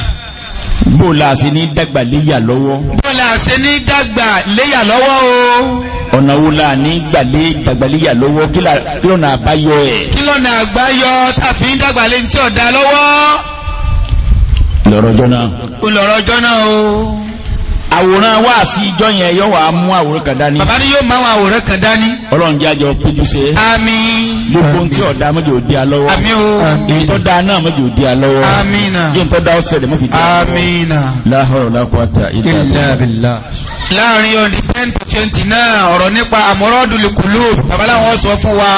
bó la sí ní dàgbàléyà lọ́wọ́ bó ṣe ní dàgbà léyà lọ́wọ́ o. ọ̀nà wo la ní gbàlé dàgbàléyà lọ́wọ́ kí lọ́nà àbáyọ ẹ̀. kí lọ́nà àbáyọ tàfin dàgbàlé tí ọ̀dà lọ́wọ́. lọ́rọ̀ jọ́nà. olọ́rọ̀ jọ́nà o àwòrán wà sí ìjọ yẹn yóò wà mú àwòrán kan dání. bàbá ni yóò máa wọn àwòrán kan dání. ọlọ́run jẹ́ àjọ péjúṣe. àmín. lóko tí ọ̀dà méjì ò di a lọ́wọ́. àmín o. èyí tó da náà méjì ò di a lọ́wọ́. àmín na. yóò tó da ọ̀sẹ̀ lè mú fi jẹ́. àmín na. la hawla la quwwata illa láàrin ọdún ten to twenty náà ọ̀rọ̀ nípa amradul qulub bàbá làwọn sọ fún wa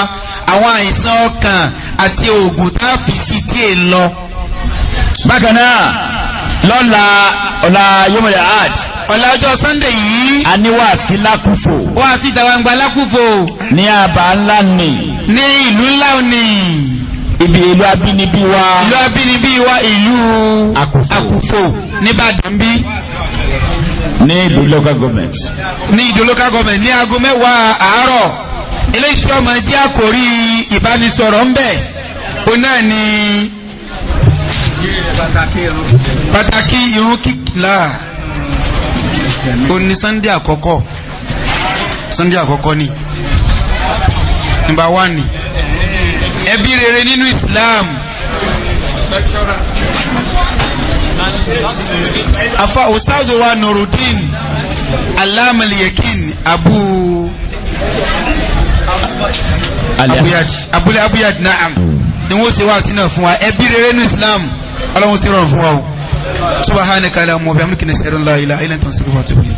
àwọn àìsàn ọkàn àti oògùn tá fi sí tí è lọ. bákan náà lọ́la ọ̀la yọmọ̀lẹ̀ art ọ̀la ọjọ́ sunday yìí a ní wàásí lákúfò wàásí ìtawàǹgbà lákúfò ní àbá ńlá ni ní ìlú ńlá ni ibi ìlú abínibí wa ìlú abínibí wa ìlú àkúfò nìbàdàn bí ní ìlú local government ní ìlú local government ní aago mẹ́wàá àárọ̀ eléyìí tí ọmọ jẹ́ àkórí ìbánisọ̀rọ̀ ń bẹ̀ ó náà ni pàtàkì irun kíkìlá òní sunday àkọ́kọ́ sunday àkọ́kọ́ ni nígbà wà ní ẹbí rere nínú Islam afa ustaz wa Nuruddin alamaliyekin abu abuyad abúlé abuyad na'am mm. ni wọ́n ṣe wá sí náà fún wa ẹbí rere ní islam ọlọ́run sí rọrùn fún wa o subhanaka la mọ̀ bí amúkìnnì sẹ́rọ̀ ńlá ilá ilẹ̀ tó ń sọ̀rọ̀ wà tó bìlẹ̀.